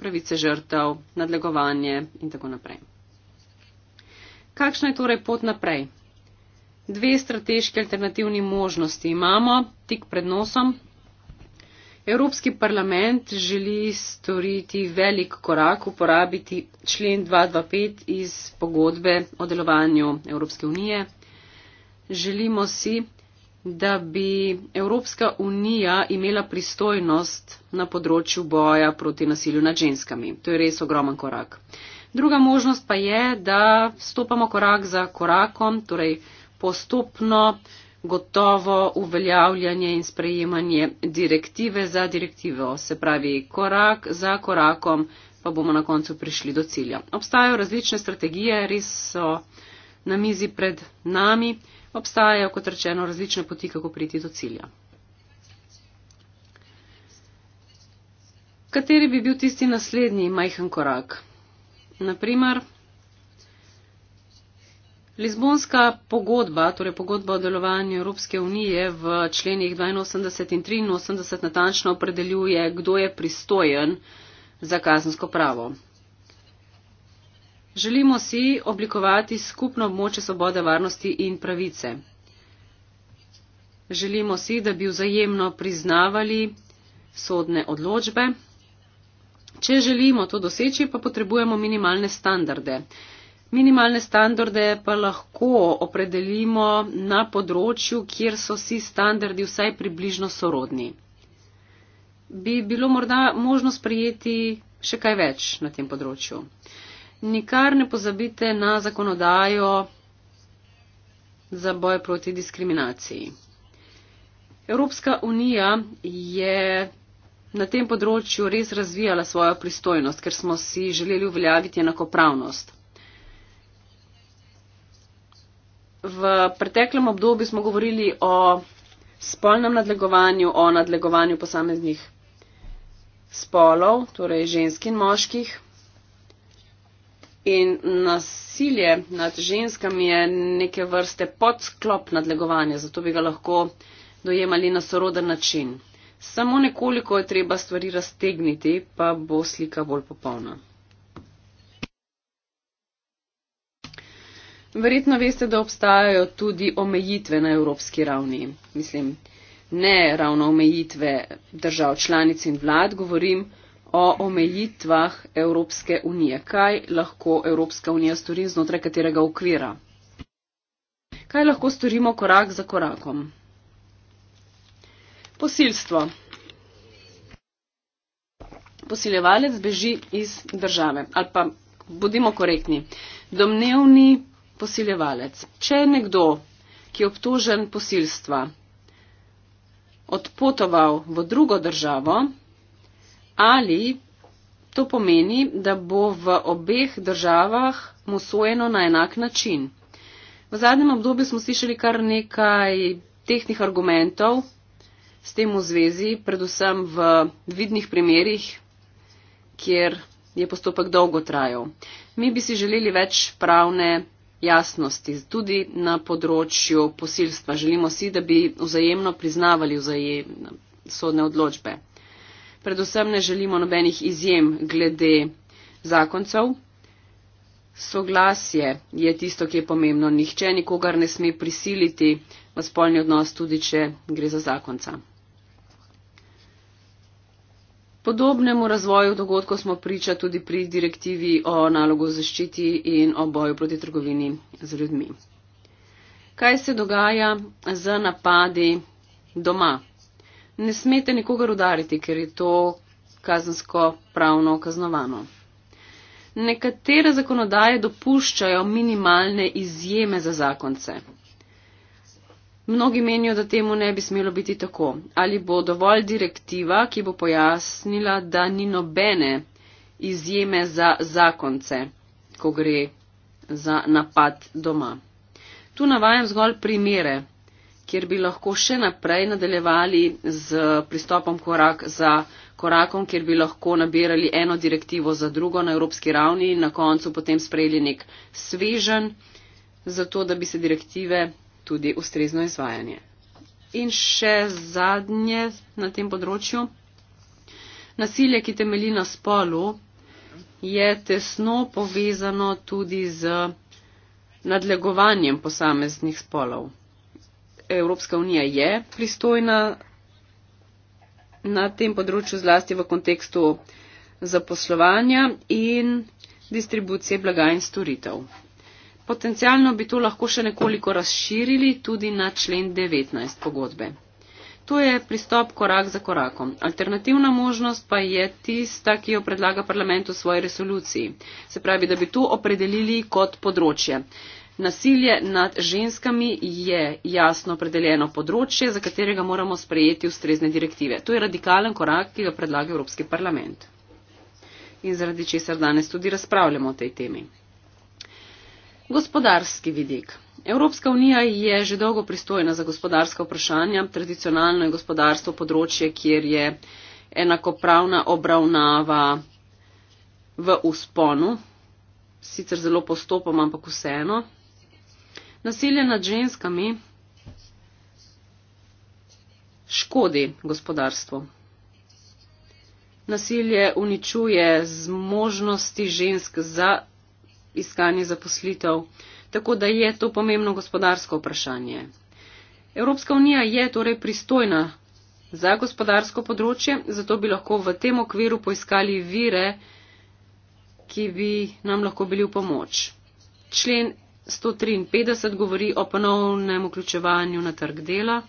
pravice žrtev, nadlegovanje in tako naprej. Kakšna je torej pot naprej? Dve strateški alternativni možnosti imamo tik pred nosom. Evropski parlament želi storiti velik korak, uporabiti člen 225 iz pogodbe o delovanju Evropske unije. Želimo si, da bi Evropska unija imela pristojnost na področju boja proti nasilju nad ženskami. To je res ogromen korak. Druga možnost pa je, da stopamo korak za korakom, torej postopno, gotovo uveljavljanje in sprejemanje direktive za direktivo, se pravi korak za korakom, pa bomo na koncu prišli do cilja. Obstajajo različne strategije, res so na mizi pred nami obstajajo, kot rečeno, različne poti, kako priti do cilja. Kateri bi bil tisti naslednji majhen korak? Naprimer, Lizbonska pogodba, torej pogodba o delovanju Evropske unije v členih 82 in 83 natančno opredeljuje, kdo je pristojen za kazensko pravo. Želimo si oblikovati skupno območje svobode, varnosti in pravice. Želimo si, da bi vzajemno priznavali sodne odločbe. Če želimo to doseči, pa potrebujemo minimalne standarde. Minimalne standarde pa lahko opredelimo na področju, kjer so vsi standardi vsaj približno sorodni. Bi bilo morda možno sprejeti še kaj več na tem področju? nikar ne pozabite na zakonodajo za boj proti diskriminaciji. Evropska unija je na tem področju res razvijala svojo pristojnost, ker smo si želeli uveljaviti enakopravnost. V preteklem obdobju smo govorili o spolnem nadlegovanju, o nadlegovanju posameznih spolov, torej ženskih in moških. In nasilje nad ženskami je neke vrste podsklop nadlegovanja, zato bi ga lahko dojemali na soroden način. Samo nekoliko je treba stvari raztegniti, pa bo slika bolj popolna. Verjetno veste, da obstajajo tudi omejitve na evropski ravni. Mislim, ne ravno omejitve držav članic in vlad, govorim o omejitvah Evropske unije. Kaj lahko Evropska unija stori znotraj katerega okvira? Kaj lahko storimo korak za korakom? Posilstvo. Posiljevalec beži iz države. Ali pa bodimo korektni. Domnevni posiljevalec. Če je nekdo, ki je obtožen posilstva, odpotoval v drugo državo, ali to pomeni, da bo v obeh državah mu sojeno na enak način. V zadnjem obdobju smo slišali kar nekaj tehnih argumentov s tem v zvezi, predvsem v vidnih primerih, kjer je postopek dolgo trajal. Mi bi si želeli več pravne jasnosti, tudi na področju posilstva. Želimo si, da bi vzajemno priznavali vzajemno sodne odločbe predvsem ne želimo nobenih izjem glede zakoncev. Soglasje je tisto, ki je pomembno. Nihče nikogar ne sme prisiliti v spolni odnos, tudi če gre za zakonca. Podobnemu razvoju dogodkov smo priča tudi pri direktivi o nalogu zaščiti in o boju proti trgovini z ljudmi. Kaj se dogaja z napadi doma? ne smete nikogar udariti, ker je to kazensko pravno kaznovano. Nekatere zakonodaje dopuščajo minimalne izjeme za zakonce. Mnogi menijo, da temu ne bi smelo biti tako. Ali bo dovolj direktiva, ki bo pojasnila, da ni nobene izjeme za zakonce, ko gre za napad doma. Tu navajam zgolj primere kjer bi lahko še naprej nadaljevali z pristopom korak za korakom, kjer bi lahko nabirali eno direktivo za drugo na evropski ravni in na koncu potem sprejeli nek svežen, zato da bi se direktive tudi ustrezno izvajanje. In še zadnje na tem področju. Nasilje, ki temelji na spolu, je tesno povezano tudi z nadlegovanjem posameznih spolov. Evropska unija je pristojna na tem področju zlasti v kontekstu zaposlovanja in distribucije blaga in storitev. Potencialno bi to lahko še nekoliko razširili tudi na člen 19 pogodbe. To je pristop korak za korakom. Alternativna možnost pa je tista, ki jo predlaga parlament v svoji resoluciji. Se pravi, da bi to opredelili kot področje. Uh, Nasilje nad ženskami je jasno predeljeno področje, za katerega moramo sprejeti ustrezne direktive. To je radikalen korak, ki ga predlaga Evropski parlament. In zaradi česar danes tudi razpravljamo o tej temi. Gospodarski vidik. Evropska unija je že dolgo pristojna za gospodarska vprašanja. Tradicionalno je gospodarstvo področje, kjer je enakopravna obravnava v usponu. Sicer zelo postopoma, ampak vseeno nasilje nad ženskami škodi gospodarstvu. Nasilje uničuje zmožnosti žensk za iskanje zaposlitev, tako da je to pomembno gospodarsko vprašanje. Evropska unija je torej pristojna za gospodarsko področje, zato bi lahko v tem okviru poiskali vire, ki bi nam lahko bili v pomoč. Člen 153 govori o ponovnem vključevanju na trg dela.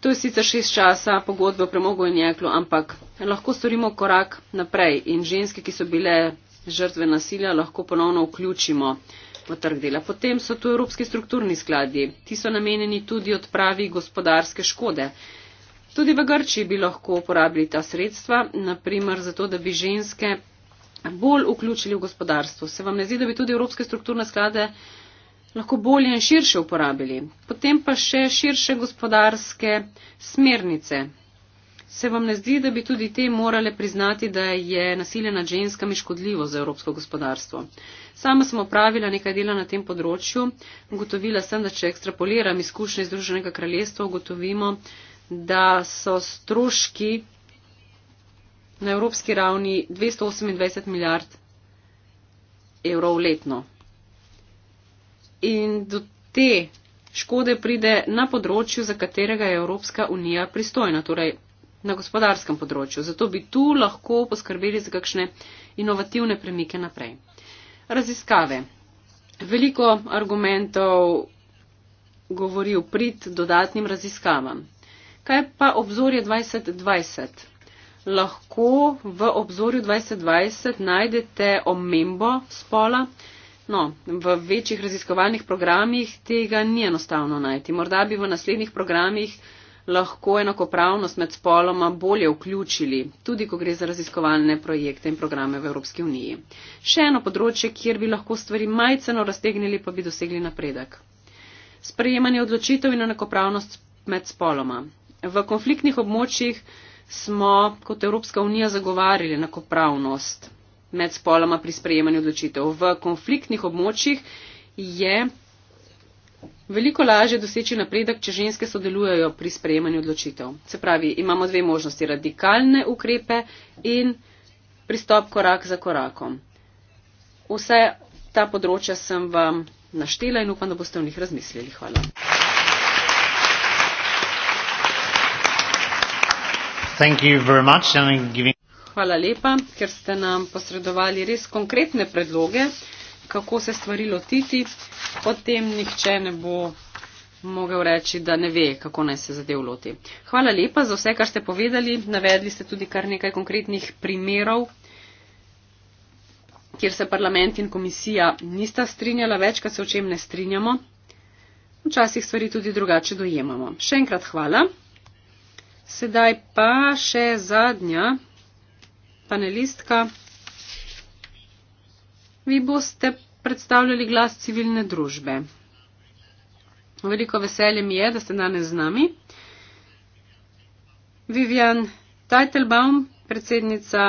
To je sicer šest časa pogodbe o premogu in jeklu, ampak lahko storimo korak naprej in ženske, ki so bile žrtve nasilja, lahko ponovno vključimo v trg dela. Potem so tu evropski strukturni skladi. Ti so namenjeni tudi odpravi gospodarske škode. Tudi v Grčiji bi lahko uporabili ta sredstva, naprimer zato, da bi ženske bolj vključili v gospodarstvo. Se vam ne zdi, da bi tudi evropske strukturne sklade lahko bolje in širše uporabili? Potem pa še širše gospodarske smernice. Se vam ne zdi, da bi tudi te morale priznati, da je nasilje nad ženskami škodljivo za evropsko gospodarstvo? Sama sem opravila nekaj dela na tem področju. Ugotovila sem, da če ekstrapoliram izkušnje iz Združenega kraljestva, ugotovimo, da so stroški na evropski ravni 228 milijard evrov letno. In do te škode pride na področju, za katerega je Evropska unija pristojna, torej na gospodarskem področju. Zato bi tu lahko poskrbeli za kakšne inovativne premike naprej. Raziskave. Veliko argumentov govori v prid dodatnim raziskavam. Kaj pa obzorje 2020? lahko v obzorju 2020 najdete omembo spola. No, v večjih raziskovalnih programih tega ni enostavno najti. Morda bi v naslednjih programih lahko enakopravnost med spoloma bolje vključili, tudi ko gre za raziskovalne projekte in programe v Evropski uniji. Še eno področje, kjer bi lahko stvari majceno raztegnili, pa bi dosegli napredek. Sprejemanje odločitev in enakopravnost med spoloma. V konfliktnih območjih smo kot Evropska unija zagovarjali enakopravnost med spoloma pri sprejemanju odločitev. V konfliktnih območjih je veliko lažje doseči napredek, če ženske sodelujejo pri sprejemanju odločitev. Se pravi, imamo dve možnosti, radikalne ukrepe in pristop korak za korakom. Vse ta področja sem vam naštela in upam, da boste v njih razmislili. Hvala. Hvala lepa, ker ste nam posredovali res konkretne predloge, kako se stvari lotiti. Potem nihče ne bo mogel reči, da ne ve, kako naj se zadev loti. Hvala lepa za vse, kar ste povedali. Navedli ste tudi kar nekaj konkretnih primerov, kjer se parlament in komisija nista strinjala več, kar se o čem ne strinjamo. Včasih stvari tudi drugače dojemamo. Še enkrat hvala. Sedaj pa še zadnja panelistka. Vi boste predstavljali glas civilne družbe. Veliko veselje mi je, da ste danes z nami. Vivian Teitelbaum, predsednica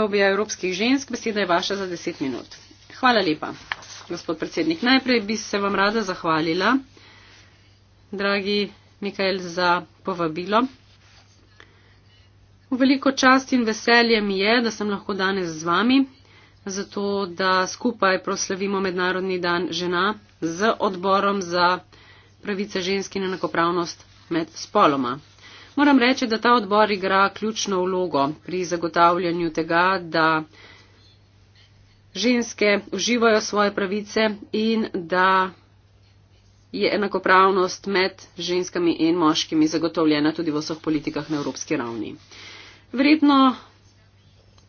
lobija evropskih žensk, beseda je vaša za deset minut. Hvala lepa, gospod predsednik. Najprej bi se vam rada zahvalila, dragi Mikael, za povabilo. V veliko čast in veselje mi je, da sem lahko danes z vami, zato da skupaj proslavimo Mednarodni dan žena z odborom za pravice žensk in enakopravnost med spoloma. Moram reči, da ta odbor igra ključno vlogo pri zagotavljanju tega, da ženske uživajo svoje pravice in da je enakopravnost med ženskami in moškimi zagotovljena tudi v vseh politikah na evropski ravni. Verjetno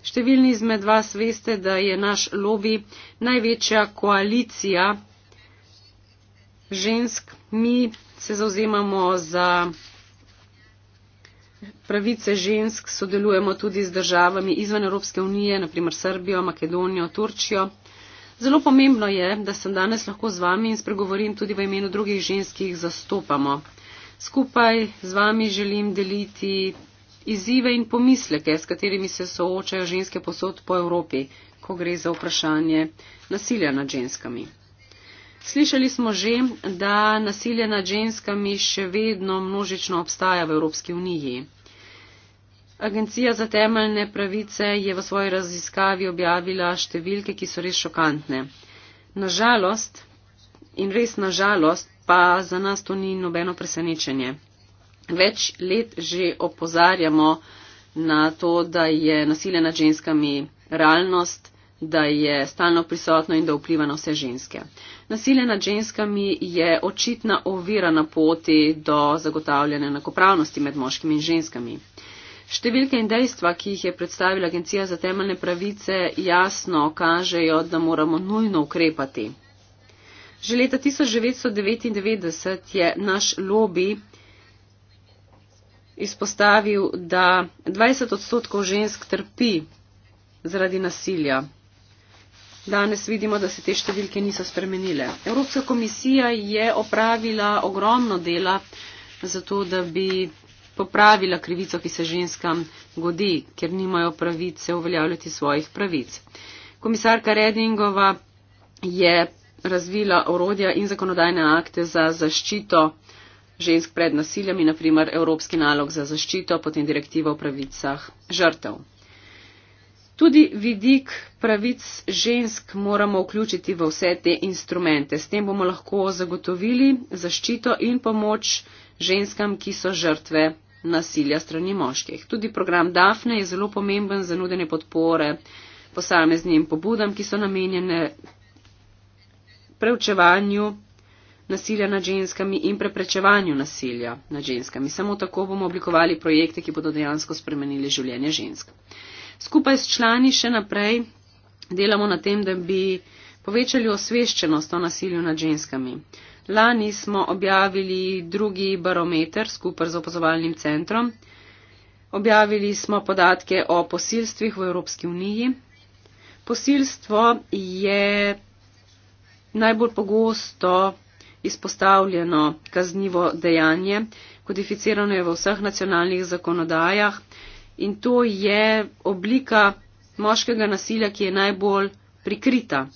številni izmed vas veste, da je naš lobby največja koalicija žensk. Mi se zauzemamo za pravice žensk, sodelujemo tudi z državami izven Evropske unije, naprimer Srbijo, Makedonijo, Turčijo. Zelo pomembno je, da sem danes lahko z vami in spregovorim tudi v imenu drugih žensk, ki jih zastopamo. Skupaj z vami želim deliti izzive in pomisleke, s katerimi se soočajo ženske posod po Evropi, ko gre za vprašanje nasilja nad ženskami. Slišali smo že, da nasilje nad ženskami še vedno množično obstaja v Evropski uniji. Agencija za temeljne pravice je v svoji raziskavi objavila številke, ki so res šokantne. Na žalost in res na žalost pa za nas to ni nobeno presenečenje. Več let že opozarjamo na to, da je nasilje nad ženskami realnost, da je stalno prisotno in da vpliva na vse ženske. Nasilje nad ženskami je očitna ovira na poti do zagotavljanja enakopravnosti med moškimi in ženskami. Številke in dejstva, ki jih je predstavila Agencija za temeljne pravice, jasno kažejo, da moramo nujno ukrepati. Že leta 1999 je naš lobby izpostavil, da 20 odstotkov žensk trpi zaradi nasilja. Danes vidimo, da se te številke niso spremenile. Evropska komisija je opravila ogromno dela zato, da bi popravila krivico, ki se ženskam godi, ker nimajo pravice uveljavljati svojih pravic. Komisarka Redingova je razvila orodja in zakonodajne akte za zaščito žensk pred nasiljami, naprimer Evropski nalog za zaščito, potem direktiva o pravicah žrtev. Tudi vidik pravic žensk moramo vključiti v vse te instrumente. S tem bomo lahko zagotovili zaščito in pomoč ženskam, ki so žrtve nasilja strani moških. Tudi program DAFNE je zelo pomemben za nudenje podpore posameznim pobudam, ki so namenjene preučevanju nasilja nad ženskami in preprečevanju nasilja nad ženskami. Samo tako bomo oblikovali projekte, ki bodo dejansko spremenili življenje žensk. Skupaj s člani še naprej delamo na tem, da bi povečali osveščenost o nasilju nad ženskami. Lani smo objavili drugi barometer skupaj z opazovalnim centrom. Objavili smo podatke o posilstvih v Evropski uniji. Posilstvo je najbolj pogosto izpostavljeno kaznivo dejanje, kodificirano je v vseh nacionalnih zakonodajah in to je oblika moškega nasilja, ki je najbolj prikrita.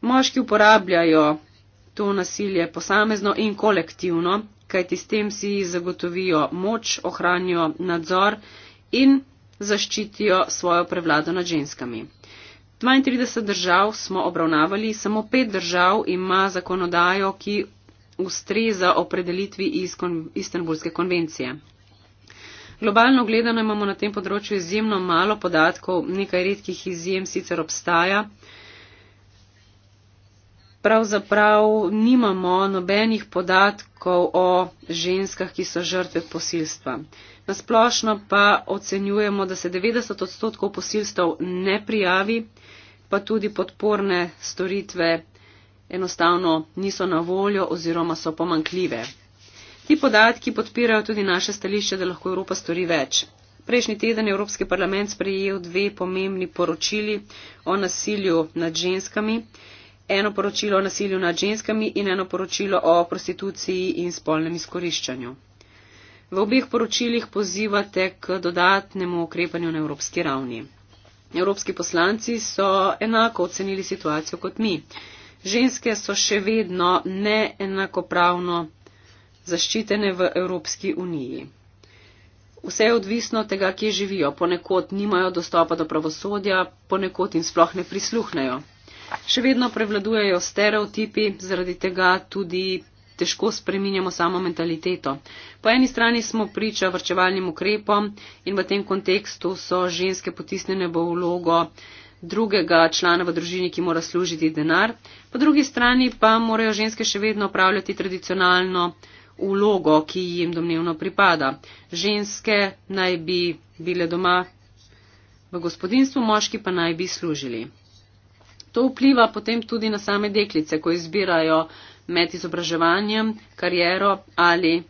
Moški uporabljajo to nasilje posamezno in kolektivno, kajti s tem si zagotovijo moč, ohranijo nadzor in zaščitijo svojo prevlado nad ženskami. 32 držav smo obravnavali, samo 5 držav ima zakonodajo, ki ustreza opredelitvi iz kon Istanbulske konvencije. Globalno gledano imamo na tem področju izjemno malo podatkov, nekaj redkih izjem sicer obstaja, pravzaprav nimamo nobenih podatkov o ženskah, ki so žrtve posilstva. Nasplošno pa ocenjujemo, da se 90 odstotkov posilstv ne prijavi, pa tudi podporne storitve enostavno niso na voljo oziroma so pomankljive. Ti podatki podpirajo tudi naše stališče, da lahko Evropa stori več. Prejšnji teden je Evropski parlament sprejel dve pomembni poročili o nasilju nad ženskami eno poročilo o nasilju nad ženskami in eno poročilo o prostituciji in spolnem izkoriščanju. V obeh poročilih pozivate k dodatnemu ukrepanju na evropski ravni. Evropski poslanci so enako ocenili situacijo kot mi. Ženske so še vedno neenakopravno zaščitene v Evropski uniji. Vse je odvisno od tega, kje živijo. Ponekod nimajo dostopa do pravosodja, ponekod jim sploh ne prisluhnejo. Še vedno prevladujejo stereotipi, zaradi tega tudi težko spreminjamo samo mentaliteto. Po eni strani smo priča vrčevalnim ukrepom in v tem kontekstu so ženske potisnjene v vlogo drugega člana v družini, ki mora služiti denar, po drugi strani pa morajo ženske še vedno upravljati tradicionalno vlogo, ki jim domnevno pripada. Ženske naj bi bile doma v gospodinstvu, moški pa naj bi služili to vpliva potem tudi na same deklice, ko izbirajo med izobraževanjem, kariero ali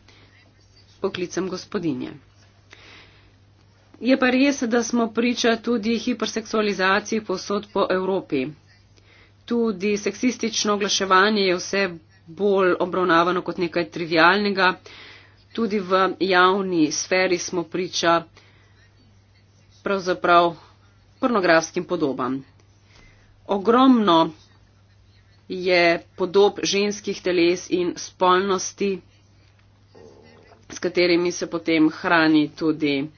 poklicem gospodinje. Je pa res, da smo priča tudi hiperseksualizaciji posod po Evropi. Tudi seksistično oglaševanje je vse bolj obravnavano kot nekaj trivialnega. Tudi v javni sferi smo priča pravzaprav pornografskim podobam ogromno je podob ženskih teles in spolnosti, s katerimi se potem hrani tudi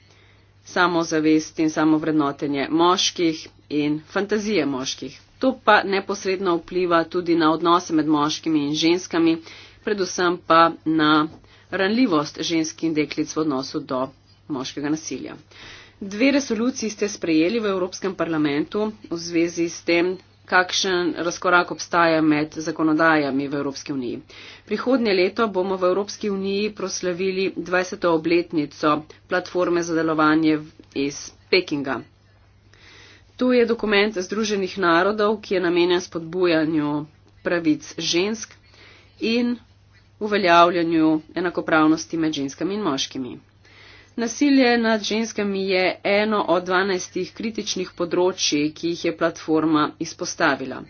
samozavest in samovrednotenje moških in fantazije moških. To pa neposredno vpliva tudi na odnose med moškimi in ženskami, predvsem pa na ranljivost ženskih in deklic v odnosu do moškega nasilja. Dve resoluciji ste sprejeli v Evropskem parlamentu v zvezi s tem, kakšen razkorak obstaja med zakonodajami v Evropski uniji. Prihodnje leto bomo v Evropski uniji proslavili 20. obletnico platforme za delovanje iz Pekinga. Tu je dokument Združenih narodov, ki je namenjen spodbujanju pravic žensk in uveljavljanju enakopravnosti med ženskami in moškimi. Nasilje nad ženskami je eno od 12 kritičnih področji, ki jih je platforma izpostavila.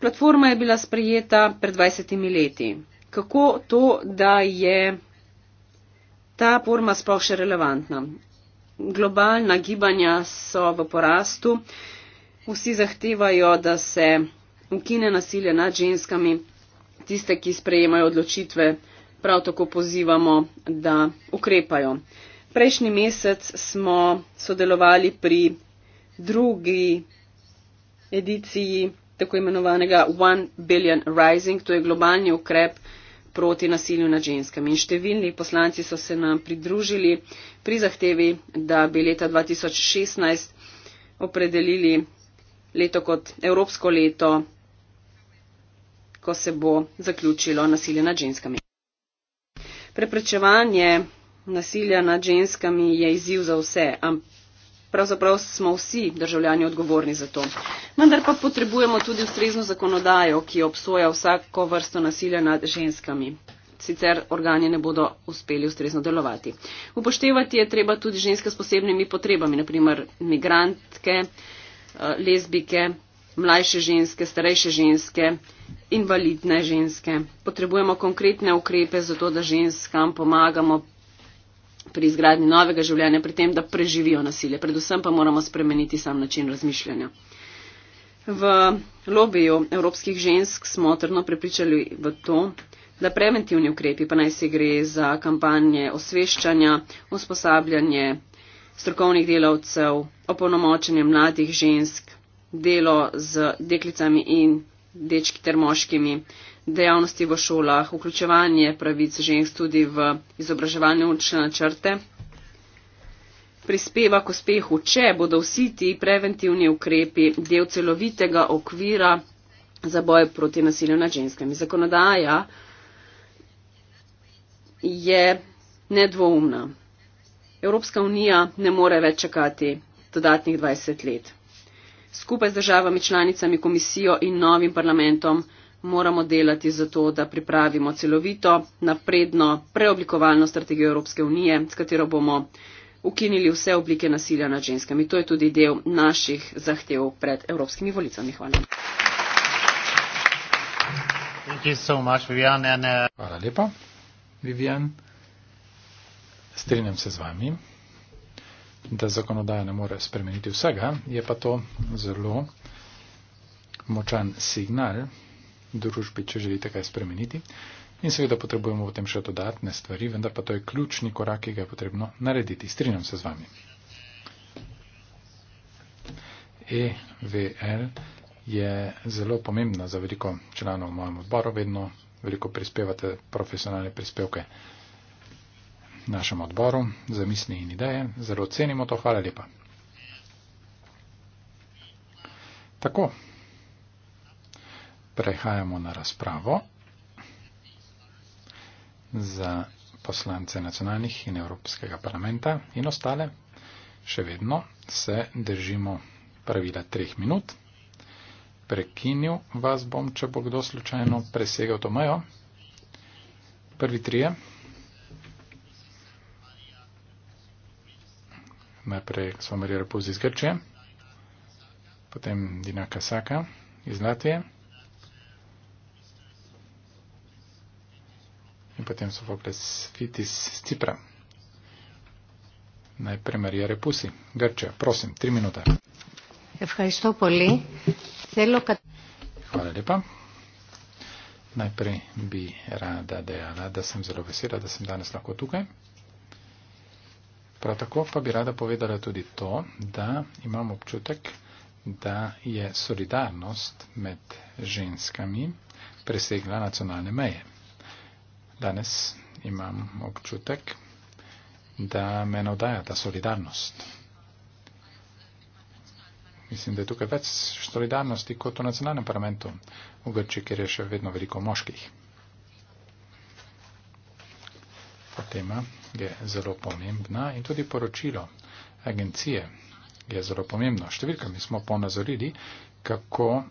Platforma je bila sprejeta pred 20 leti. Kako to, da je ta forma sploh še relevantna? Globalna gibanja so v porastu, vsi zahtevajo, da se ukine nasilje nad ženskami, tiste, ki sprejemajo odločitve prav tako pozivamo, da ukrepajo. Prejšnji mesec smo sodelovali pri drugi ediciji tako imenovanega One Billion Rising, to je globalni ukrep proti nasilju nad ženskami. In številni poslanci so se nam pridružili pri zahtevi, da bi leta 2016 opredelili leto kot Evropsko leto, ko se bo zaključilo nasilje nad ženskami preprečevanje nasilja nad ženskami je izziv za vse, ampak pravzaprav smo vsi državljani odgovorni za to. Vendar pa potrebujemo tudi ustrezno zakonodajo, ki obsoja vsako vrsto nasilja nad ženskami. Sicer organi ne bodo uspeli ustrezno delovati. Upoštevati je treba tudi ženske s posebnimi potrebami, naprimer migrantke, eh, lezbike, mlajše ženske, starejše ženske, invalidne ženske. Potrebujemo konkretne ukrepe za to, da ženskam pomagamo pri izgradnji novega življenja, pri tem, da preživijo nasilje. Predvsem pa moramo spremeniti sam način razmišljanja. V lobiju evropskih žensk smo trdno prepričali v to, da preventivni ukrepi, pa naj se gre za kampanje osveščanja, usposabljanje strokovnih delavcev, opolnomočenje mladih žensk, delo z deklicami in dečki ter moškimi, dejavnosti v šolah, vključevanje pravic žensk tudi v izobraževanje učne načrte, prispeva k uspehu, če bodo vsi ti preventivni ukrepi del celovitega okvira za boj proti nasilju nad ženskami. Zakonodaja je nedvoumna. Evropska unija ne more več čakati dodatnih 20 let skupaj z državami članicami, komisijo in novim parlamentom moramo delati za to, da pripravimo celovito, napredno, preoblikovalno strategijo Evropske unije, s katero bomo ukinili vse oblike nasilja nad ženskami. To je tudi del naših zahtev pred evropskimi volitvami. Hvala. So much, Vivian, and, uh... Hvala lepa, Vivian. Strinjam se z vami da zakonodaja ne more spremeniti vsega, je pa to zelo močan signal družbi, če želite kaj spremeniti. In seveda potrebujemo v tem še dodatne stvari, vendar pa to je ključni korak, ki ga je potrebno narediti. Strinjam se z vami. EVL je zelo pomembna za veliko članov v mojem odboru, vedno veliko prispevate profesionalne prispevke našem odboru za misli in ideje. Zelo cenimo to, hvala lepa. Tako, prehajamo na razpravo za poslance nacionalnih in Evropskega parlamenta in ostale. Še vedno se držimo pravila treh minut. Prekinil vas bom, če bo kdo slučajno presegal to mejo. Prvi trije. najprej Somarija Repuzi iz Grčije, potem Dina Kasaka iz Latvije in potem Sofokles Fitis iz Cipra. Najprej Marija Repusi, Grčija, prosim, tri minute. Hvala lepa. Najprej bi rada dejala, da sem zelo vesela, da sem danes lahko tukaj. Prav tako pa bi rada povedala tudi to, da imam občutek, da je solidarnost med ženskami presegla nacionalne meje. Danes imam občutek, da me navdaja ta solidarnost. Mislim, da je tukaj več solidarnosti kot v nacionalnem parlamentu v Grči, kjer je še vedno veliko moških. Potem je zelo pomembna in tudi poročilo agencije je zelo pomembno. Številkami smo ponazorili, kako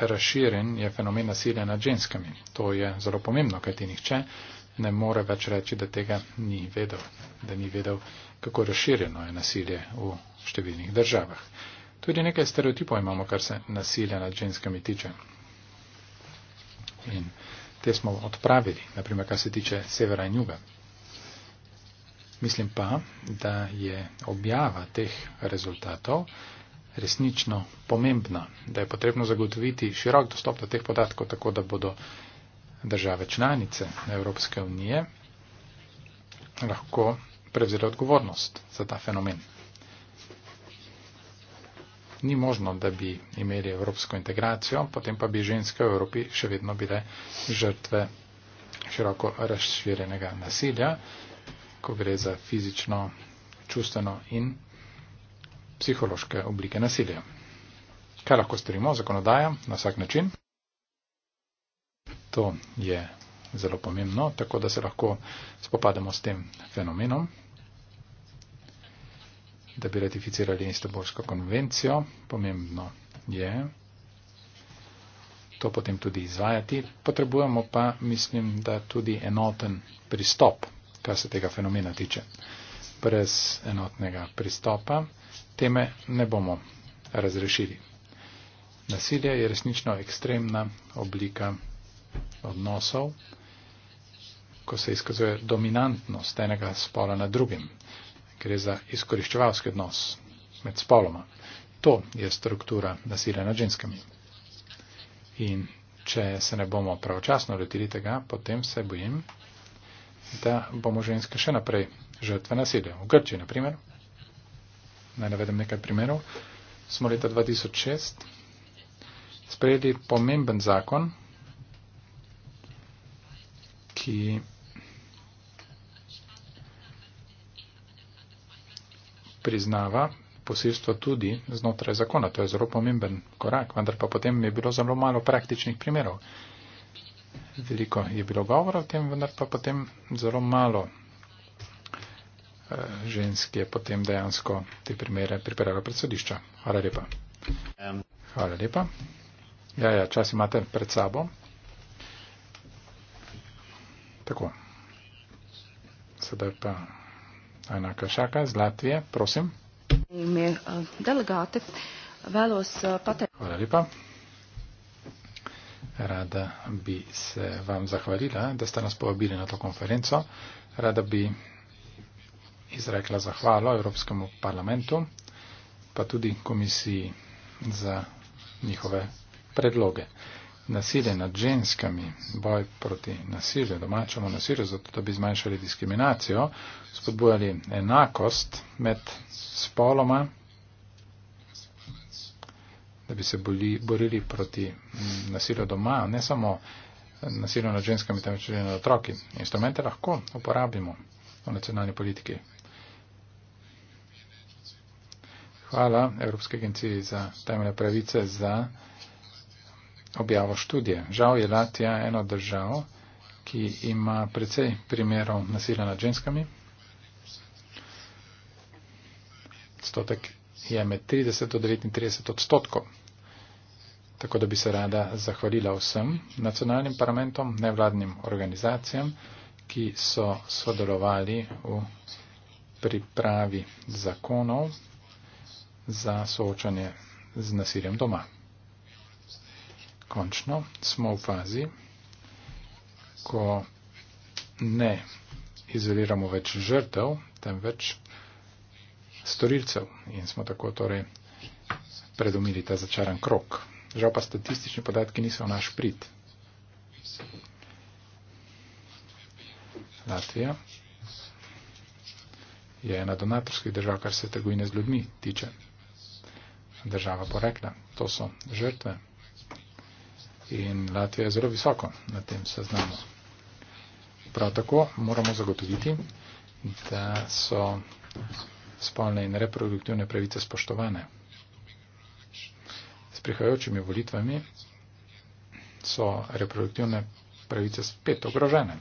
razširen je fenomen nasilja nad ženskami. To je zelo pomembno, kajti nihče ne more več reči, da tega ni vedel, da ni vedel, kako razširjeno je nasilje v številnih državah. Tudi nekaj stereotipov imamo, kar se nasilja nad ženskami tiče. In te smo odpravili, naprimer, kar se tiče severa in juga. Mislim pa, da je objava teh rezultatov resnično pomembna, da je potrebno zagotoviti širok dostop do teh podatkov, tako da bodo države članice Evropske unije lahko prevzeli odgovornost za ta fenomen. Ni možno, da bi imeli evropsko integracijo, potem pa bi ženske v Evropi še vedno bile žrtve široko razširjenega nasilja ko gre za fizično, čustveno in psihološke oblike nasilja. Kaj lahko storimo? Zakonodaja na vsak način. To je zelo pomembno, tako da se lahko spopademo s tem fenomenom, da bi ratificirali Istanbulsko konvencijo. Pomembno je to potem tudi izvajati. Potrebujemo pa, mislim, da tudi enoten pristop kar se tega fenomena tiče. Brez enotnega pristopa teme ne bomo razrešili. Nasilje je resnično ekstremna oblika odnosov, ko se izkazuje dominantnost enega spola na drugim. Gre za izkoriščevalski odnos med spoloma. To je struktura nasilja nad ženskami. In če se ne bomo pravočasno letili tega, potem se bojim, da bomo ženske še naprej žrtve nasilja. V Grčiji, na primer, naj navedem nekaj primerov, smo leta 2006 sprejeli pomemben zakon, ki priznava posilstvo tudi znotraj zakona. To je zelo pomemben korak, vendar pa potem je bilo zelo malo praktičnih primerov veliko je bilo govora o tem, vendar pa potem zelo malo uh, žensk je potem dejansko te primere pripravila pred sodišča. Hvala lepa. Hvala lepa. Ja, ja, čas imate pred sabo. Tako. Sedaj pa Ana Kašaka iz Latvije, prosim. Ime, uh, delegate, velos, uh, eh, pate. Hvala lepa. Rada bi se vam zahvalila, da ste nas povabili na to konferenco. Rada bi izrekla zahvalo Evropskemu parlamentu, pa tudi komisiji za njihove predloge. Nasilje nad ženskami, boj proti nasilju, domačemu nasilju, zato da bi zmanjšali diskriminacijo, spodbujali enakost med spoloma da bi se boli, borili proti mm, nasilju doma, ne samo nasilju nad ženskami, temveč tudi nad otroki. Instrumente lahko uporabimo v nacionalni politiki. Hvala Evropske agencije za temelje pravice za objavo študije. Žal je Latija eno držav, ki ima precej primerov nasilja nad ženskami. Stotek je med 30 do 39 odstotkov. Tako da bi se rada zahvalila vsem nacionalnim parlamentom, nevladnim organizacijam, ki so sodelovali v pripravi zakonov za soočanje z nasiljem doma. Končno smo v fazi, ko ne izoliramo več žrtev, temveč storilcev in smo tako torej predomili ta začaran krok. Žal pa statistični podatki niso v naš prid. Latvija je ena donatorskih držav, kar se trgovine z ljudmi tiče. Država porekla, to so žrtve. In Latvija je zelo visoko na tem seznamu. Prav tako moramo zagotoviti, da so spolne in reproduktivne pravice spoštovane. S prihajajočimi volitvami so reproduktivne pravice spet ogrožene.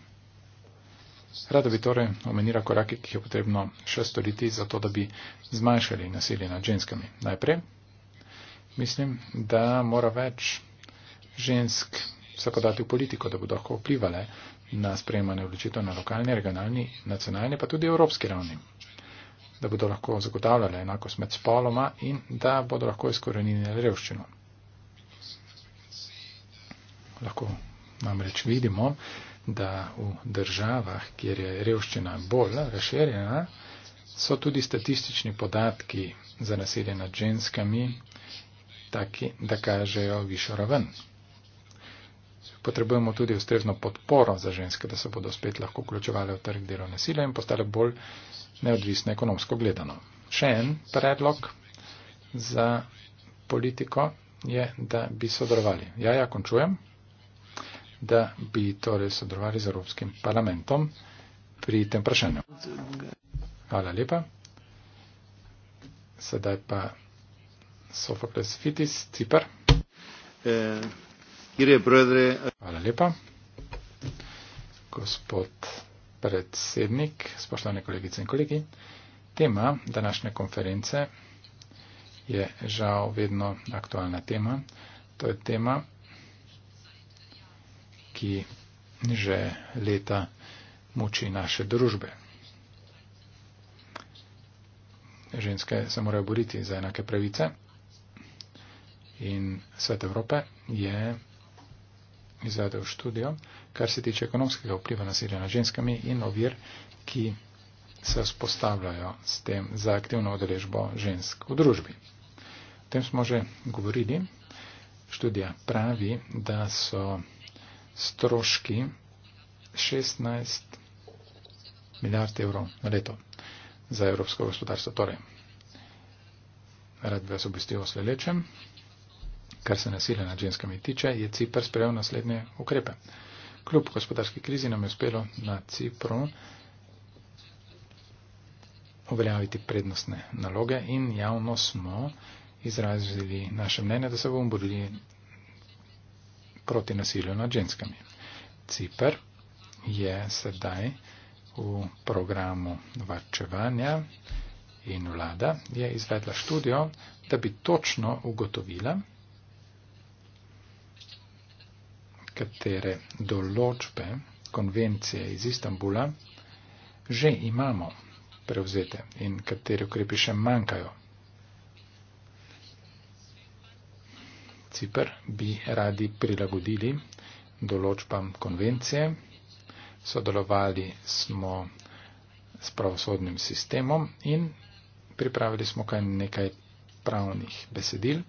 Rada bi torej omenila korake, ki jih je potrebno še storiti, zato da bi zmanjšali nasilje nad ženskami. Najprej mislim, da mora več žensk se podati v politiko, da bodo lahko vplivali na sprejemanje odločitev na lokalni, regionalni, nacionalni, pa tudi evropski ravni da bodo lahko zagotavljale enakost med spoloma in da bodo lahko izkoreninile revščino. Lahko namreč vidimo, da v državah, kjer je revščina bolj razširjena, so tudi statistični podatki za nasilje nad ženskami taki, da kažejo višjo raven potrebujemo tudi ustrezno podporo za ženske, da se bodo spet lahko vključevale v trg delovne sile in postale bolj neodvisne ekonomsko gledano. Še en predlog za politiko je, da bi sodelovali. Ja, ja, končujem. Da bi torej sodelovali z Evropskim parlamentom pri tem vprašanju. Hvala lepa. Sedaj pa Sofokles Fitis, Cipr. Eh. Hvala lepa. Gospod predsednik, spoštovane kolegice in kolegi, tema današnje konference je žal vedno aktualna tema. To je tema, ki že leta muči naše družbe. Ženske se morajo boriti za enake pravice in svet Evrope je izvedel študijo, kar se tiče ekonomskega vpliva nasilja na ženskami in ovir, ki se spostavljajo s tem za aktivno odrežbo žensk v družbi. O tem smo že govorili. Študija pravi, da so stroški 16 milijard evrov na leto za evropsko gospodarstvo. Torej, rad bi vas obvestil o sledečem. Kar se nasilja nad ženskami tiče, je Cipr sprejel naslednje ukrepe. Kljub gospodarski krizi nam je uspelo na Cipru uveljaviti prednostne naloge in javno smo izrazili naše mnenje, da se bomo borili proti nasilju nad ženskami. Cipr je sedaj v programu varčevanja in vlada je izvedla študijo, da bi točno ugotovila, katere določbe konvencije iz Istanbula že imamo prevzete in kateri ukrepi še manjkajo. Cipr bi radi prilagodili določbam konvencije, sodelovali smo s pravosodnim sistemom in pripravili smo kar nekaj pravnih besedil,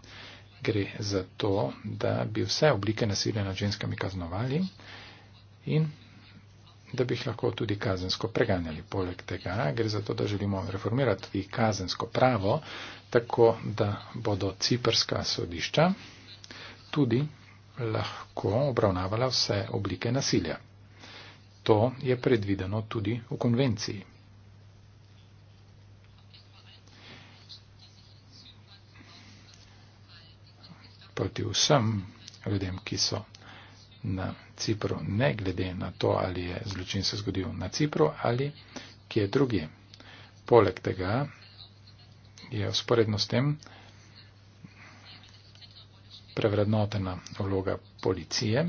gre za to, da bi vse oblike nasilja nad ženskami kaznovali in da bi jih lahko tudi kazensko preganjali. Poleg tega gre za to, da želimo reformirati tudi kazensko pravo, tako da bodo ciperska sodišča tudi lahko obravnavala vse oblike nasilja. To je predvideno tudi v konvenciji. proti vsem ljudem, ki so na Cipru, ne glede na to, ali je zločin se zgodil na Cipru ali kje drugi. Poleg tega je usporedno s tem prevrednotena vloga policije,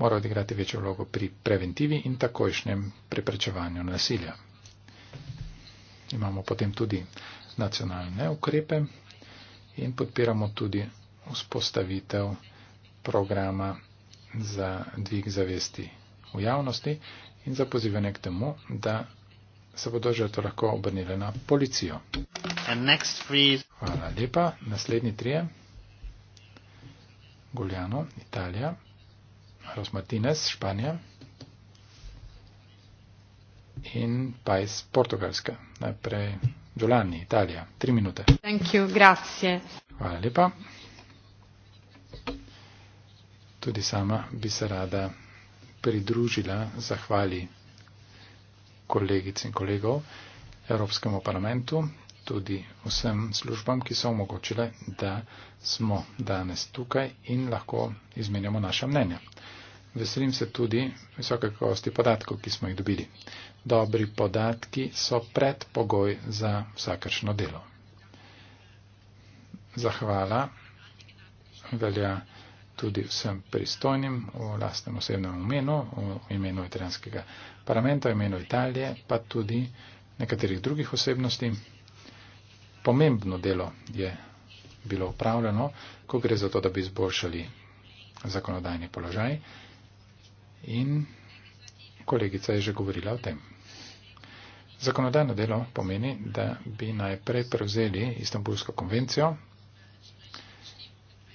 mora odigrati večjo vlogo pri preventivi in takojšnjem preprečevanju nasilja. Imamo potem tudi nacionalne ukrepe in podpiramo tudi vzpostavitev programa za dvig zavesti v javnosti in za pozivanje k temu, da se bodo že to lahko obrnili na policijo. Hvala lepa. Naslednji trije. Guljano, Italija. Ros Martinez, Španija. In Pajs, Portugalska. Najprej Giuliani, Italija. Tri minute. Thank you, grazie. Hvala lepa. Tudi sama bi se rada pridružila zahvali kolegic in kolegov Evropskemu parlamentu, tudi vsem službam, ki so omogočile, da smo danes tukaj in lahko izmenjamo naša mnenja. Veselim se tudi visoke kakovosti podatkov, ki smo jih dobili. Dobri podatki so predpogoj za vsakršno delo. Zahvala velja tudi vsem pristojnim v lastnem osebnem imenu, v imenu italijanskega parlamenta, v imenu Italije, pa tudi nekaterih drugih osebnosti. Pomembno delo je bilo upravljeno, ko gre za to, da bi izboljšali zakonodajni položaj in kolegica je že govorila o tem. Zakonodajno delo pomeni, da bi najprej prevzeli Istanbulsko konvencijo,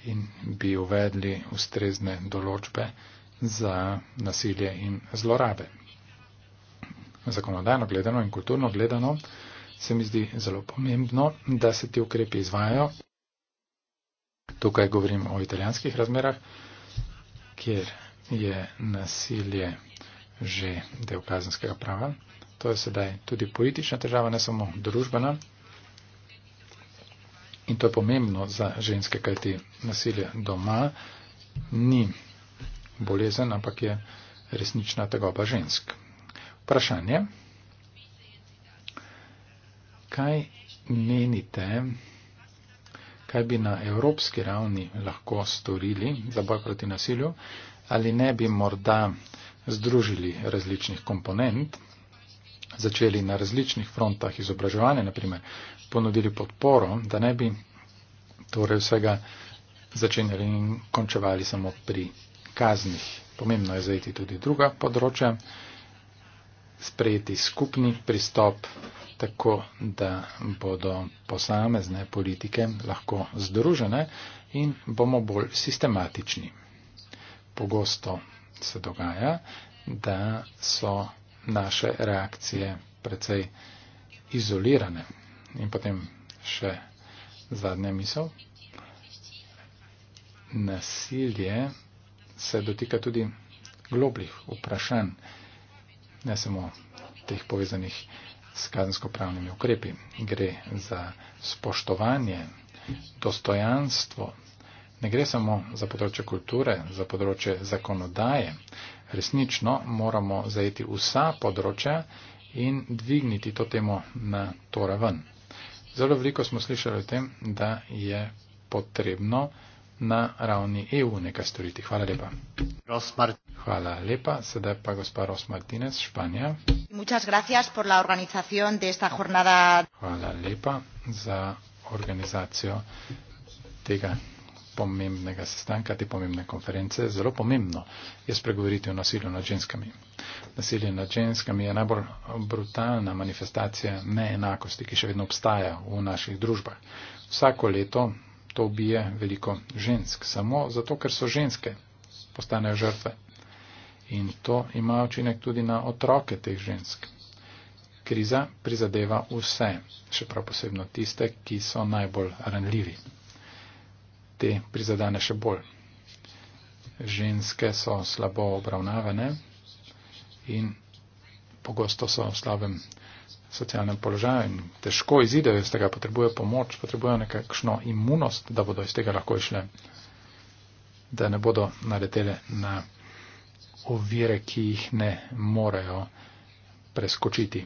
in bi uvedli ustrezne določbe za nasilje in zlorabe. Zakonodajno gledano in kulturno gledano se mi zdi zelo pomembno, da se ti ukrepi izvajajo. Tukaj govorim o italijanskih razmerah, kjer je nasilje že del kazenskega prava. To je sedaj tudi politična težava, ne samo družbena, In to je pomembno za ženske, kajti nasilje doma ni bolezen, ampak je resnična tegoba žensk. Vprašanje. Kaj menite, kaj bi na evropski ravni lahko storili za boj proti nasilju, ali ne bi morda združili različnih komponent, začeli na različnih frontah izobraževanja, naprimer ponudili podporo, da ne bi torej vsega začenjali in končevali samo pri kaznih. Pomembno je zajeti tudi druga področja, sprejeti skupni pristop, tako da bodo posamezne politike lahko združene in bomo bolj sistematični. Pogosto se dogaja, da so naše reakcije precej izolirane. In potem še zadnja misel. Nasilje se dotika tudi globlih vprašanj, ne samo teh povezanih s kazensko-pravnimi ukrepi. Gre za spoštovanje, dostojanstvo. Ne gre samo za področje kulture, za področje zakonodaje. Resnično moramo zajeti vsa področja in dvigniti to temo na to raven. Zelo veliko smo slišali o tem, da je potrebno na ravni EU nekaj storiti. Hvala lepa. Rosmart. Hvala lepa. Sedaj pa gospa Ros Martinez, Španija. Hvala lepa za organizacijo tega pomembnega sestanka, te pomembne konference, zelo pomembno je spregovoriti o nasilju nad ženskami. Nasilje nad ženskami je najbolj brutalna manifestacija neenakosti, ki še vedno obstaja v naših družbah. Vsako leto to ubije veliko žensk, samo zato, ker so ženske, postanejo žrtve. In to ima učinek tudi na otroke teh žensk. Kriza prizadeva vse, še prav posebno tiste, ki so najbolj ranljivi te prizadane še bolj. Ženske so slabo obravnavane in pogosto so v slabem socialnem položaju in težko izidejo iz tega, potrebujejo pomoč, potrebujejo nekakšno imunost, da bodo iz tega lahko išle, da ne bodo naletele na ovire, ki jih ne morejo preskočiti.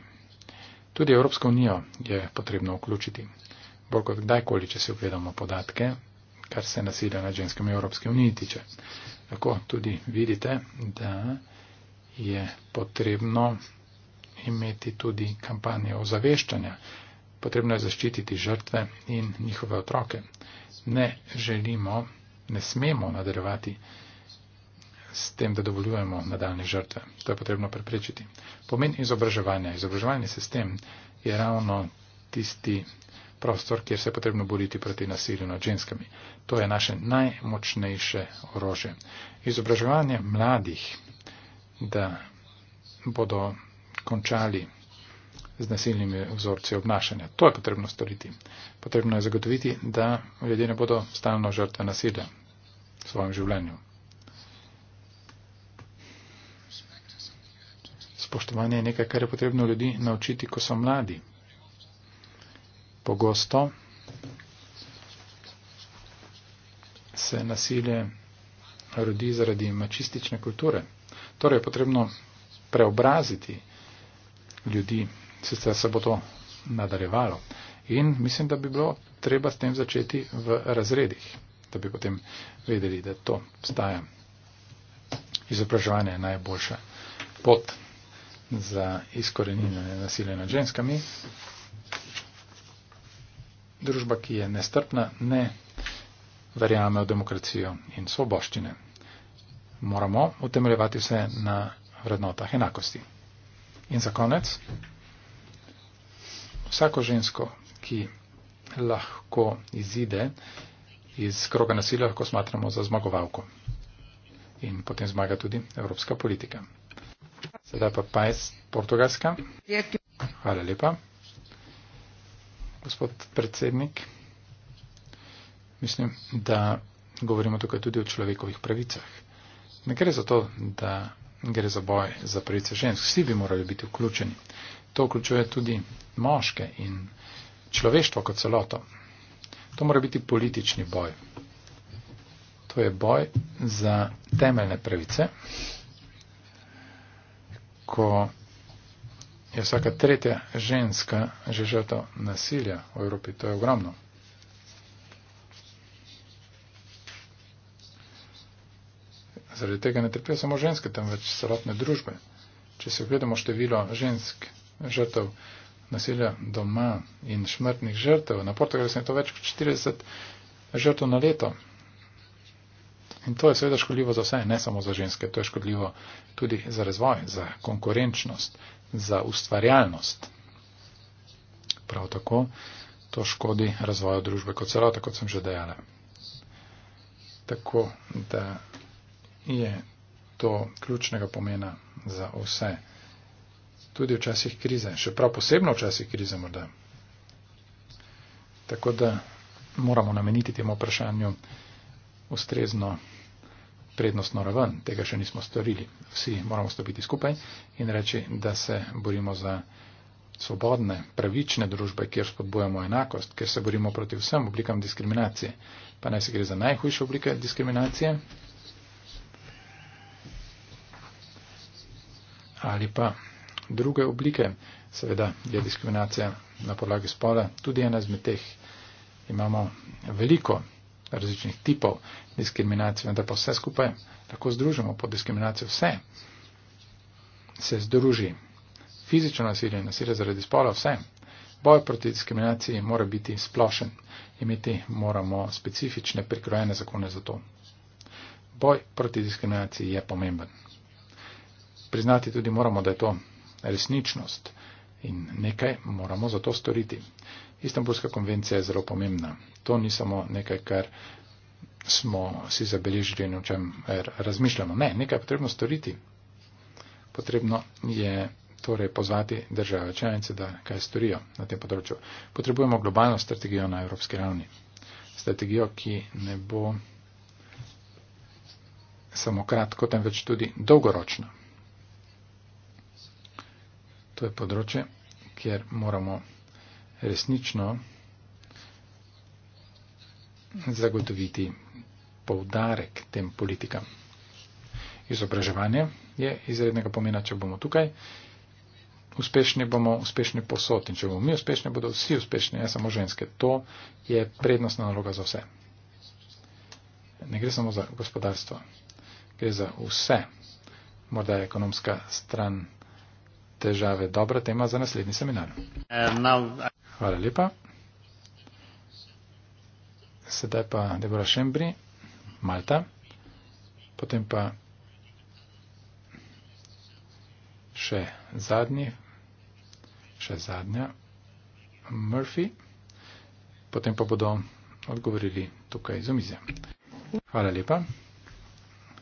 Tudi Evropsko unijo je potrebno vključiti. Bolj kot kdajkoli, če si ogledamo podatke, kar se nasilja nad ženskami v Evropske unije tiče. Tako tudi vidite, da je potrebno imeti tudi kampanje ozaveščanja. Potrebno je zaščititi žrtve in njihove otroke. Ne želimo, ne smemo nadaljevati s tem, da dovoljujemo nadaljne žrtve. To je potrebno preprečiti. Pomen izobraževanja. Izobraževalni sistem je ravno tisti prostor, kjer se je potrebno boriti proti nasilju nad ženskami. To je naše najmočnejše orožje. Izobraževanje mladih, da bodo končali z nasilnimi vzorci obnašanja. To je potrebno storiti. Potrebno je zagotoviti, da ljudje ne bodo stalno žrtve nasilja v svojem življenju. Spoštovanje je nekaj, kar je potrebno ljudi naučiti, ko so mladi pogosto se nasilje rodi zaradi mačistične kulture. Torej je potrebno preobraziti ljudi, sicer se bo to nadarevalo. In mislim, da bi bilo treba s tem začeti v razredih, da bi potem vedeli, da to staja. Izobraževanje je najboljša pot za izkoreninjanje nasilja nad ženskami družba, ki je nestrpna, ne verjame v demokracijo in svoboščine. Moramo utemeljevati se na vrednotah enakosti. In za konec, vsako žensko, ki lahko izide iz kroga nasilja, lahko smatramo za zmagovalko. In potem zmaga tudi evropska politika. Sedaj pa pajs portugalska. Hvala lepa gospod predsednik, mislim, da govorimo tukaj tudi o človekovih pravicah. Ne gre za to, da gre za boj za pravice žensk. Vsi bi morali biti vključeni. To vključuje tudi moške in človeštvo kot celoto. To mora biti politični boj. To je boj za temeljne pravice, ko je vsaka tretja ženska že žrtva nasilja v Evropi. To je ogromno. Zaradi tega ne trpijo samo ženske, temveč celotne družbe. Če se ogledamo število žensk žrtev nasilja doma in smrtnih žrtev, na Portugalsku je to več kot 40 žrtev na leto. In to je seveda škodljivo za vse, ne samo za ženske, to je škodljivo tudi za razvoj, za konkurenčnost, za ustvarjalnost. Prav tako to škodi razvoju družbe kot celota, kot sem že dejala. Tako da je to ključnega pomena za vse. Tudi včasih krize, še prav posebno včasih krize morda. Tako da moramo nameniti temu vprašanju ustrezno prednostno raven, tega še nismo storili. Vsi moramo stopiti skupaj in reči, da se borimo za svobodne, pravične družbe, kjer spodbujamo enakost, kjer se borimo proti vsem oblikam diskriminacije. Pa naj se gre za najhujše oblike diskriminacije ali pa druge oblike. Seveda je diskriminacija na podlagi spola tudi ena izmed teh. Imamo veliko različnih tipov diskriminacije, vendar pa vse skupaj lahko združimo pod diskriminacijo. Vse se združi. Fizično nasilje, nasilje zaradi spola, vse. Boj proti diskriminaciji mora biti splošen. Imeti moramo specifične prikrojene zakone za to. Boj proti diskriminaciji je pomemben. Priznati tudi moramo, da je to resničnost in nekaj moramo za to storiti. Istanbulska konvencija je zelo pomembna. To ni samo nekaj, kar smo si zabeležili in o čem er, razmišljamo. Ne, nekaj je potrebno storiti. Potrebno je torej pozvati države članice, da kaj storijo na tem področju. Potrebujemo globalno strategijo na evropski ravni. Strategijo, ki ne bo samo kratko, temveč tudi dolgoročno. To je področje, kjer moramo resnično zagotoviti poudarek tem politikam. Izobraževanje je izrednega pomena, če bomo tukaj. Uspešni bomo uspešni posod in če bomo mi uspešni, bodo vsi uspešni, ne samo ženske. To je prednostna naloga za vse. Ne gre samo za gospodarstvo, gre za vse. Morda je ekonomska stran težave dobra tema za naslednji seminar. Um, Hvala lepa sedaj pa Debora Šembri, Malta, potem pa še zadnji, še zadnja, Murphy, potem pa bodo odgovorili tukaj iz omizja. Hvala lepa.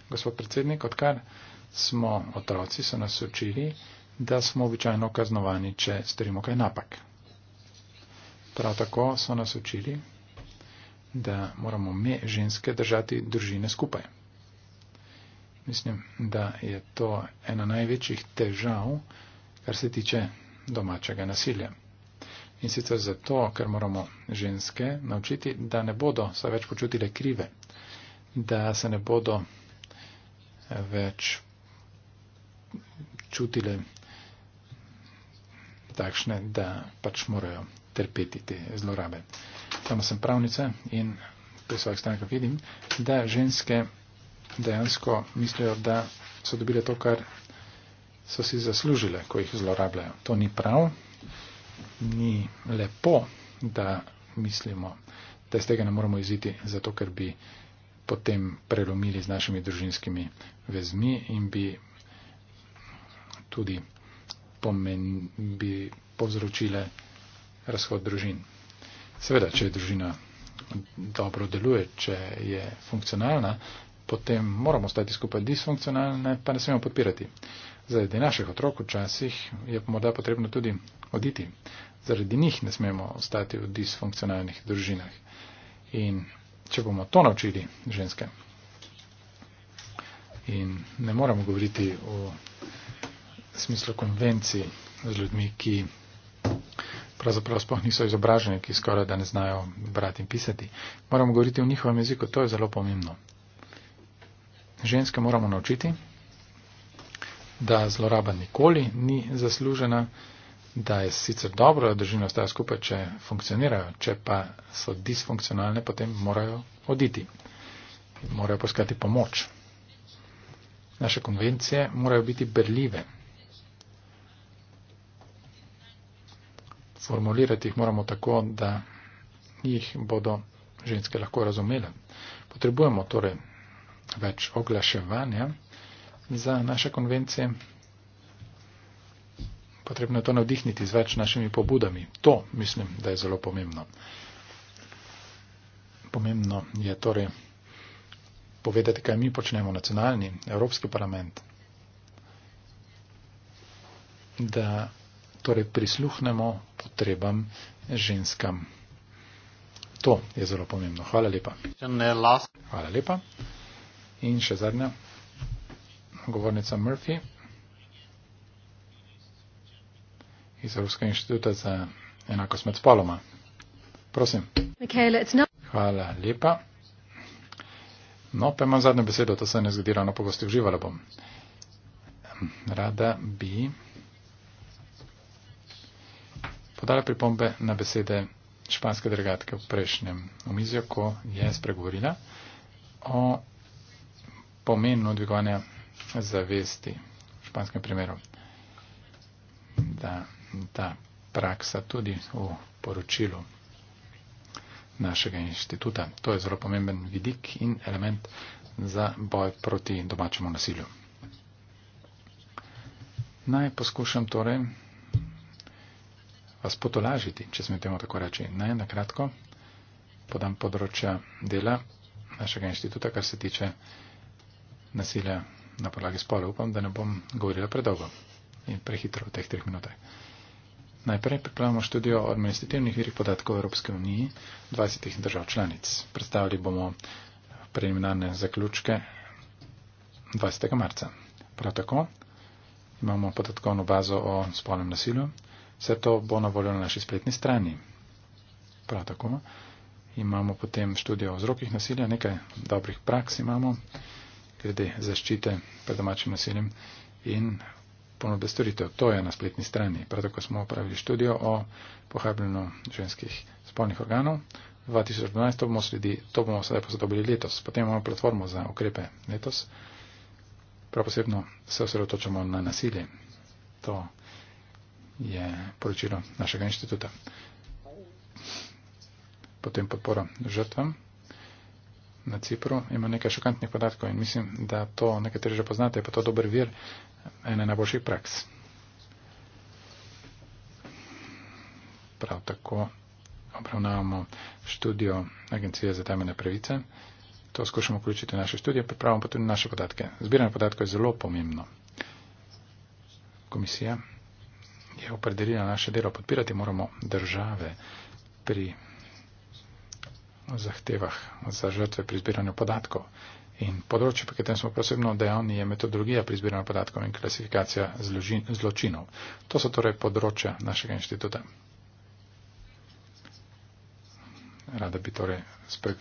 Gospod predsednik, odkar smo otroci, so nas učili, da smo običajno kaznovani, če storimo kaj napak. Prav tako so nas učili, da moramo me ženske držati družine skupaj. Mislim, da je to ena največjih težav, kar se tiče domačega nasilja. In sicer zato, ker moramo ženske naučiti, da ne bodo se več počutile krive, da se ne bodo več čutile takšne, da pač morajo trpeti te zlorabe. Tam sem pravnica in pri svojih strankah vidim, da ženske dejansko mislijo, da so dobile to, kar so si zaslužile, ko jih zlorabljajo. To ni prav, ni lepo, da mislimo, da iz tega ne moramo iziti, zato ker bi potem prelomili z našimi družinskimi vezmi in bi tudi pomen, bi povzročile razhod družin. Seveda, če je družina dobro deluje, če je funkcionalna, potem moramo stati skupaj disfunkcionalne, pa ne smemo podpirati. Zaradi naših otrok včasih je morda potrebno tudi oditi. Zaradi njih ne smemo ostati v disfunkcionalnih družinah. In če bomo to naučili ženske, in ne moramo govoriti o smislu konvencij z ljudmi, ki pravzaprav sploh niso izobraženi, ki skoraj da ne znajo brati in pisati. Moramo govoriti v njihovem jeziku, to je zelo pomembno. Ženske moramo naučiti, da zloraba nikoli ni zaslužena, da je sicer dobro, da držina ostaja skupaj, če funkcionirajo, če pa so disfunkcionalne, potem morajo oditi, morajo poskati pomoč. Naše konvencije morajo biti berljive. formulirati jih moramo tako, da jih bodo ženske lahko razumele. Potrebujemo torej več oglaševanja za naše konvencije. Potrebno je to navdihniti z več našimi pobudami. To mislim, da je zelo pomembno. Pomembno je torej povedati, kaj mi počnemo, nacionalni, Evropski parlament, da torej prisluhnemo potrebam ženskam. To je zelo pomembno. Hvala lepa. Hvala lepa. In še zadnja govornica Murphy iz Evropskega inštituta za enakost med spoloma. Prosim. Hvala lepa. No, pa imam zadnjo besedo, to se ne zgodi ravno pogosto, uživala bom. Rada bi podala pripombe na besede španske delegatke v prejšnjem omizju, ko je spregovorila o pomenu dvigovanja zavesti v španskem primeru, da ta praksa tudi v poročilu našega inštituta. To je zelo pomemben vidik in element za boj proti domačemu nasilju. Naj poskušam torej vas potolažiti, če smo temu tako reči. Naj na kratko podam področja dela našega inštituta, kar se tiče nasilja na podlagi spola. Upam, da ne bom govorila predolgo in prehitro v teh treh minutah. Najprej pripravljamo študijo o administrativnih virih podatkov Evropske unije 20 držav članic. Predstavili bomo preliminarne zaključke 20. marca. Prav tako imamo podatkovno bazo o spolnem nasilju. Vse to bo na voljo na naši spletni strani. Prav tako imamo potem študijo o vzrokih nasilja, nekaj dobrih praks imamo, glede zaščite pred domačim nasiljem in ponudbe storitev. To je na spletni strani. Prav tako smo opravili študijo o pohabljenju ženskih spolnih organov. 2012 to bomo sledi, to bomo sedaj posodobili letos. Potem imamo platformo za ukrepe letos. Prav posebno se osredotočamo na nasilje. To je poročilo našega inštituta. Potem podpora žrtvam na Cipru ima nekaj šokantnih podatkov in mislim, da to nekateri že poznate, pa to dober vir ene najboljših praks. Prav tako obravnavamo študijo Agencije za temeljne pravice. To skušamo vključiti v naše študije, pripravljamo pa tudi naše podatke. Zbiranje podatkov je zelo pomembno. Komisija je opredelila naše delo. Podpirati moramo države pri zahtevah za žrtve pri zbiranju podatkov. In področje, po katerem smo posebno dejavni, je metodologija pri zbiranju podatkov in klasifikacija zločinov. To so torej področja našega inštituta. Rada bi torej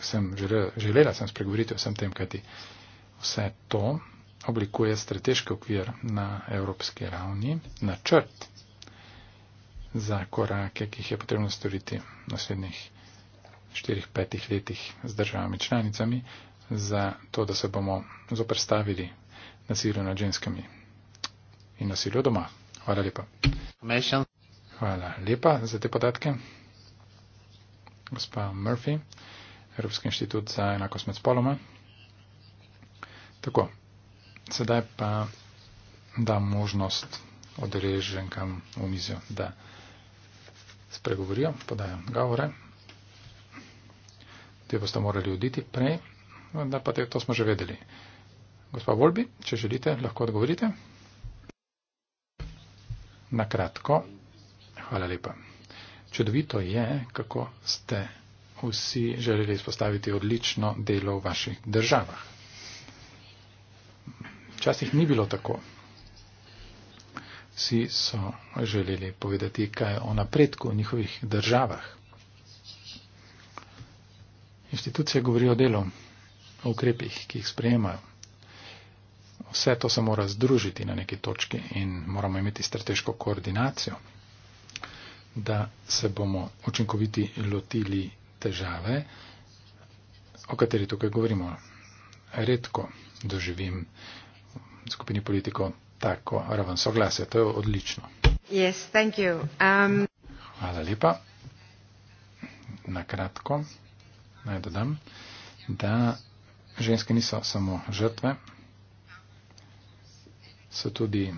sem želela, želela sem spregovoriti o vsem tem, kajti vse to oblikuje strateški okvir na evropski ravni, načrt za korake, ki jih je potrebno storiti v naslednjih 4-5 letih z državami članicami, za to, da se bomo zoprstavili nasilju nad ženskami in nasilju doma. Hvala lepa. Hvala lepa za te podatke. Gospa Murphy, Evropski inštitut za enakost med spoloma. Tako, sedaj pa da možnost odreženkam v mizijo, da spregovorijo, podajo govore. Te boste morali oditi prej, vendar pa te, to smo že vedeli. Gospa Volbi, če želite, lahko odgovorite. Nakratko, hvala lepa. Čudovito je, kako ste vsi želeli izpostaviti odlično delo v vaših državah. Včasih ni bilo tako vsi so želeli povedati kaj o napredku v njihovih državah. Institucije govorijo o delu, o ukrepih, ki jih sprejemajo. Vse to se mora združiti na neki točki in moramo imeti strateško koordinacijo, da se bomo učinkoviti lotili težave, o kateri tukaj govorimo. Redko doživim skupini politikov tako raven soglasja. To je odlično. Yes, thank you. Um... Hvala lepa. Na kratko naj dodam, da ženske niso samo žrtve, so tudi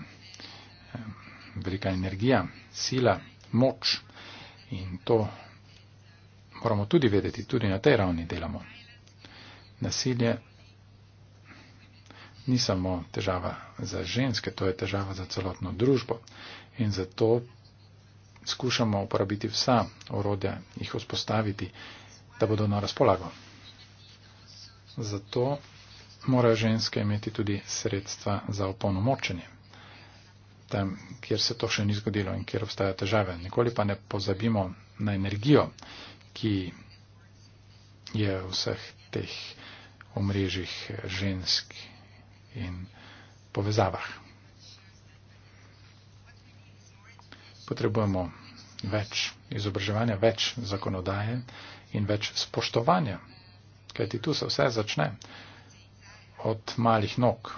velika energija, sila, moč in to moramo tudi vedeti, tudi na tej ravni delamo. Nasilje ni samo težava za ženske, to je težava za celotno družbo. In zato skušamo uporabiti vsa orodja, jih vzpostaviti, da bodo na razpolago. Zato morajo ženske imeti tudi sredstva za opolnomočenje. Tam, kjer se to še ni zgodilo in kjer obstajajo težave. Nikoli pa ne pozabimo na energijo, ki je v vseh teh omrežjih ženskih in povezavah. Potrebujemo več izobraževanja, več zakonodaje in več spoštovanja, kajti tu se vse začne od malih nog.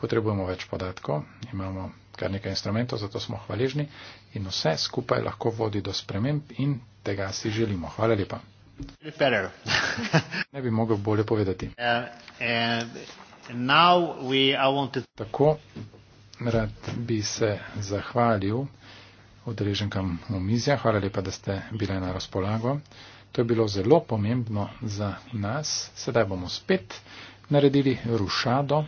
Potrebujemo več podatkov, imamo kar nekaj instrumentov, zato smo hvaležni in vse skupaj lahko vodi do sprememb in tega si želimo. Hvala lepa. ne bi mogel bolje povedati. Uh, and... Tako, rad bi se zahvalil odreženkam v mizja. Hvala lepa, da ste bile na razpolago. To je bilo zelo pomembno za nas. Sedaj bomo spet naredili rušado.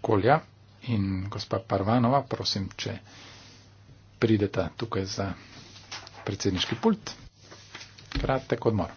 Kolja in gospa Parvanova, prosim, če prideta tukaj za predsedniški pult kratek odmor.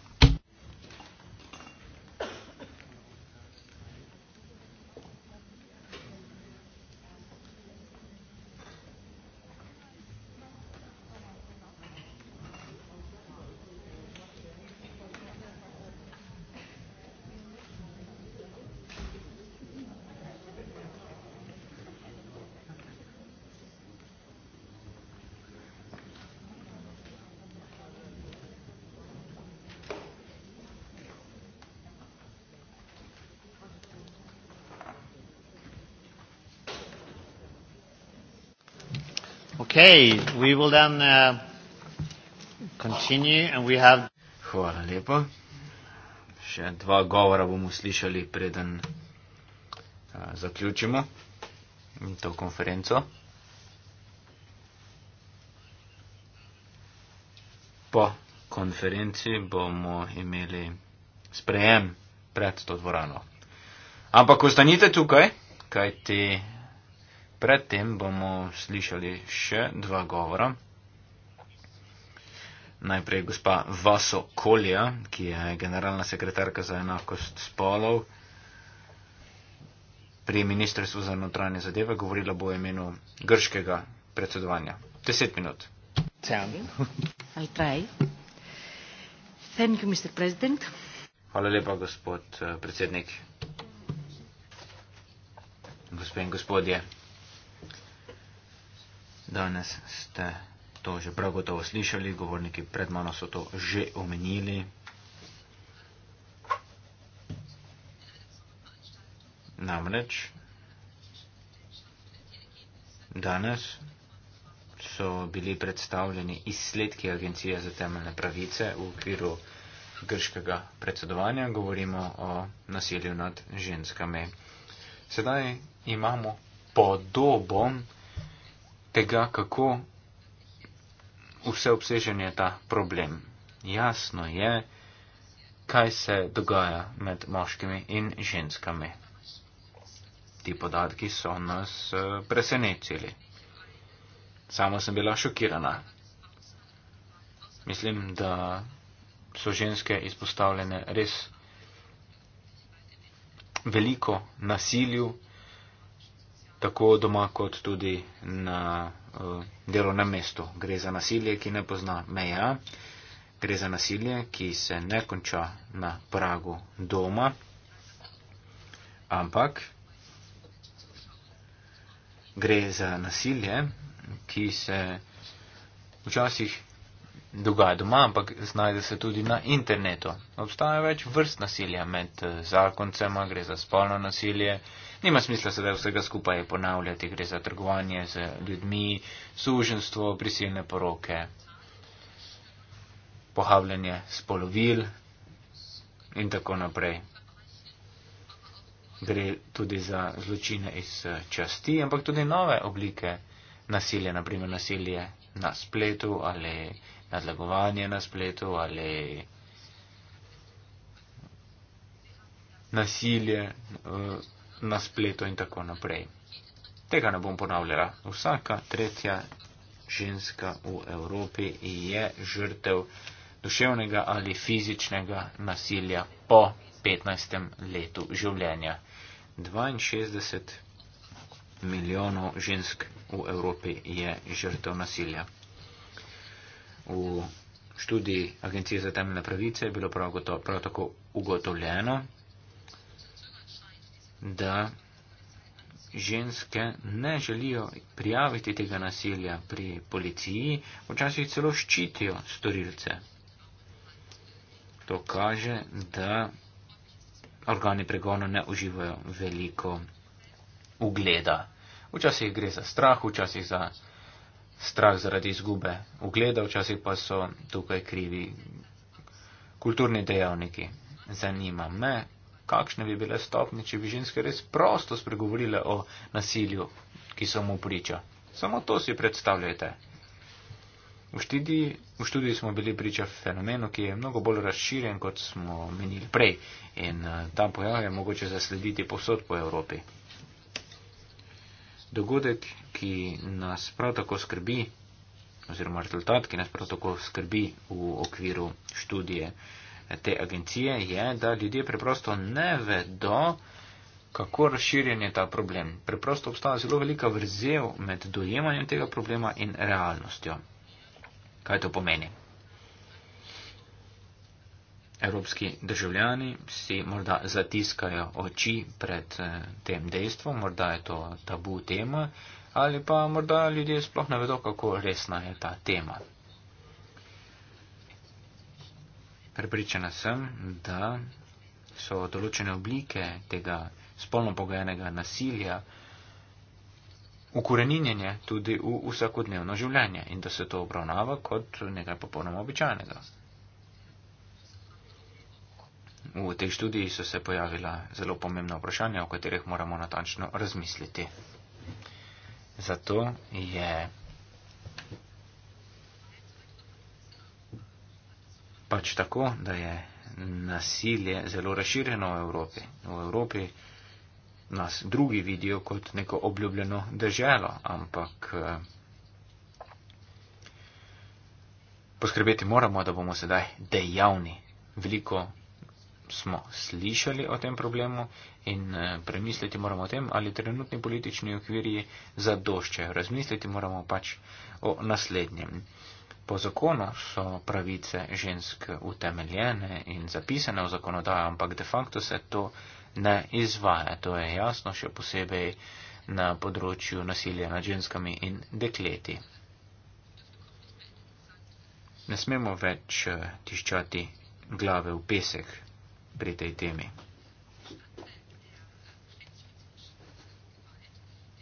Okay, we will then uh, continue and we have... Hvala lepa. Še dva govora bomo slišali, preden uh, zaključimo to konferenco. Po konferenci bomo imeli sprejem pred to dvorano. Ampak ostanite tukaj, kaj ti. Te... Predtem bomo slišali še dva govora. Najprej gospa Vaso Kolja, ki je generalna sekretarka za enakost spolov pri Ministrstvu za notranje zadeve, govorila bo o imenu grškega predsedovanja. Deset minut. Thank you, Mr. President. Hvala lepa, gospod eh, predsednik. Gospe in gospodje. Danes ste to že prav gotovo slišali, govorniki pred mano so to že omenili. Namreč danes so bili predstavljeni izsledki Agencije za temeljne pravice v okviru grškega predsedovanja. Govorimo o nasilju nad ženskami. Sedaj imamo podobo tega, kako vseobsežen je ta problem. Jasno je, kaj se dogaja med moškimi in ženskami. Ti podatki so nas eh, presenečili. Sama sem bila šokirana. Mislim, da so ženske izpostavljene res veliko nasilju tako doma kot tudi na eh, delovnem mestu. Gre za nasilje, ki ne pozna meja, gre za nasilje, ki se ne konča na pragu doma, ampak gre za nasilje, ki se včasih dogaja doma, ampak znajde se tudi na internetu. Obstaja več vrst nasilja med eh, zakoncema, gre za spolno nasilje, Nima smisla sedaj vsega skupaj ponavljati, gre za trgovanje z ljudmi, suženstvo, prisilne poroke, pohabljanje spolovil in tako naprej. Gre tudi za zločine iz eh, časti, ampak tudi nove oblike nasilja, naprimer nasilje na spletu ali nadlagovanje na spletu ali nasilje. Uh, na spletu in tako naprej. Tega ne bom ponavljala. Vsaka tretja ženska v Evropi je žrtev duševnega ali fizičnega nasilja po 15. letu življenja. 62 milijonov žensk v Evropi je žrtev nasilja. V študiji Agencije za temeljne pravice je bilo prav, gotovo, prav tako ugotovljeno, da ženske ne želijo prijaviti tega nasilja pri policiji, včasih celo ščitijo storilce. To kaže, da organi pregona ne uživajo veliko ugleda. Včasih gre za strah, včasih za strah zaradi izgube ugleda, včasih pa so tukaj krivi kulturni dejavniki. Zanima me, kakšne bi bile stopnje, če bi ženske res prosto spregovorile o nasilju, ki so mu priča. Samo to si predstavljajte. V študiji, v študiji smo bili priča fenomenu, ki je mnogo bolj razširjen, kot smo menili prej, in eh, ta pojav je mogoče zaslediti povsod po Evropi. Dogodek, ki nas prav tako skrbi, oziroma rezultat, ki nas prav tako skrbi v okviru študije, uh, te agencije je, da ljudje preprosto ne vedo, kako razširjen je ta problem. Preprosto obstaja zelo velika vrzel med dojemanjem tega problema in realnostjo. Kaj to pomeni? Evropski državljani si morda zatiskajo oči pred eh, tem dejstvom, morda je to tabu tema, ali pa morda ljudje sploh ne vedo, kako resna je ta tema. Prepričana sem, da so določene oblike tega spolno pogojenega nasilja ukoreninjene tudi v vsakodnevno življenje in da se to obravnava kot nekaj popolnoma običajnega. V tej študiji so se pojavila zelo pomembna vprašanja, o katerih moramo natančno razmisliti. Zato je pač tako, da je nasilje zelo razširjeno v Evropi. V Evropi nas drugi vidijo kot neko obljubljeno državo, ampak eh, poskrbeti moramo, da bomo sedaj dejavni. Veliko smo slišali o tem problemu in eh, premisliti moramo o tem, ali trenutni politični okvirji zadoščajo. Razmisliti moramo pač o naslednjem. Po zakonu so pravice žensk utemeljene in zapisane v zakonodajo, ampak de facto se to ne izvaja. To je jasno, še posebej na področju nasilja nad ženskami in dekleti. Ne smemo več eh, tiščati glave v pesek pri tej temi.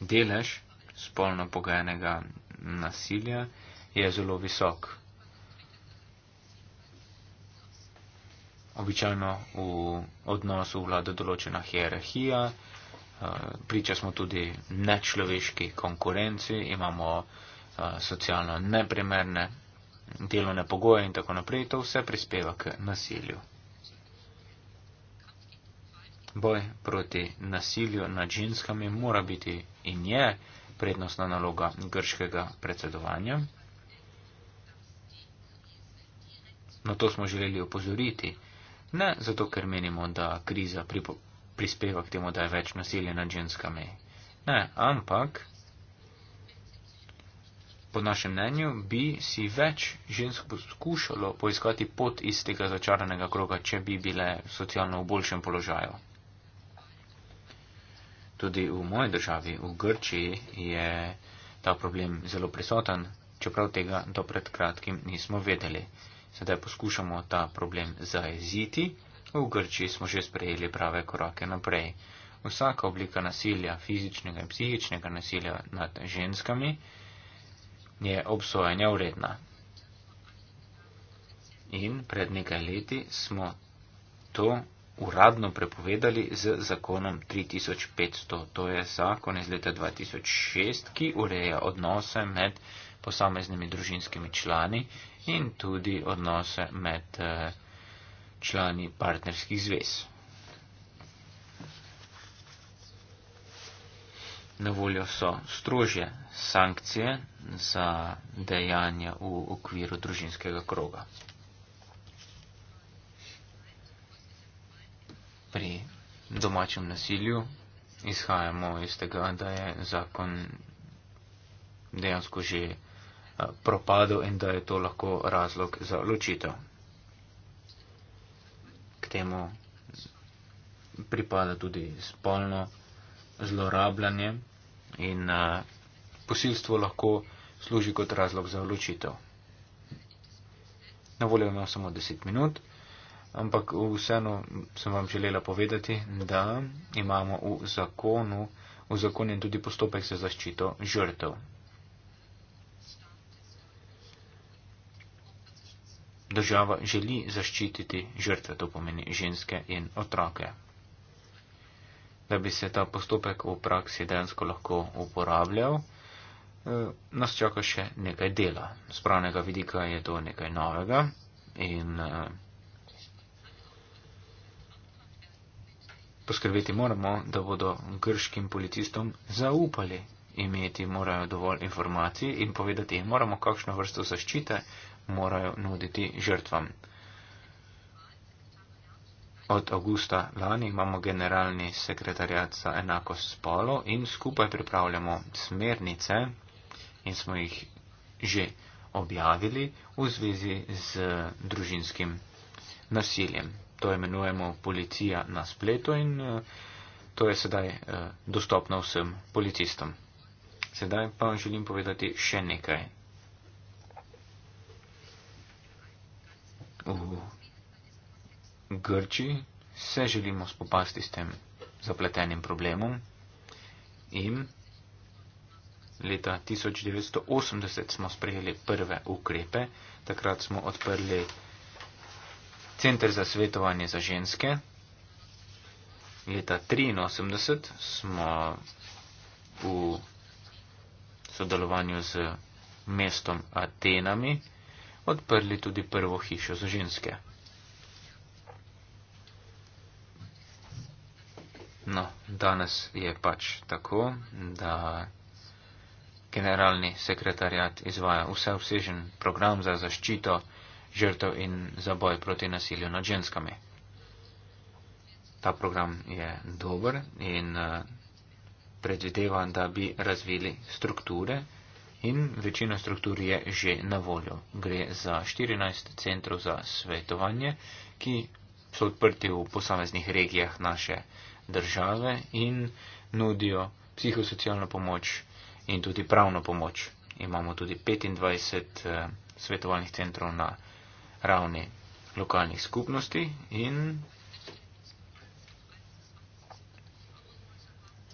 Delež spolno pogajenega nasilja je zelo visok. Običajno v odnosu vlada določena hierarhija, eh, priča smo tudi nečloveški konkurenci, imamo eh, socialno neprimerne delovne pogoje in tako naprej, to vse prispeva k nasilju. Boj proti nasilju nad ženskami mora biti in je prednostna naloga grškega predsedovanja. Na to smo želeli opozoriti. Ne zato, ker menimo, da kriza prispeva k temu, da je več nasilja nad ženskami. Ne, ampak. Po našem mnenju bi si več žensk poskušalo poiskati pot iz tega začaranega kroga, če bi bile socialno v boljšem položaju. Tudi v moji državi, v Grčiji, je ta problem zelo prisoten, čeprav tega do pred kratkim nismo vedeli sedaj poskušamo ta problem zajeziti. V Grčiji smo že sprejeli prave korake naprej. Vsaka oblika nasilja, fizičnega in psihičnega nasilja nad ženskami, je obsojanja vredna. In pred nekaj leti smo to uradno prepovedali z zakonom 3500. To je zakon iz leta 2006, ki ureja odnose med posameznimi družinskimi člani in tudi odnose med eh, člani partnerskih zvez. Na voljo so strožje sankcije za dejanja v okviru družinskega kroga. Pri domačem nasilju izhajamo iz tega, da je zakon dejansko že propadel in da je to lahko razlog za ločitev. K temu pripada tudi spolno zlorabljanje in eh, posilstvo lahko služi kot razlog za ločitev. Na voljo imam samo 10 minut, ampak vseeno sem vam želela povedati, da imamo v zakonu, v zakonu je tudi postopek za zaščito žrtev. država želi zaščititi žrtve, to pomeni ženske in otroke. Da bi se ta postopek v praksi dejansko lahko uporabljal, eh, nas čaka še nekaj dela. Z pravnega vidika je to nekaj novega in eh, poskrbeti moramo, da bodo grškim policistom zaupali. Imeti morajo dovolj informacij in povedati, moramo kakšno vrsto zaščite morajo nuditi žrtvam. Od avgusta lani imamo generalni sekretarjat za enakost spolov in skupaj pripravljamo smernice in smo jih že objavili v zvezi z družinskim nasiljem. To imenujemo policija na spletu in eh, to je sedaj eh, dostopno vsem policistom. Sedaj pa želim povedati še nekaj Bogu. Grči se želimo spopasti s tem zapletenim problemom in leta 1980 smo sprejeli prve ukrepe. Takrat smo odprli Center za svetovanje za ženske. Leta 1983 smo v sodelovanju z mestom Atenami odprli tudi prvo hišo za ženske. No, danes je pač tako, da generalni sekretarjat izvaja vse obsežen program za zaščito žrtev in za boj proti nasilju nad ženskami. Ta program je dober in eh, predvideva, da bi razvili strukture, in večina struktur je že na voljo. Gre za 14 centrov za svetovanje, ki so odprti v posameznih regijah naše države in nudijo psihosocialno pomoč in tudi pravno pomoč. Imamo tudi 25 eh, svetovalnih centrov na ravni lokalnih skupnosti in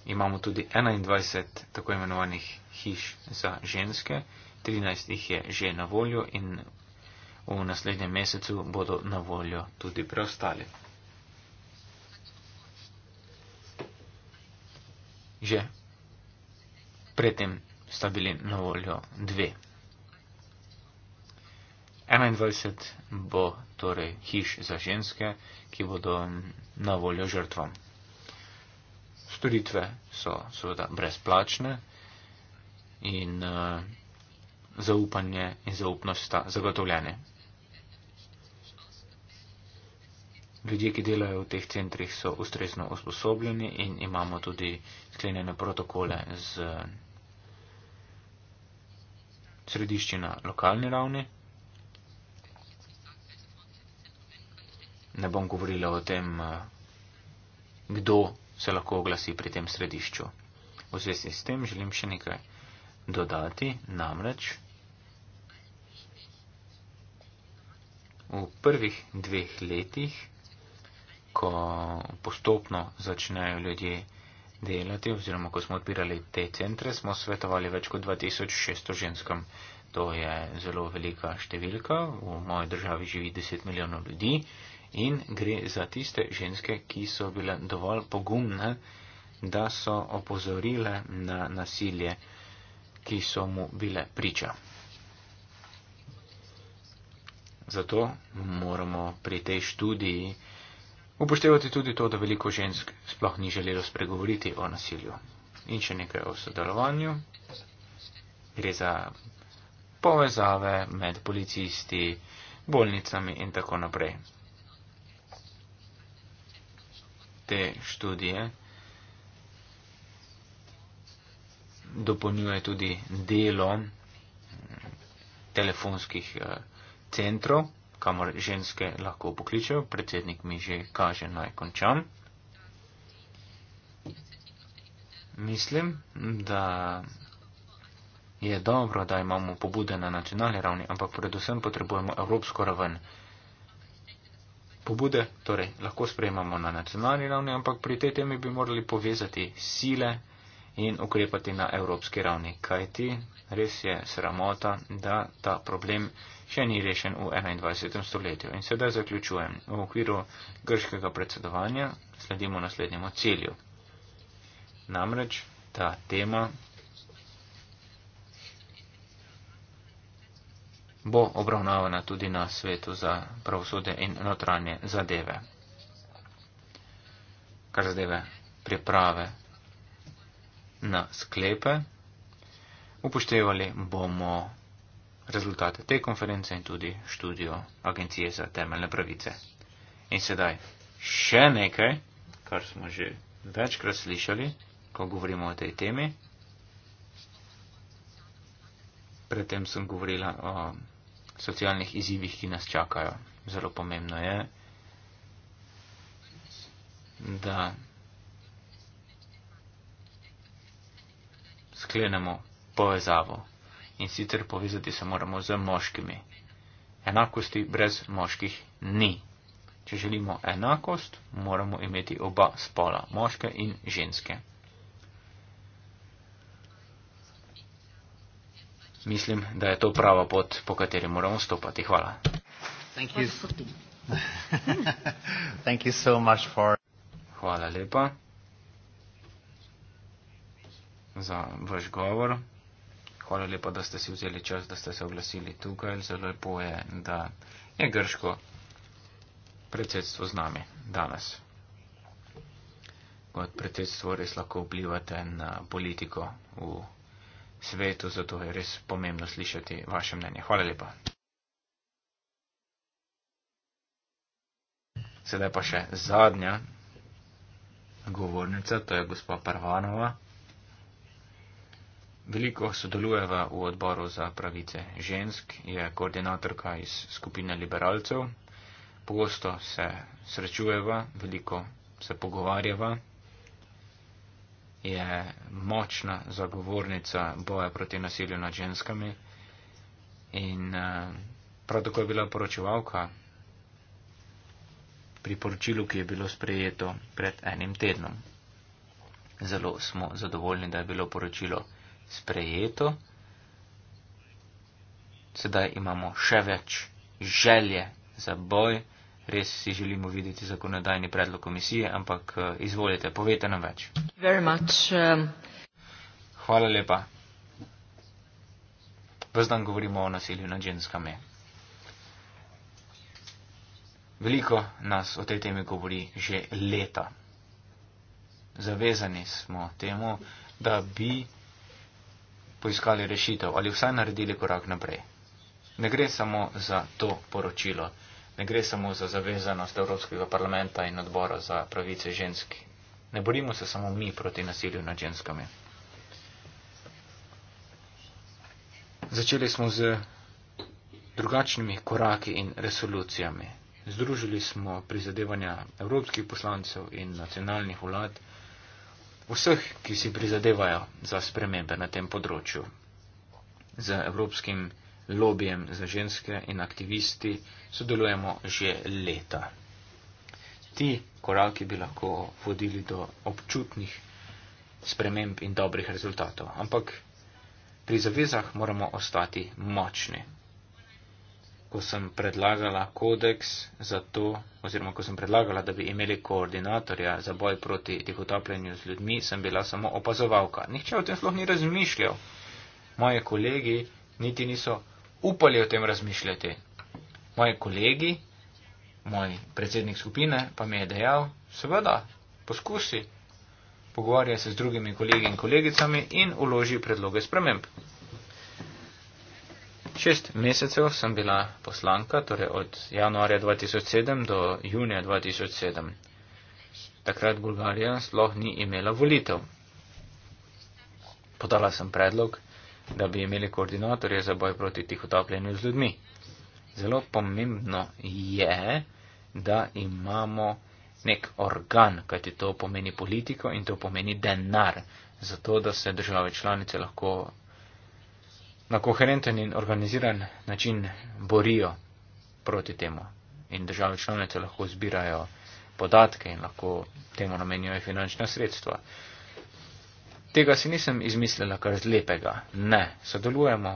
imamo tudi 21 tako imenovanih hiš za ženske, 13 jih je že na voljo in v naslednjem mesecu bodo na voljo tudi preostali. Že predtem sta bili na voljo dve. 21 bo torej hiš za ženske, ki bodo na voljo žrtvam storitve so seveda brezplačne in uh, zaupanje in zaupnost sta zagotovljene. Ljudje, ki delajo v teh centrih, so ustrezno usposobljeni in imamo tudi sklenjene protokole z središči na lokalni ravni. Ne bom govorila o tem, eh, kdo se lahko oglasi pri tem središču. V zvezi s tem želim še nekaj dodati, namreč v prvih dveh letih, ko postopno začnejo ljudje delati, oziroma ko smo odpirali te centre, smo svetovali več kot 2600 ženskam. To je zelo velika številka, v moji državi živi 10 milijonov ljudi in gre za tiste ženske, ki so bile dovolj pogumne, da so opozorile na nasilje, ki so mu bile priča. Zato moramo pri tej študiji upoštevati tudi to, da veliko žensk sploh ni želelo spregovoriti o nasilju. In še nekaj o sodelovanju. Gre za povezave med policisti, bolnicami in tako naprej. te študije dopolnjuje tudi delo eh, telefonskih eh, centrov, kamor ženske lahko pokličejo. Predsednik mi že kaže naj končam. Mislim, da je dobro, da imamo pobude na nacionalni ravni, ampak predvsem potrebujemo evropsko raven pobude, torej lahko sprejemamo na nacionalni ravni, ampak pri tej temi bi morali povezati sile in ukrepati na evropski ravni, kajti res je sramota, da ta problem še ni rešen v 21. stoletju. In sedaj zaključujem. V okviru grškega predsedovanja sledimo naslednjemu cilju. Namreč ta tema bo obravnavana tudi na svetu za pravosode in notranje zadeve, kar zadeve priprave na sklepe. Upoštevali bomo rezultate te konference in tudi študijo Agencije za temeljne pravice. In sedaj še nekaj, kar smo že večkrat slišali, ko govorimo o tej temi. Predtem sem govorila o socialnih izzivih, ki nas čakajo. Zelo pomembno je, da sklenemo povezavo in sicer povezati se moramo z moškimi. Enakosti brez moških ni. Če želimo enakost, moramo imeti oba spola, moške in ženske. Mislim, da je to prava pot, po kateri moramo stopati. Hvala. Hvala lepa za vaš govor. Hvala lepa, da ste si vzeli čas, da ste se oglasili tukaj. Zelo lepo je, da je grško predsedstvo z nami danes. Kot predsedstvo res lahko vplivate na politiko v svetu, zato je res pomembno slišati vaše mnenje. Hvala lepa. Sedaj pa še zadnja govornica, to je gospa Parvanova. Veliko sodelujeva v odboru za pravice žensk, je koordinatorka iz skupine liberalcev. Pogosto se srečujeva, veliko se pogovarjava je močna zagovornica boja proti nasilju nad ženskami in eh, prav tako je bila poročevalka pri poročilu, ki je bilo sprejeto pred enim tednom. Zelo smo zadovoljni, da je bilo poročilo sprejeto. Sedaj imamo še več želje za boj res si želimo videti zakonodajni predlog komisije, ampak eh, izvolite, povete nam več. Um, Hvala lepa. Ves dan govorimo o nasilju nad ženskami. Veliko nas o tej temi govori že leta. Zavezani smo temu, da bi poiskali rešitev ali vsaj naredili korak naprej. Ne gre samo za to poročilo ne gre samo za zavezanost Evropskega parlamenta in odbora za pravice ženski. Ne borimo se samo mi proti nasilju nad ženskami. Začeli smo z drugačnimi koraki in resolucijami. Združili smo prizadevanja evropskih poslancev in nacionalnih vlad, vseh, ki si prizadevajo za spremembe na tem področju, z evropskim parlamentom lobijem za ženske in aktivisti sodelujemo že leta. Ti koraki bi lahko vodili do občutnih sprememb in dobrih rezultatov, ampak pri zavezah moramo ostati močni. Ko sem predlagala kodeks za to, oziroma ko sem predlagala, da bi imeli koordinatorja za boj proti tihotapljenju z ljudmi, sem bila samo opazovalka. Nihče o tem sploh ni razmišljal. Moje kolegi niti niso upali o tem razmišljati. Moji kolegi, moj predsednik skupine pa mi je dejal, seveda, poskusi, pogovarja se z drugimi kolegi in kolegicami in uloži predloge sprememb. Šest mesecev sem bila poslanka, torej od januarja 2007 do junija 2007. Takrat Bulgarija sploh ni imela volitev. Podala sem predlog da bi imeli koordinatorje za boj proti tihotapljenju z ljudmi. Zelo pomembno je, da imamo nek organ, kajti to pomeni politiko in to pomeni denar, zato da se države članice lahko na koherenten in organiziran način borijo proti temu. In države članice lahko zbirajo podatke in lahko temu namenjajo finančna sredstva. Uh, tega si nisem izmislila kar zlepega. Ne, sodelujemo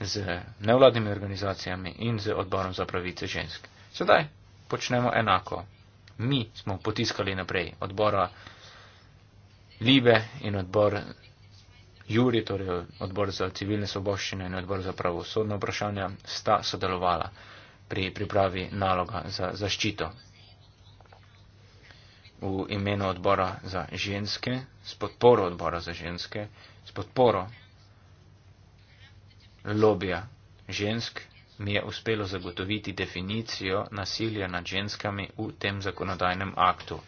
z nevladnimi organizacijami in z odborom za pravice žensk. Sedaj počnemo enako. Mi smo potiskali naprej odbora Libe in odbor Juri, torej odbor za civilne svoboščine in odbor za pravosodno vprašanje, sta sodelovala pri pripravi naloga za zaščito v imenu odbora za ženske, s podporo odbora za ženske, s podporo lobija žensk, mi je uspelo zagotoviti definicijo nasilja nad ženskami v tem zakonodajnem aktu.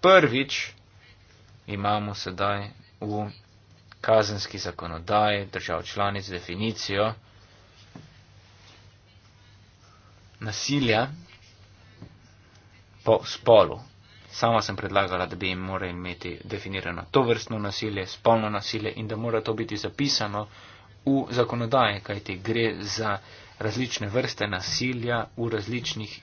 Prvič imamo sedaj v kazenski zakonodaji držav članic definicijo nasilja po spolu. Sama sem predlagala, da bi jim morali imeti definirano to vrstno nasilje, spolno nasilje in da mora to biti zapisano v zakonodaji, kajti gre za različne vrste nasilja v različnih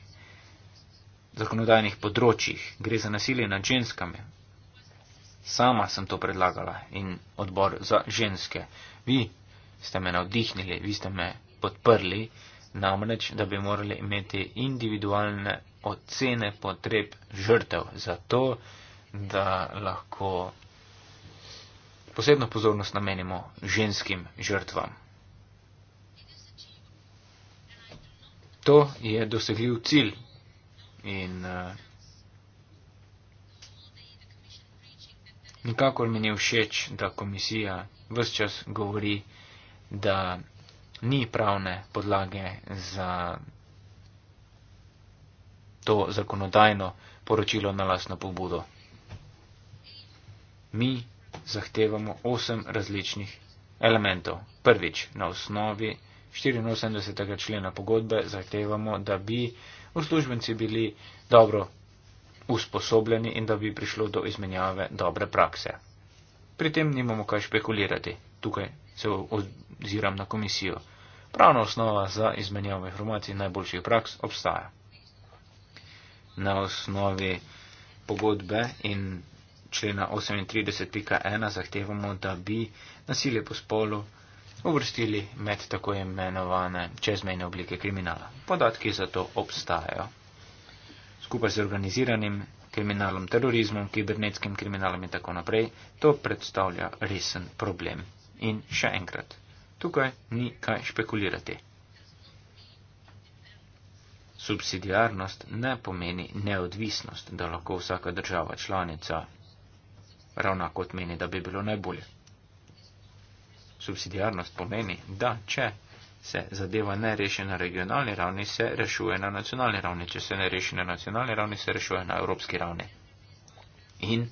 zakonodajnih področjih. Gre za nasilje nad ženskami. Sama sem to predlagala in odbor za ženske. Vi ste me navdihnili, vi ste me podprli, namreč, da bi morali imeti individualne ocene potreb žrtev, zato da lahko posebno pozornost namenimo ženskim žrtvam. To je dosegljiv cilj in uh, nikakor mi ni všeč, da komisija vse čas govori, da ni pravne podlage za to zakonodajno poročilo na lasno pobudo. Mi zahtevamo osem različnih elementov. Prvič, na osnovi 84. člena pogodbe zahtevamo, da bi uslužbenci bili dobro usposobljeni in da bi prišlo do izmenjave dobre prakse. Pri tem nimamo kaj špekulirati. Tukaj se oziram na komisijo. Pravna osnova za izmenjavo informacij najboljših praks obstaja na osnovi pogodbe in člena 38.1 zahtevamo, da bi nasilje po spolu uvrstili med tako imenovane čezmejne oblike kriminala. Podatki za to obstajajo. Skupaj z organiziranim kriminalom, terorizmom, kibernetskim kriminalom in tako naprej, to predstavlja resen problem. In še enkrat, tukaj ni kaj špekulirati. Subsidiarnost ne pomeni neodvisnost, da lahko vsaka država članica ravna kot meni, da bi bilo najbolje. Subsidiarnost pomeni, da če se zadeva ne reši na regionalni ravni, se rešuje na nacionalni ravni, če se ne reši na nacionalni ravni, se rešuje na evropski ravni. In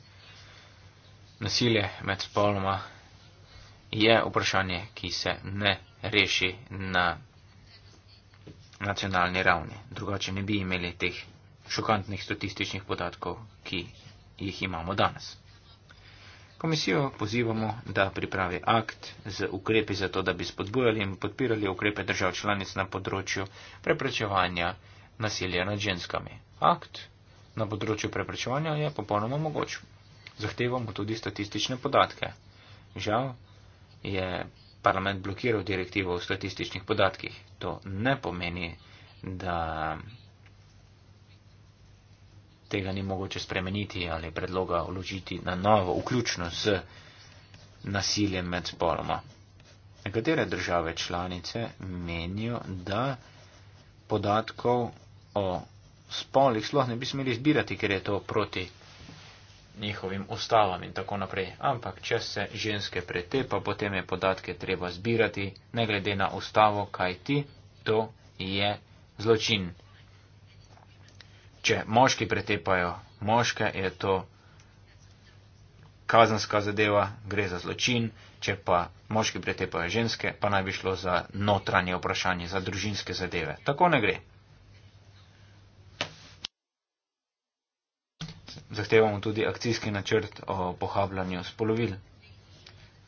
nasilje med spoloma je vprašanje, ki se ne reši na nacionalni ravni. Drugače ne bi imeli teh šokantnih statističnih podatkov, ki jih imamo danes. Komisijo pozivamo, da pripravi akt z ukrepi za to, da bi spodbujali in podpirali ukrepe držav članic na področju preprečevanja nasilja nad ženskami. Akt na področju preprečevanja je popolnoma mogoč. Zahtevamo tudi statistične podatke. Žal je parlament blokiral direktivo o statističnih podatkih. To ne pomeni, da tega ni mogoče spremeniti ali predloga vložiti na novo, vključno z nasiljem med spoloma. Nekatere države članice menijo, da podatkov o spolih sploh ne bi smeli zbirati, ker je to proti njihovim ustavam in tako naprej. Ampak, če se ženske pretepa, potem je podatke treba zbirati, ne glede na ustavo, kaj ti, to je zločin. Če moški pretepajo moške, je to kazanska zadeva, gre za zločin, če pa moški pretepajo ženske, pa naj bi šlo za notranje vprašanje, za družinske zadeve. Tako ne gre. zahtevamo tudi akcijski načrt o pohabljanju spolovil.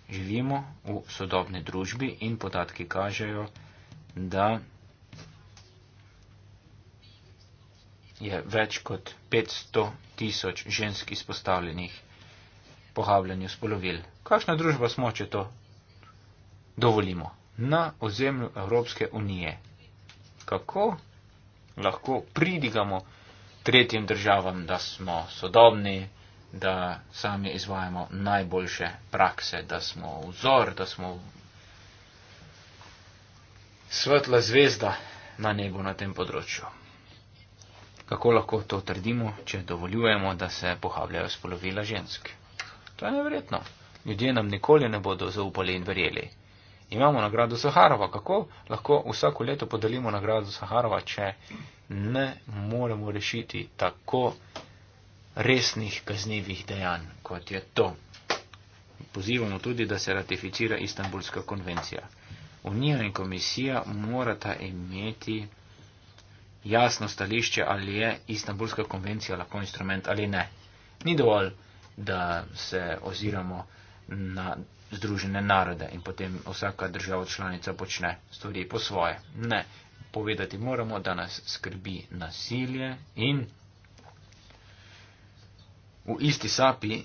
Živimo v sodobni družbi in podatki kažejo, da je več kot 500 tisoč žensk izpostavljenih pohabljanju spolovil. Kakšna družba smo, če to dovolimo? Na ozemlju Evropske unije. Kako lahko pridigamo? tretjim državam, da smo sodobni, da sami izvajamo najboljše prakse, da smo vzor, da smo svetla zvezda na nebu na tem področju. Kako lahko to trdimo, če dovoljujemo, da se pohabljajo spolovila žensk? To je nevrjetno. Ljudje nam nikoli ne bodo zaupali in verjeli imamo nagrado Zaharova. Kako lahko vsako leto podelimo nagrado Zaharova, če ne moremo rešiti tako resnih kaznjivih dejanj, kot je to? Pozivamo tudi, da se ratificira Istanbulska konvencija. Unija in komisija morata imeti jasno stališče, ali je Istanbulska konvencija lahko instrument ali ne. Ni dovolj, da se oziramo na združene narode in potem vsaka država članica počne stvari po svoje. Ne, povedati moramo, da nas skrbi nasilje in v isti sapi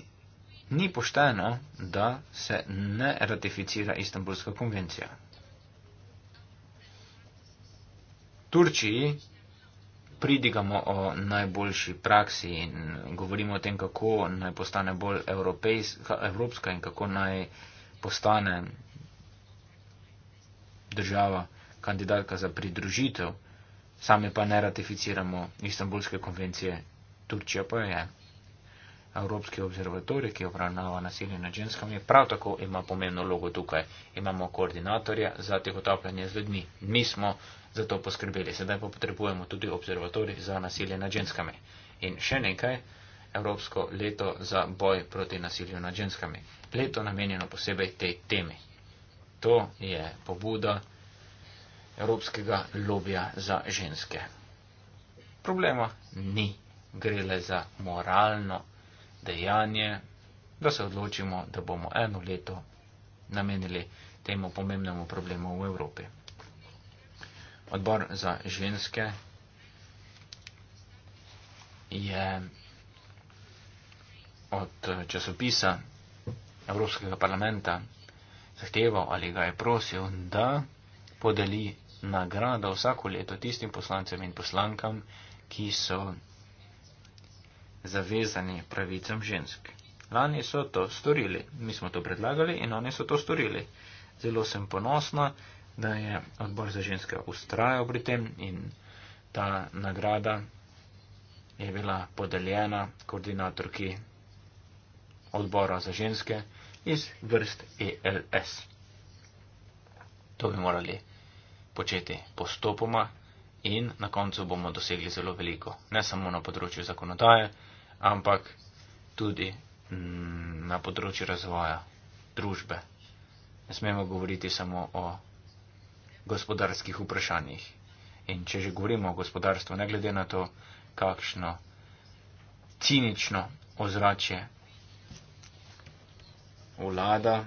ni pošteno, da se ne ratificira Istanbulska konvencija. Turčiji pridigamo o najboljši praksi in govorimo o tem, kako naj postane bolj evropejska, evropska in kako naj uh, postane država kandidatka za pridružitev, sami pa ne ratificiramo Istanbulske konvencije, Turčija pa je. Evropski observatorij, ki obravnava nasilje nad ženskami, prav tako ima pomembno logo tukaj. Imamo koordinatorja za tehotapljanje z ljudmi. Mi smo za to poskrbeli. Sedaj pa potrebujemo tudi observatorij za nasilje nad ženskami. In še nekaj, Evropsko leto za boj proti nasilju nad ženskami leto namenjeno posebej tej temi. To je pobuda Evropskega lobija za ženske. Problema ni, gre le za moralno dejanje, da se odločimo, da bomo eno leto namenili temu pomembnemu problemu v Evropi. Odbor za ženske je od časopisa Evropskega parlamenta zahteval ali ga je prosil, da podeli nagrado vsako leto tistim poslancem in poslankam, ki so zavezani pravicam žensk. Lani so to storili, mi smo to predlagali in oni so to storili. Zelo sem ponosna, da je odbor za ženske ustrajal pri tem in ta nagrada je bila podeljena koordinatorki odbora za ženske iz vrst ELS. To bi morali početi postopoma in na koncu bomo dosegli zelo veliko, ne samo na področju zakonodaje, ampak tudi mm, na področju razvoja družbe. Ne smemo govoriti samo o gospodarskih vprašanjih. In če že govorimo o gospodarstvu, ne glede na to, kakšno cinično ozračje vlada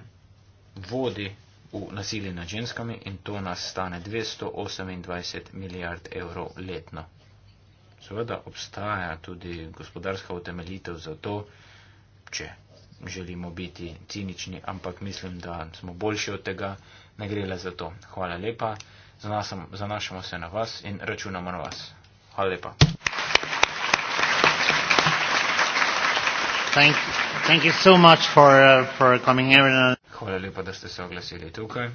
vodi v nasilje nad ženskami in to nas stane 228 milijard evrov letno. Seveda obstaja tudi gospodarska utemeljitev za to, če želimo biti cinični, ampak mislim, da smo boljši od tega, ne gre le za to. Hvala lepa, zanašamo se na vas in računamo na vas. Hvala lepa. Thank you so much for, uh, for coming here. Uh, Hvala lepa, da ste se oglasili tukaj.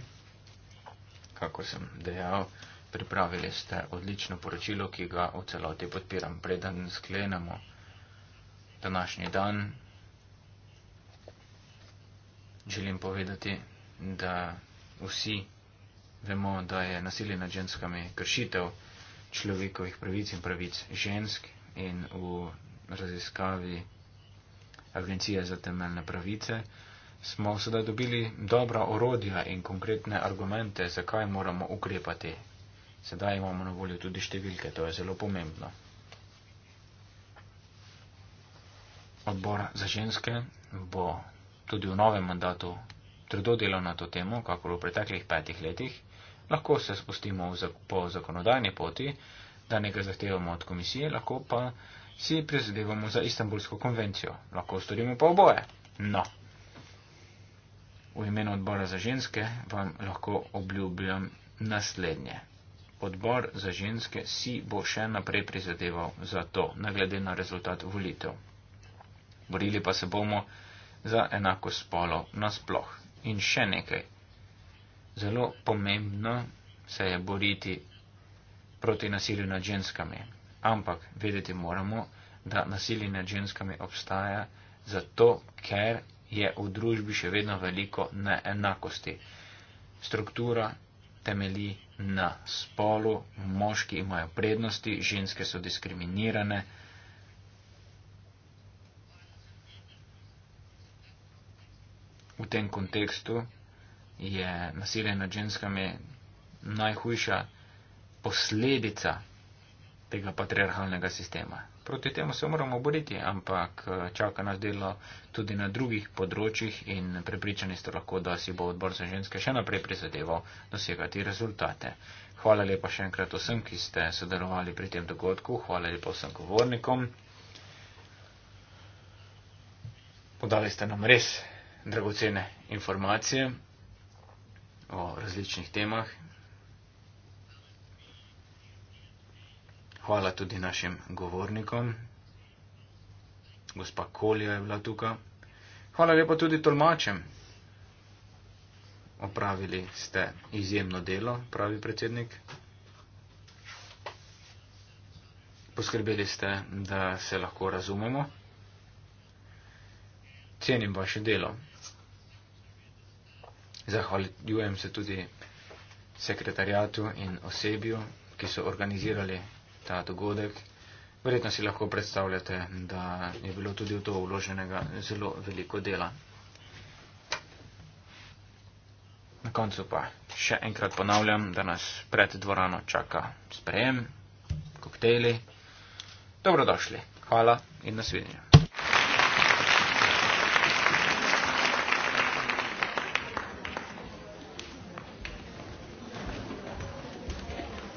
Kako sem dejal, pripravili ste odlično poročilo, ki ga v celoti podpiram. Preden sklenemo današnji dan, želim povedati, da vsi vemo, da je nasilje nad ženskami kršitev človekovih pravic in pravic žensk in v raziskavi. Agencija za temeljne pravice, smo sedaj dobili dobra orodja in konkretne argumente, zakaj moramo ukrepati. Sedaj imamo na voljo tudi številke, to je zelo pomembno. Odbor za ženske bo tudi v novem mandatu trdo delal na to temo, kako v preteklih petih letih. Lahko se spustimo zak po zakonodajni poti, da nekaj zahtevamo od komisije, lahko pa si prizadevamo za Istanbulsko konvencijo. Lahko storimo pa oboje. No. V imenu odbora za ženske vam lahko obljubljam naslednje. Odbor za ženske si bo še naprej prizadeval za to, na glede na rezultat volitev. Borili pa se bomo za enako spolo nasploh. In še nekaj. Zelo pomembno se je boriti proti nasilju nad ženskami ampak vedeti moramo, da nasilje nad ženskami obstaja zato, ker je v družbi še vedno veliko neenakosti. Struktura temelji na spolu, moški imajo prednosti, ženske so diskriminirane. V tem kontekstu je nasilje nad ženskami najhujša posledica tega patriarhalnega sistema. Proti temu se moramo boriti, ampak eh, čaka nas delo tudi na drugih področjih in prepričani ste lahko, da si bo odbor za ženske še naprej prizadeval dosegati rezultate. Hvala lepa še enkrat vsem, ki ste sodelovali pri tem dogodku. Hvala lepa vsem govornikom. Podali ste nam res dragocene informacije o različnih temah Hvala tudi našim govornikom. Gospa Kolja je bila tukaj. Hvala lepa tudi tolmačem. Opravili ste izjemno delo, pravi predsednik. Poskrbeli ste, da se lahko razumemo. Cenim vaše delo. Zahvaljujem se tudi sekretarjatu in osebju, ki so organizirali ta dogodek. Verjetno si lahko predstavljate, da je bilo tudi v to vloženega zelo veliko dela. Na koncu pa še enkrat ponavljam, da nas pred dvorano čaka sprejem, koktejli. Dobrodošli. Hvala in nasvidenje.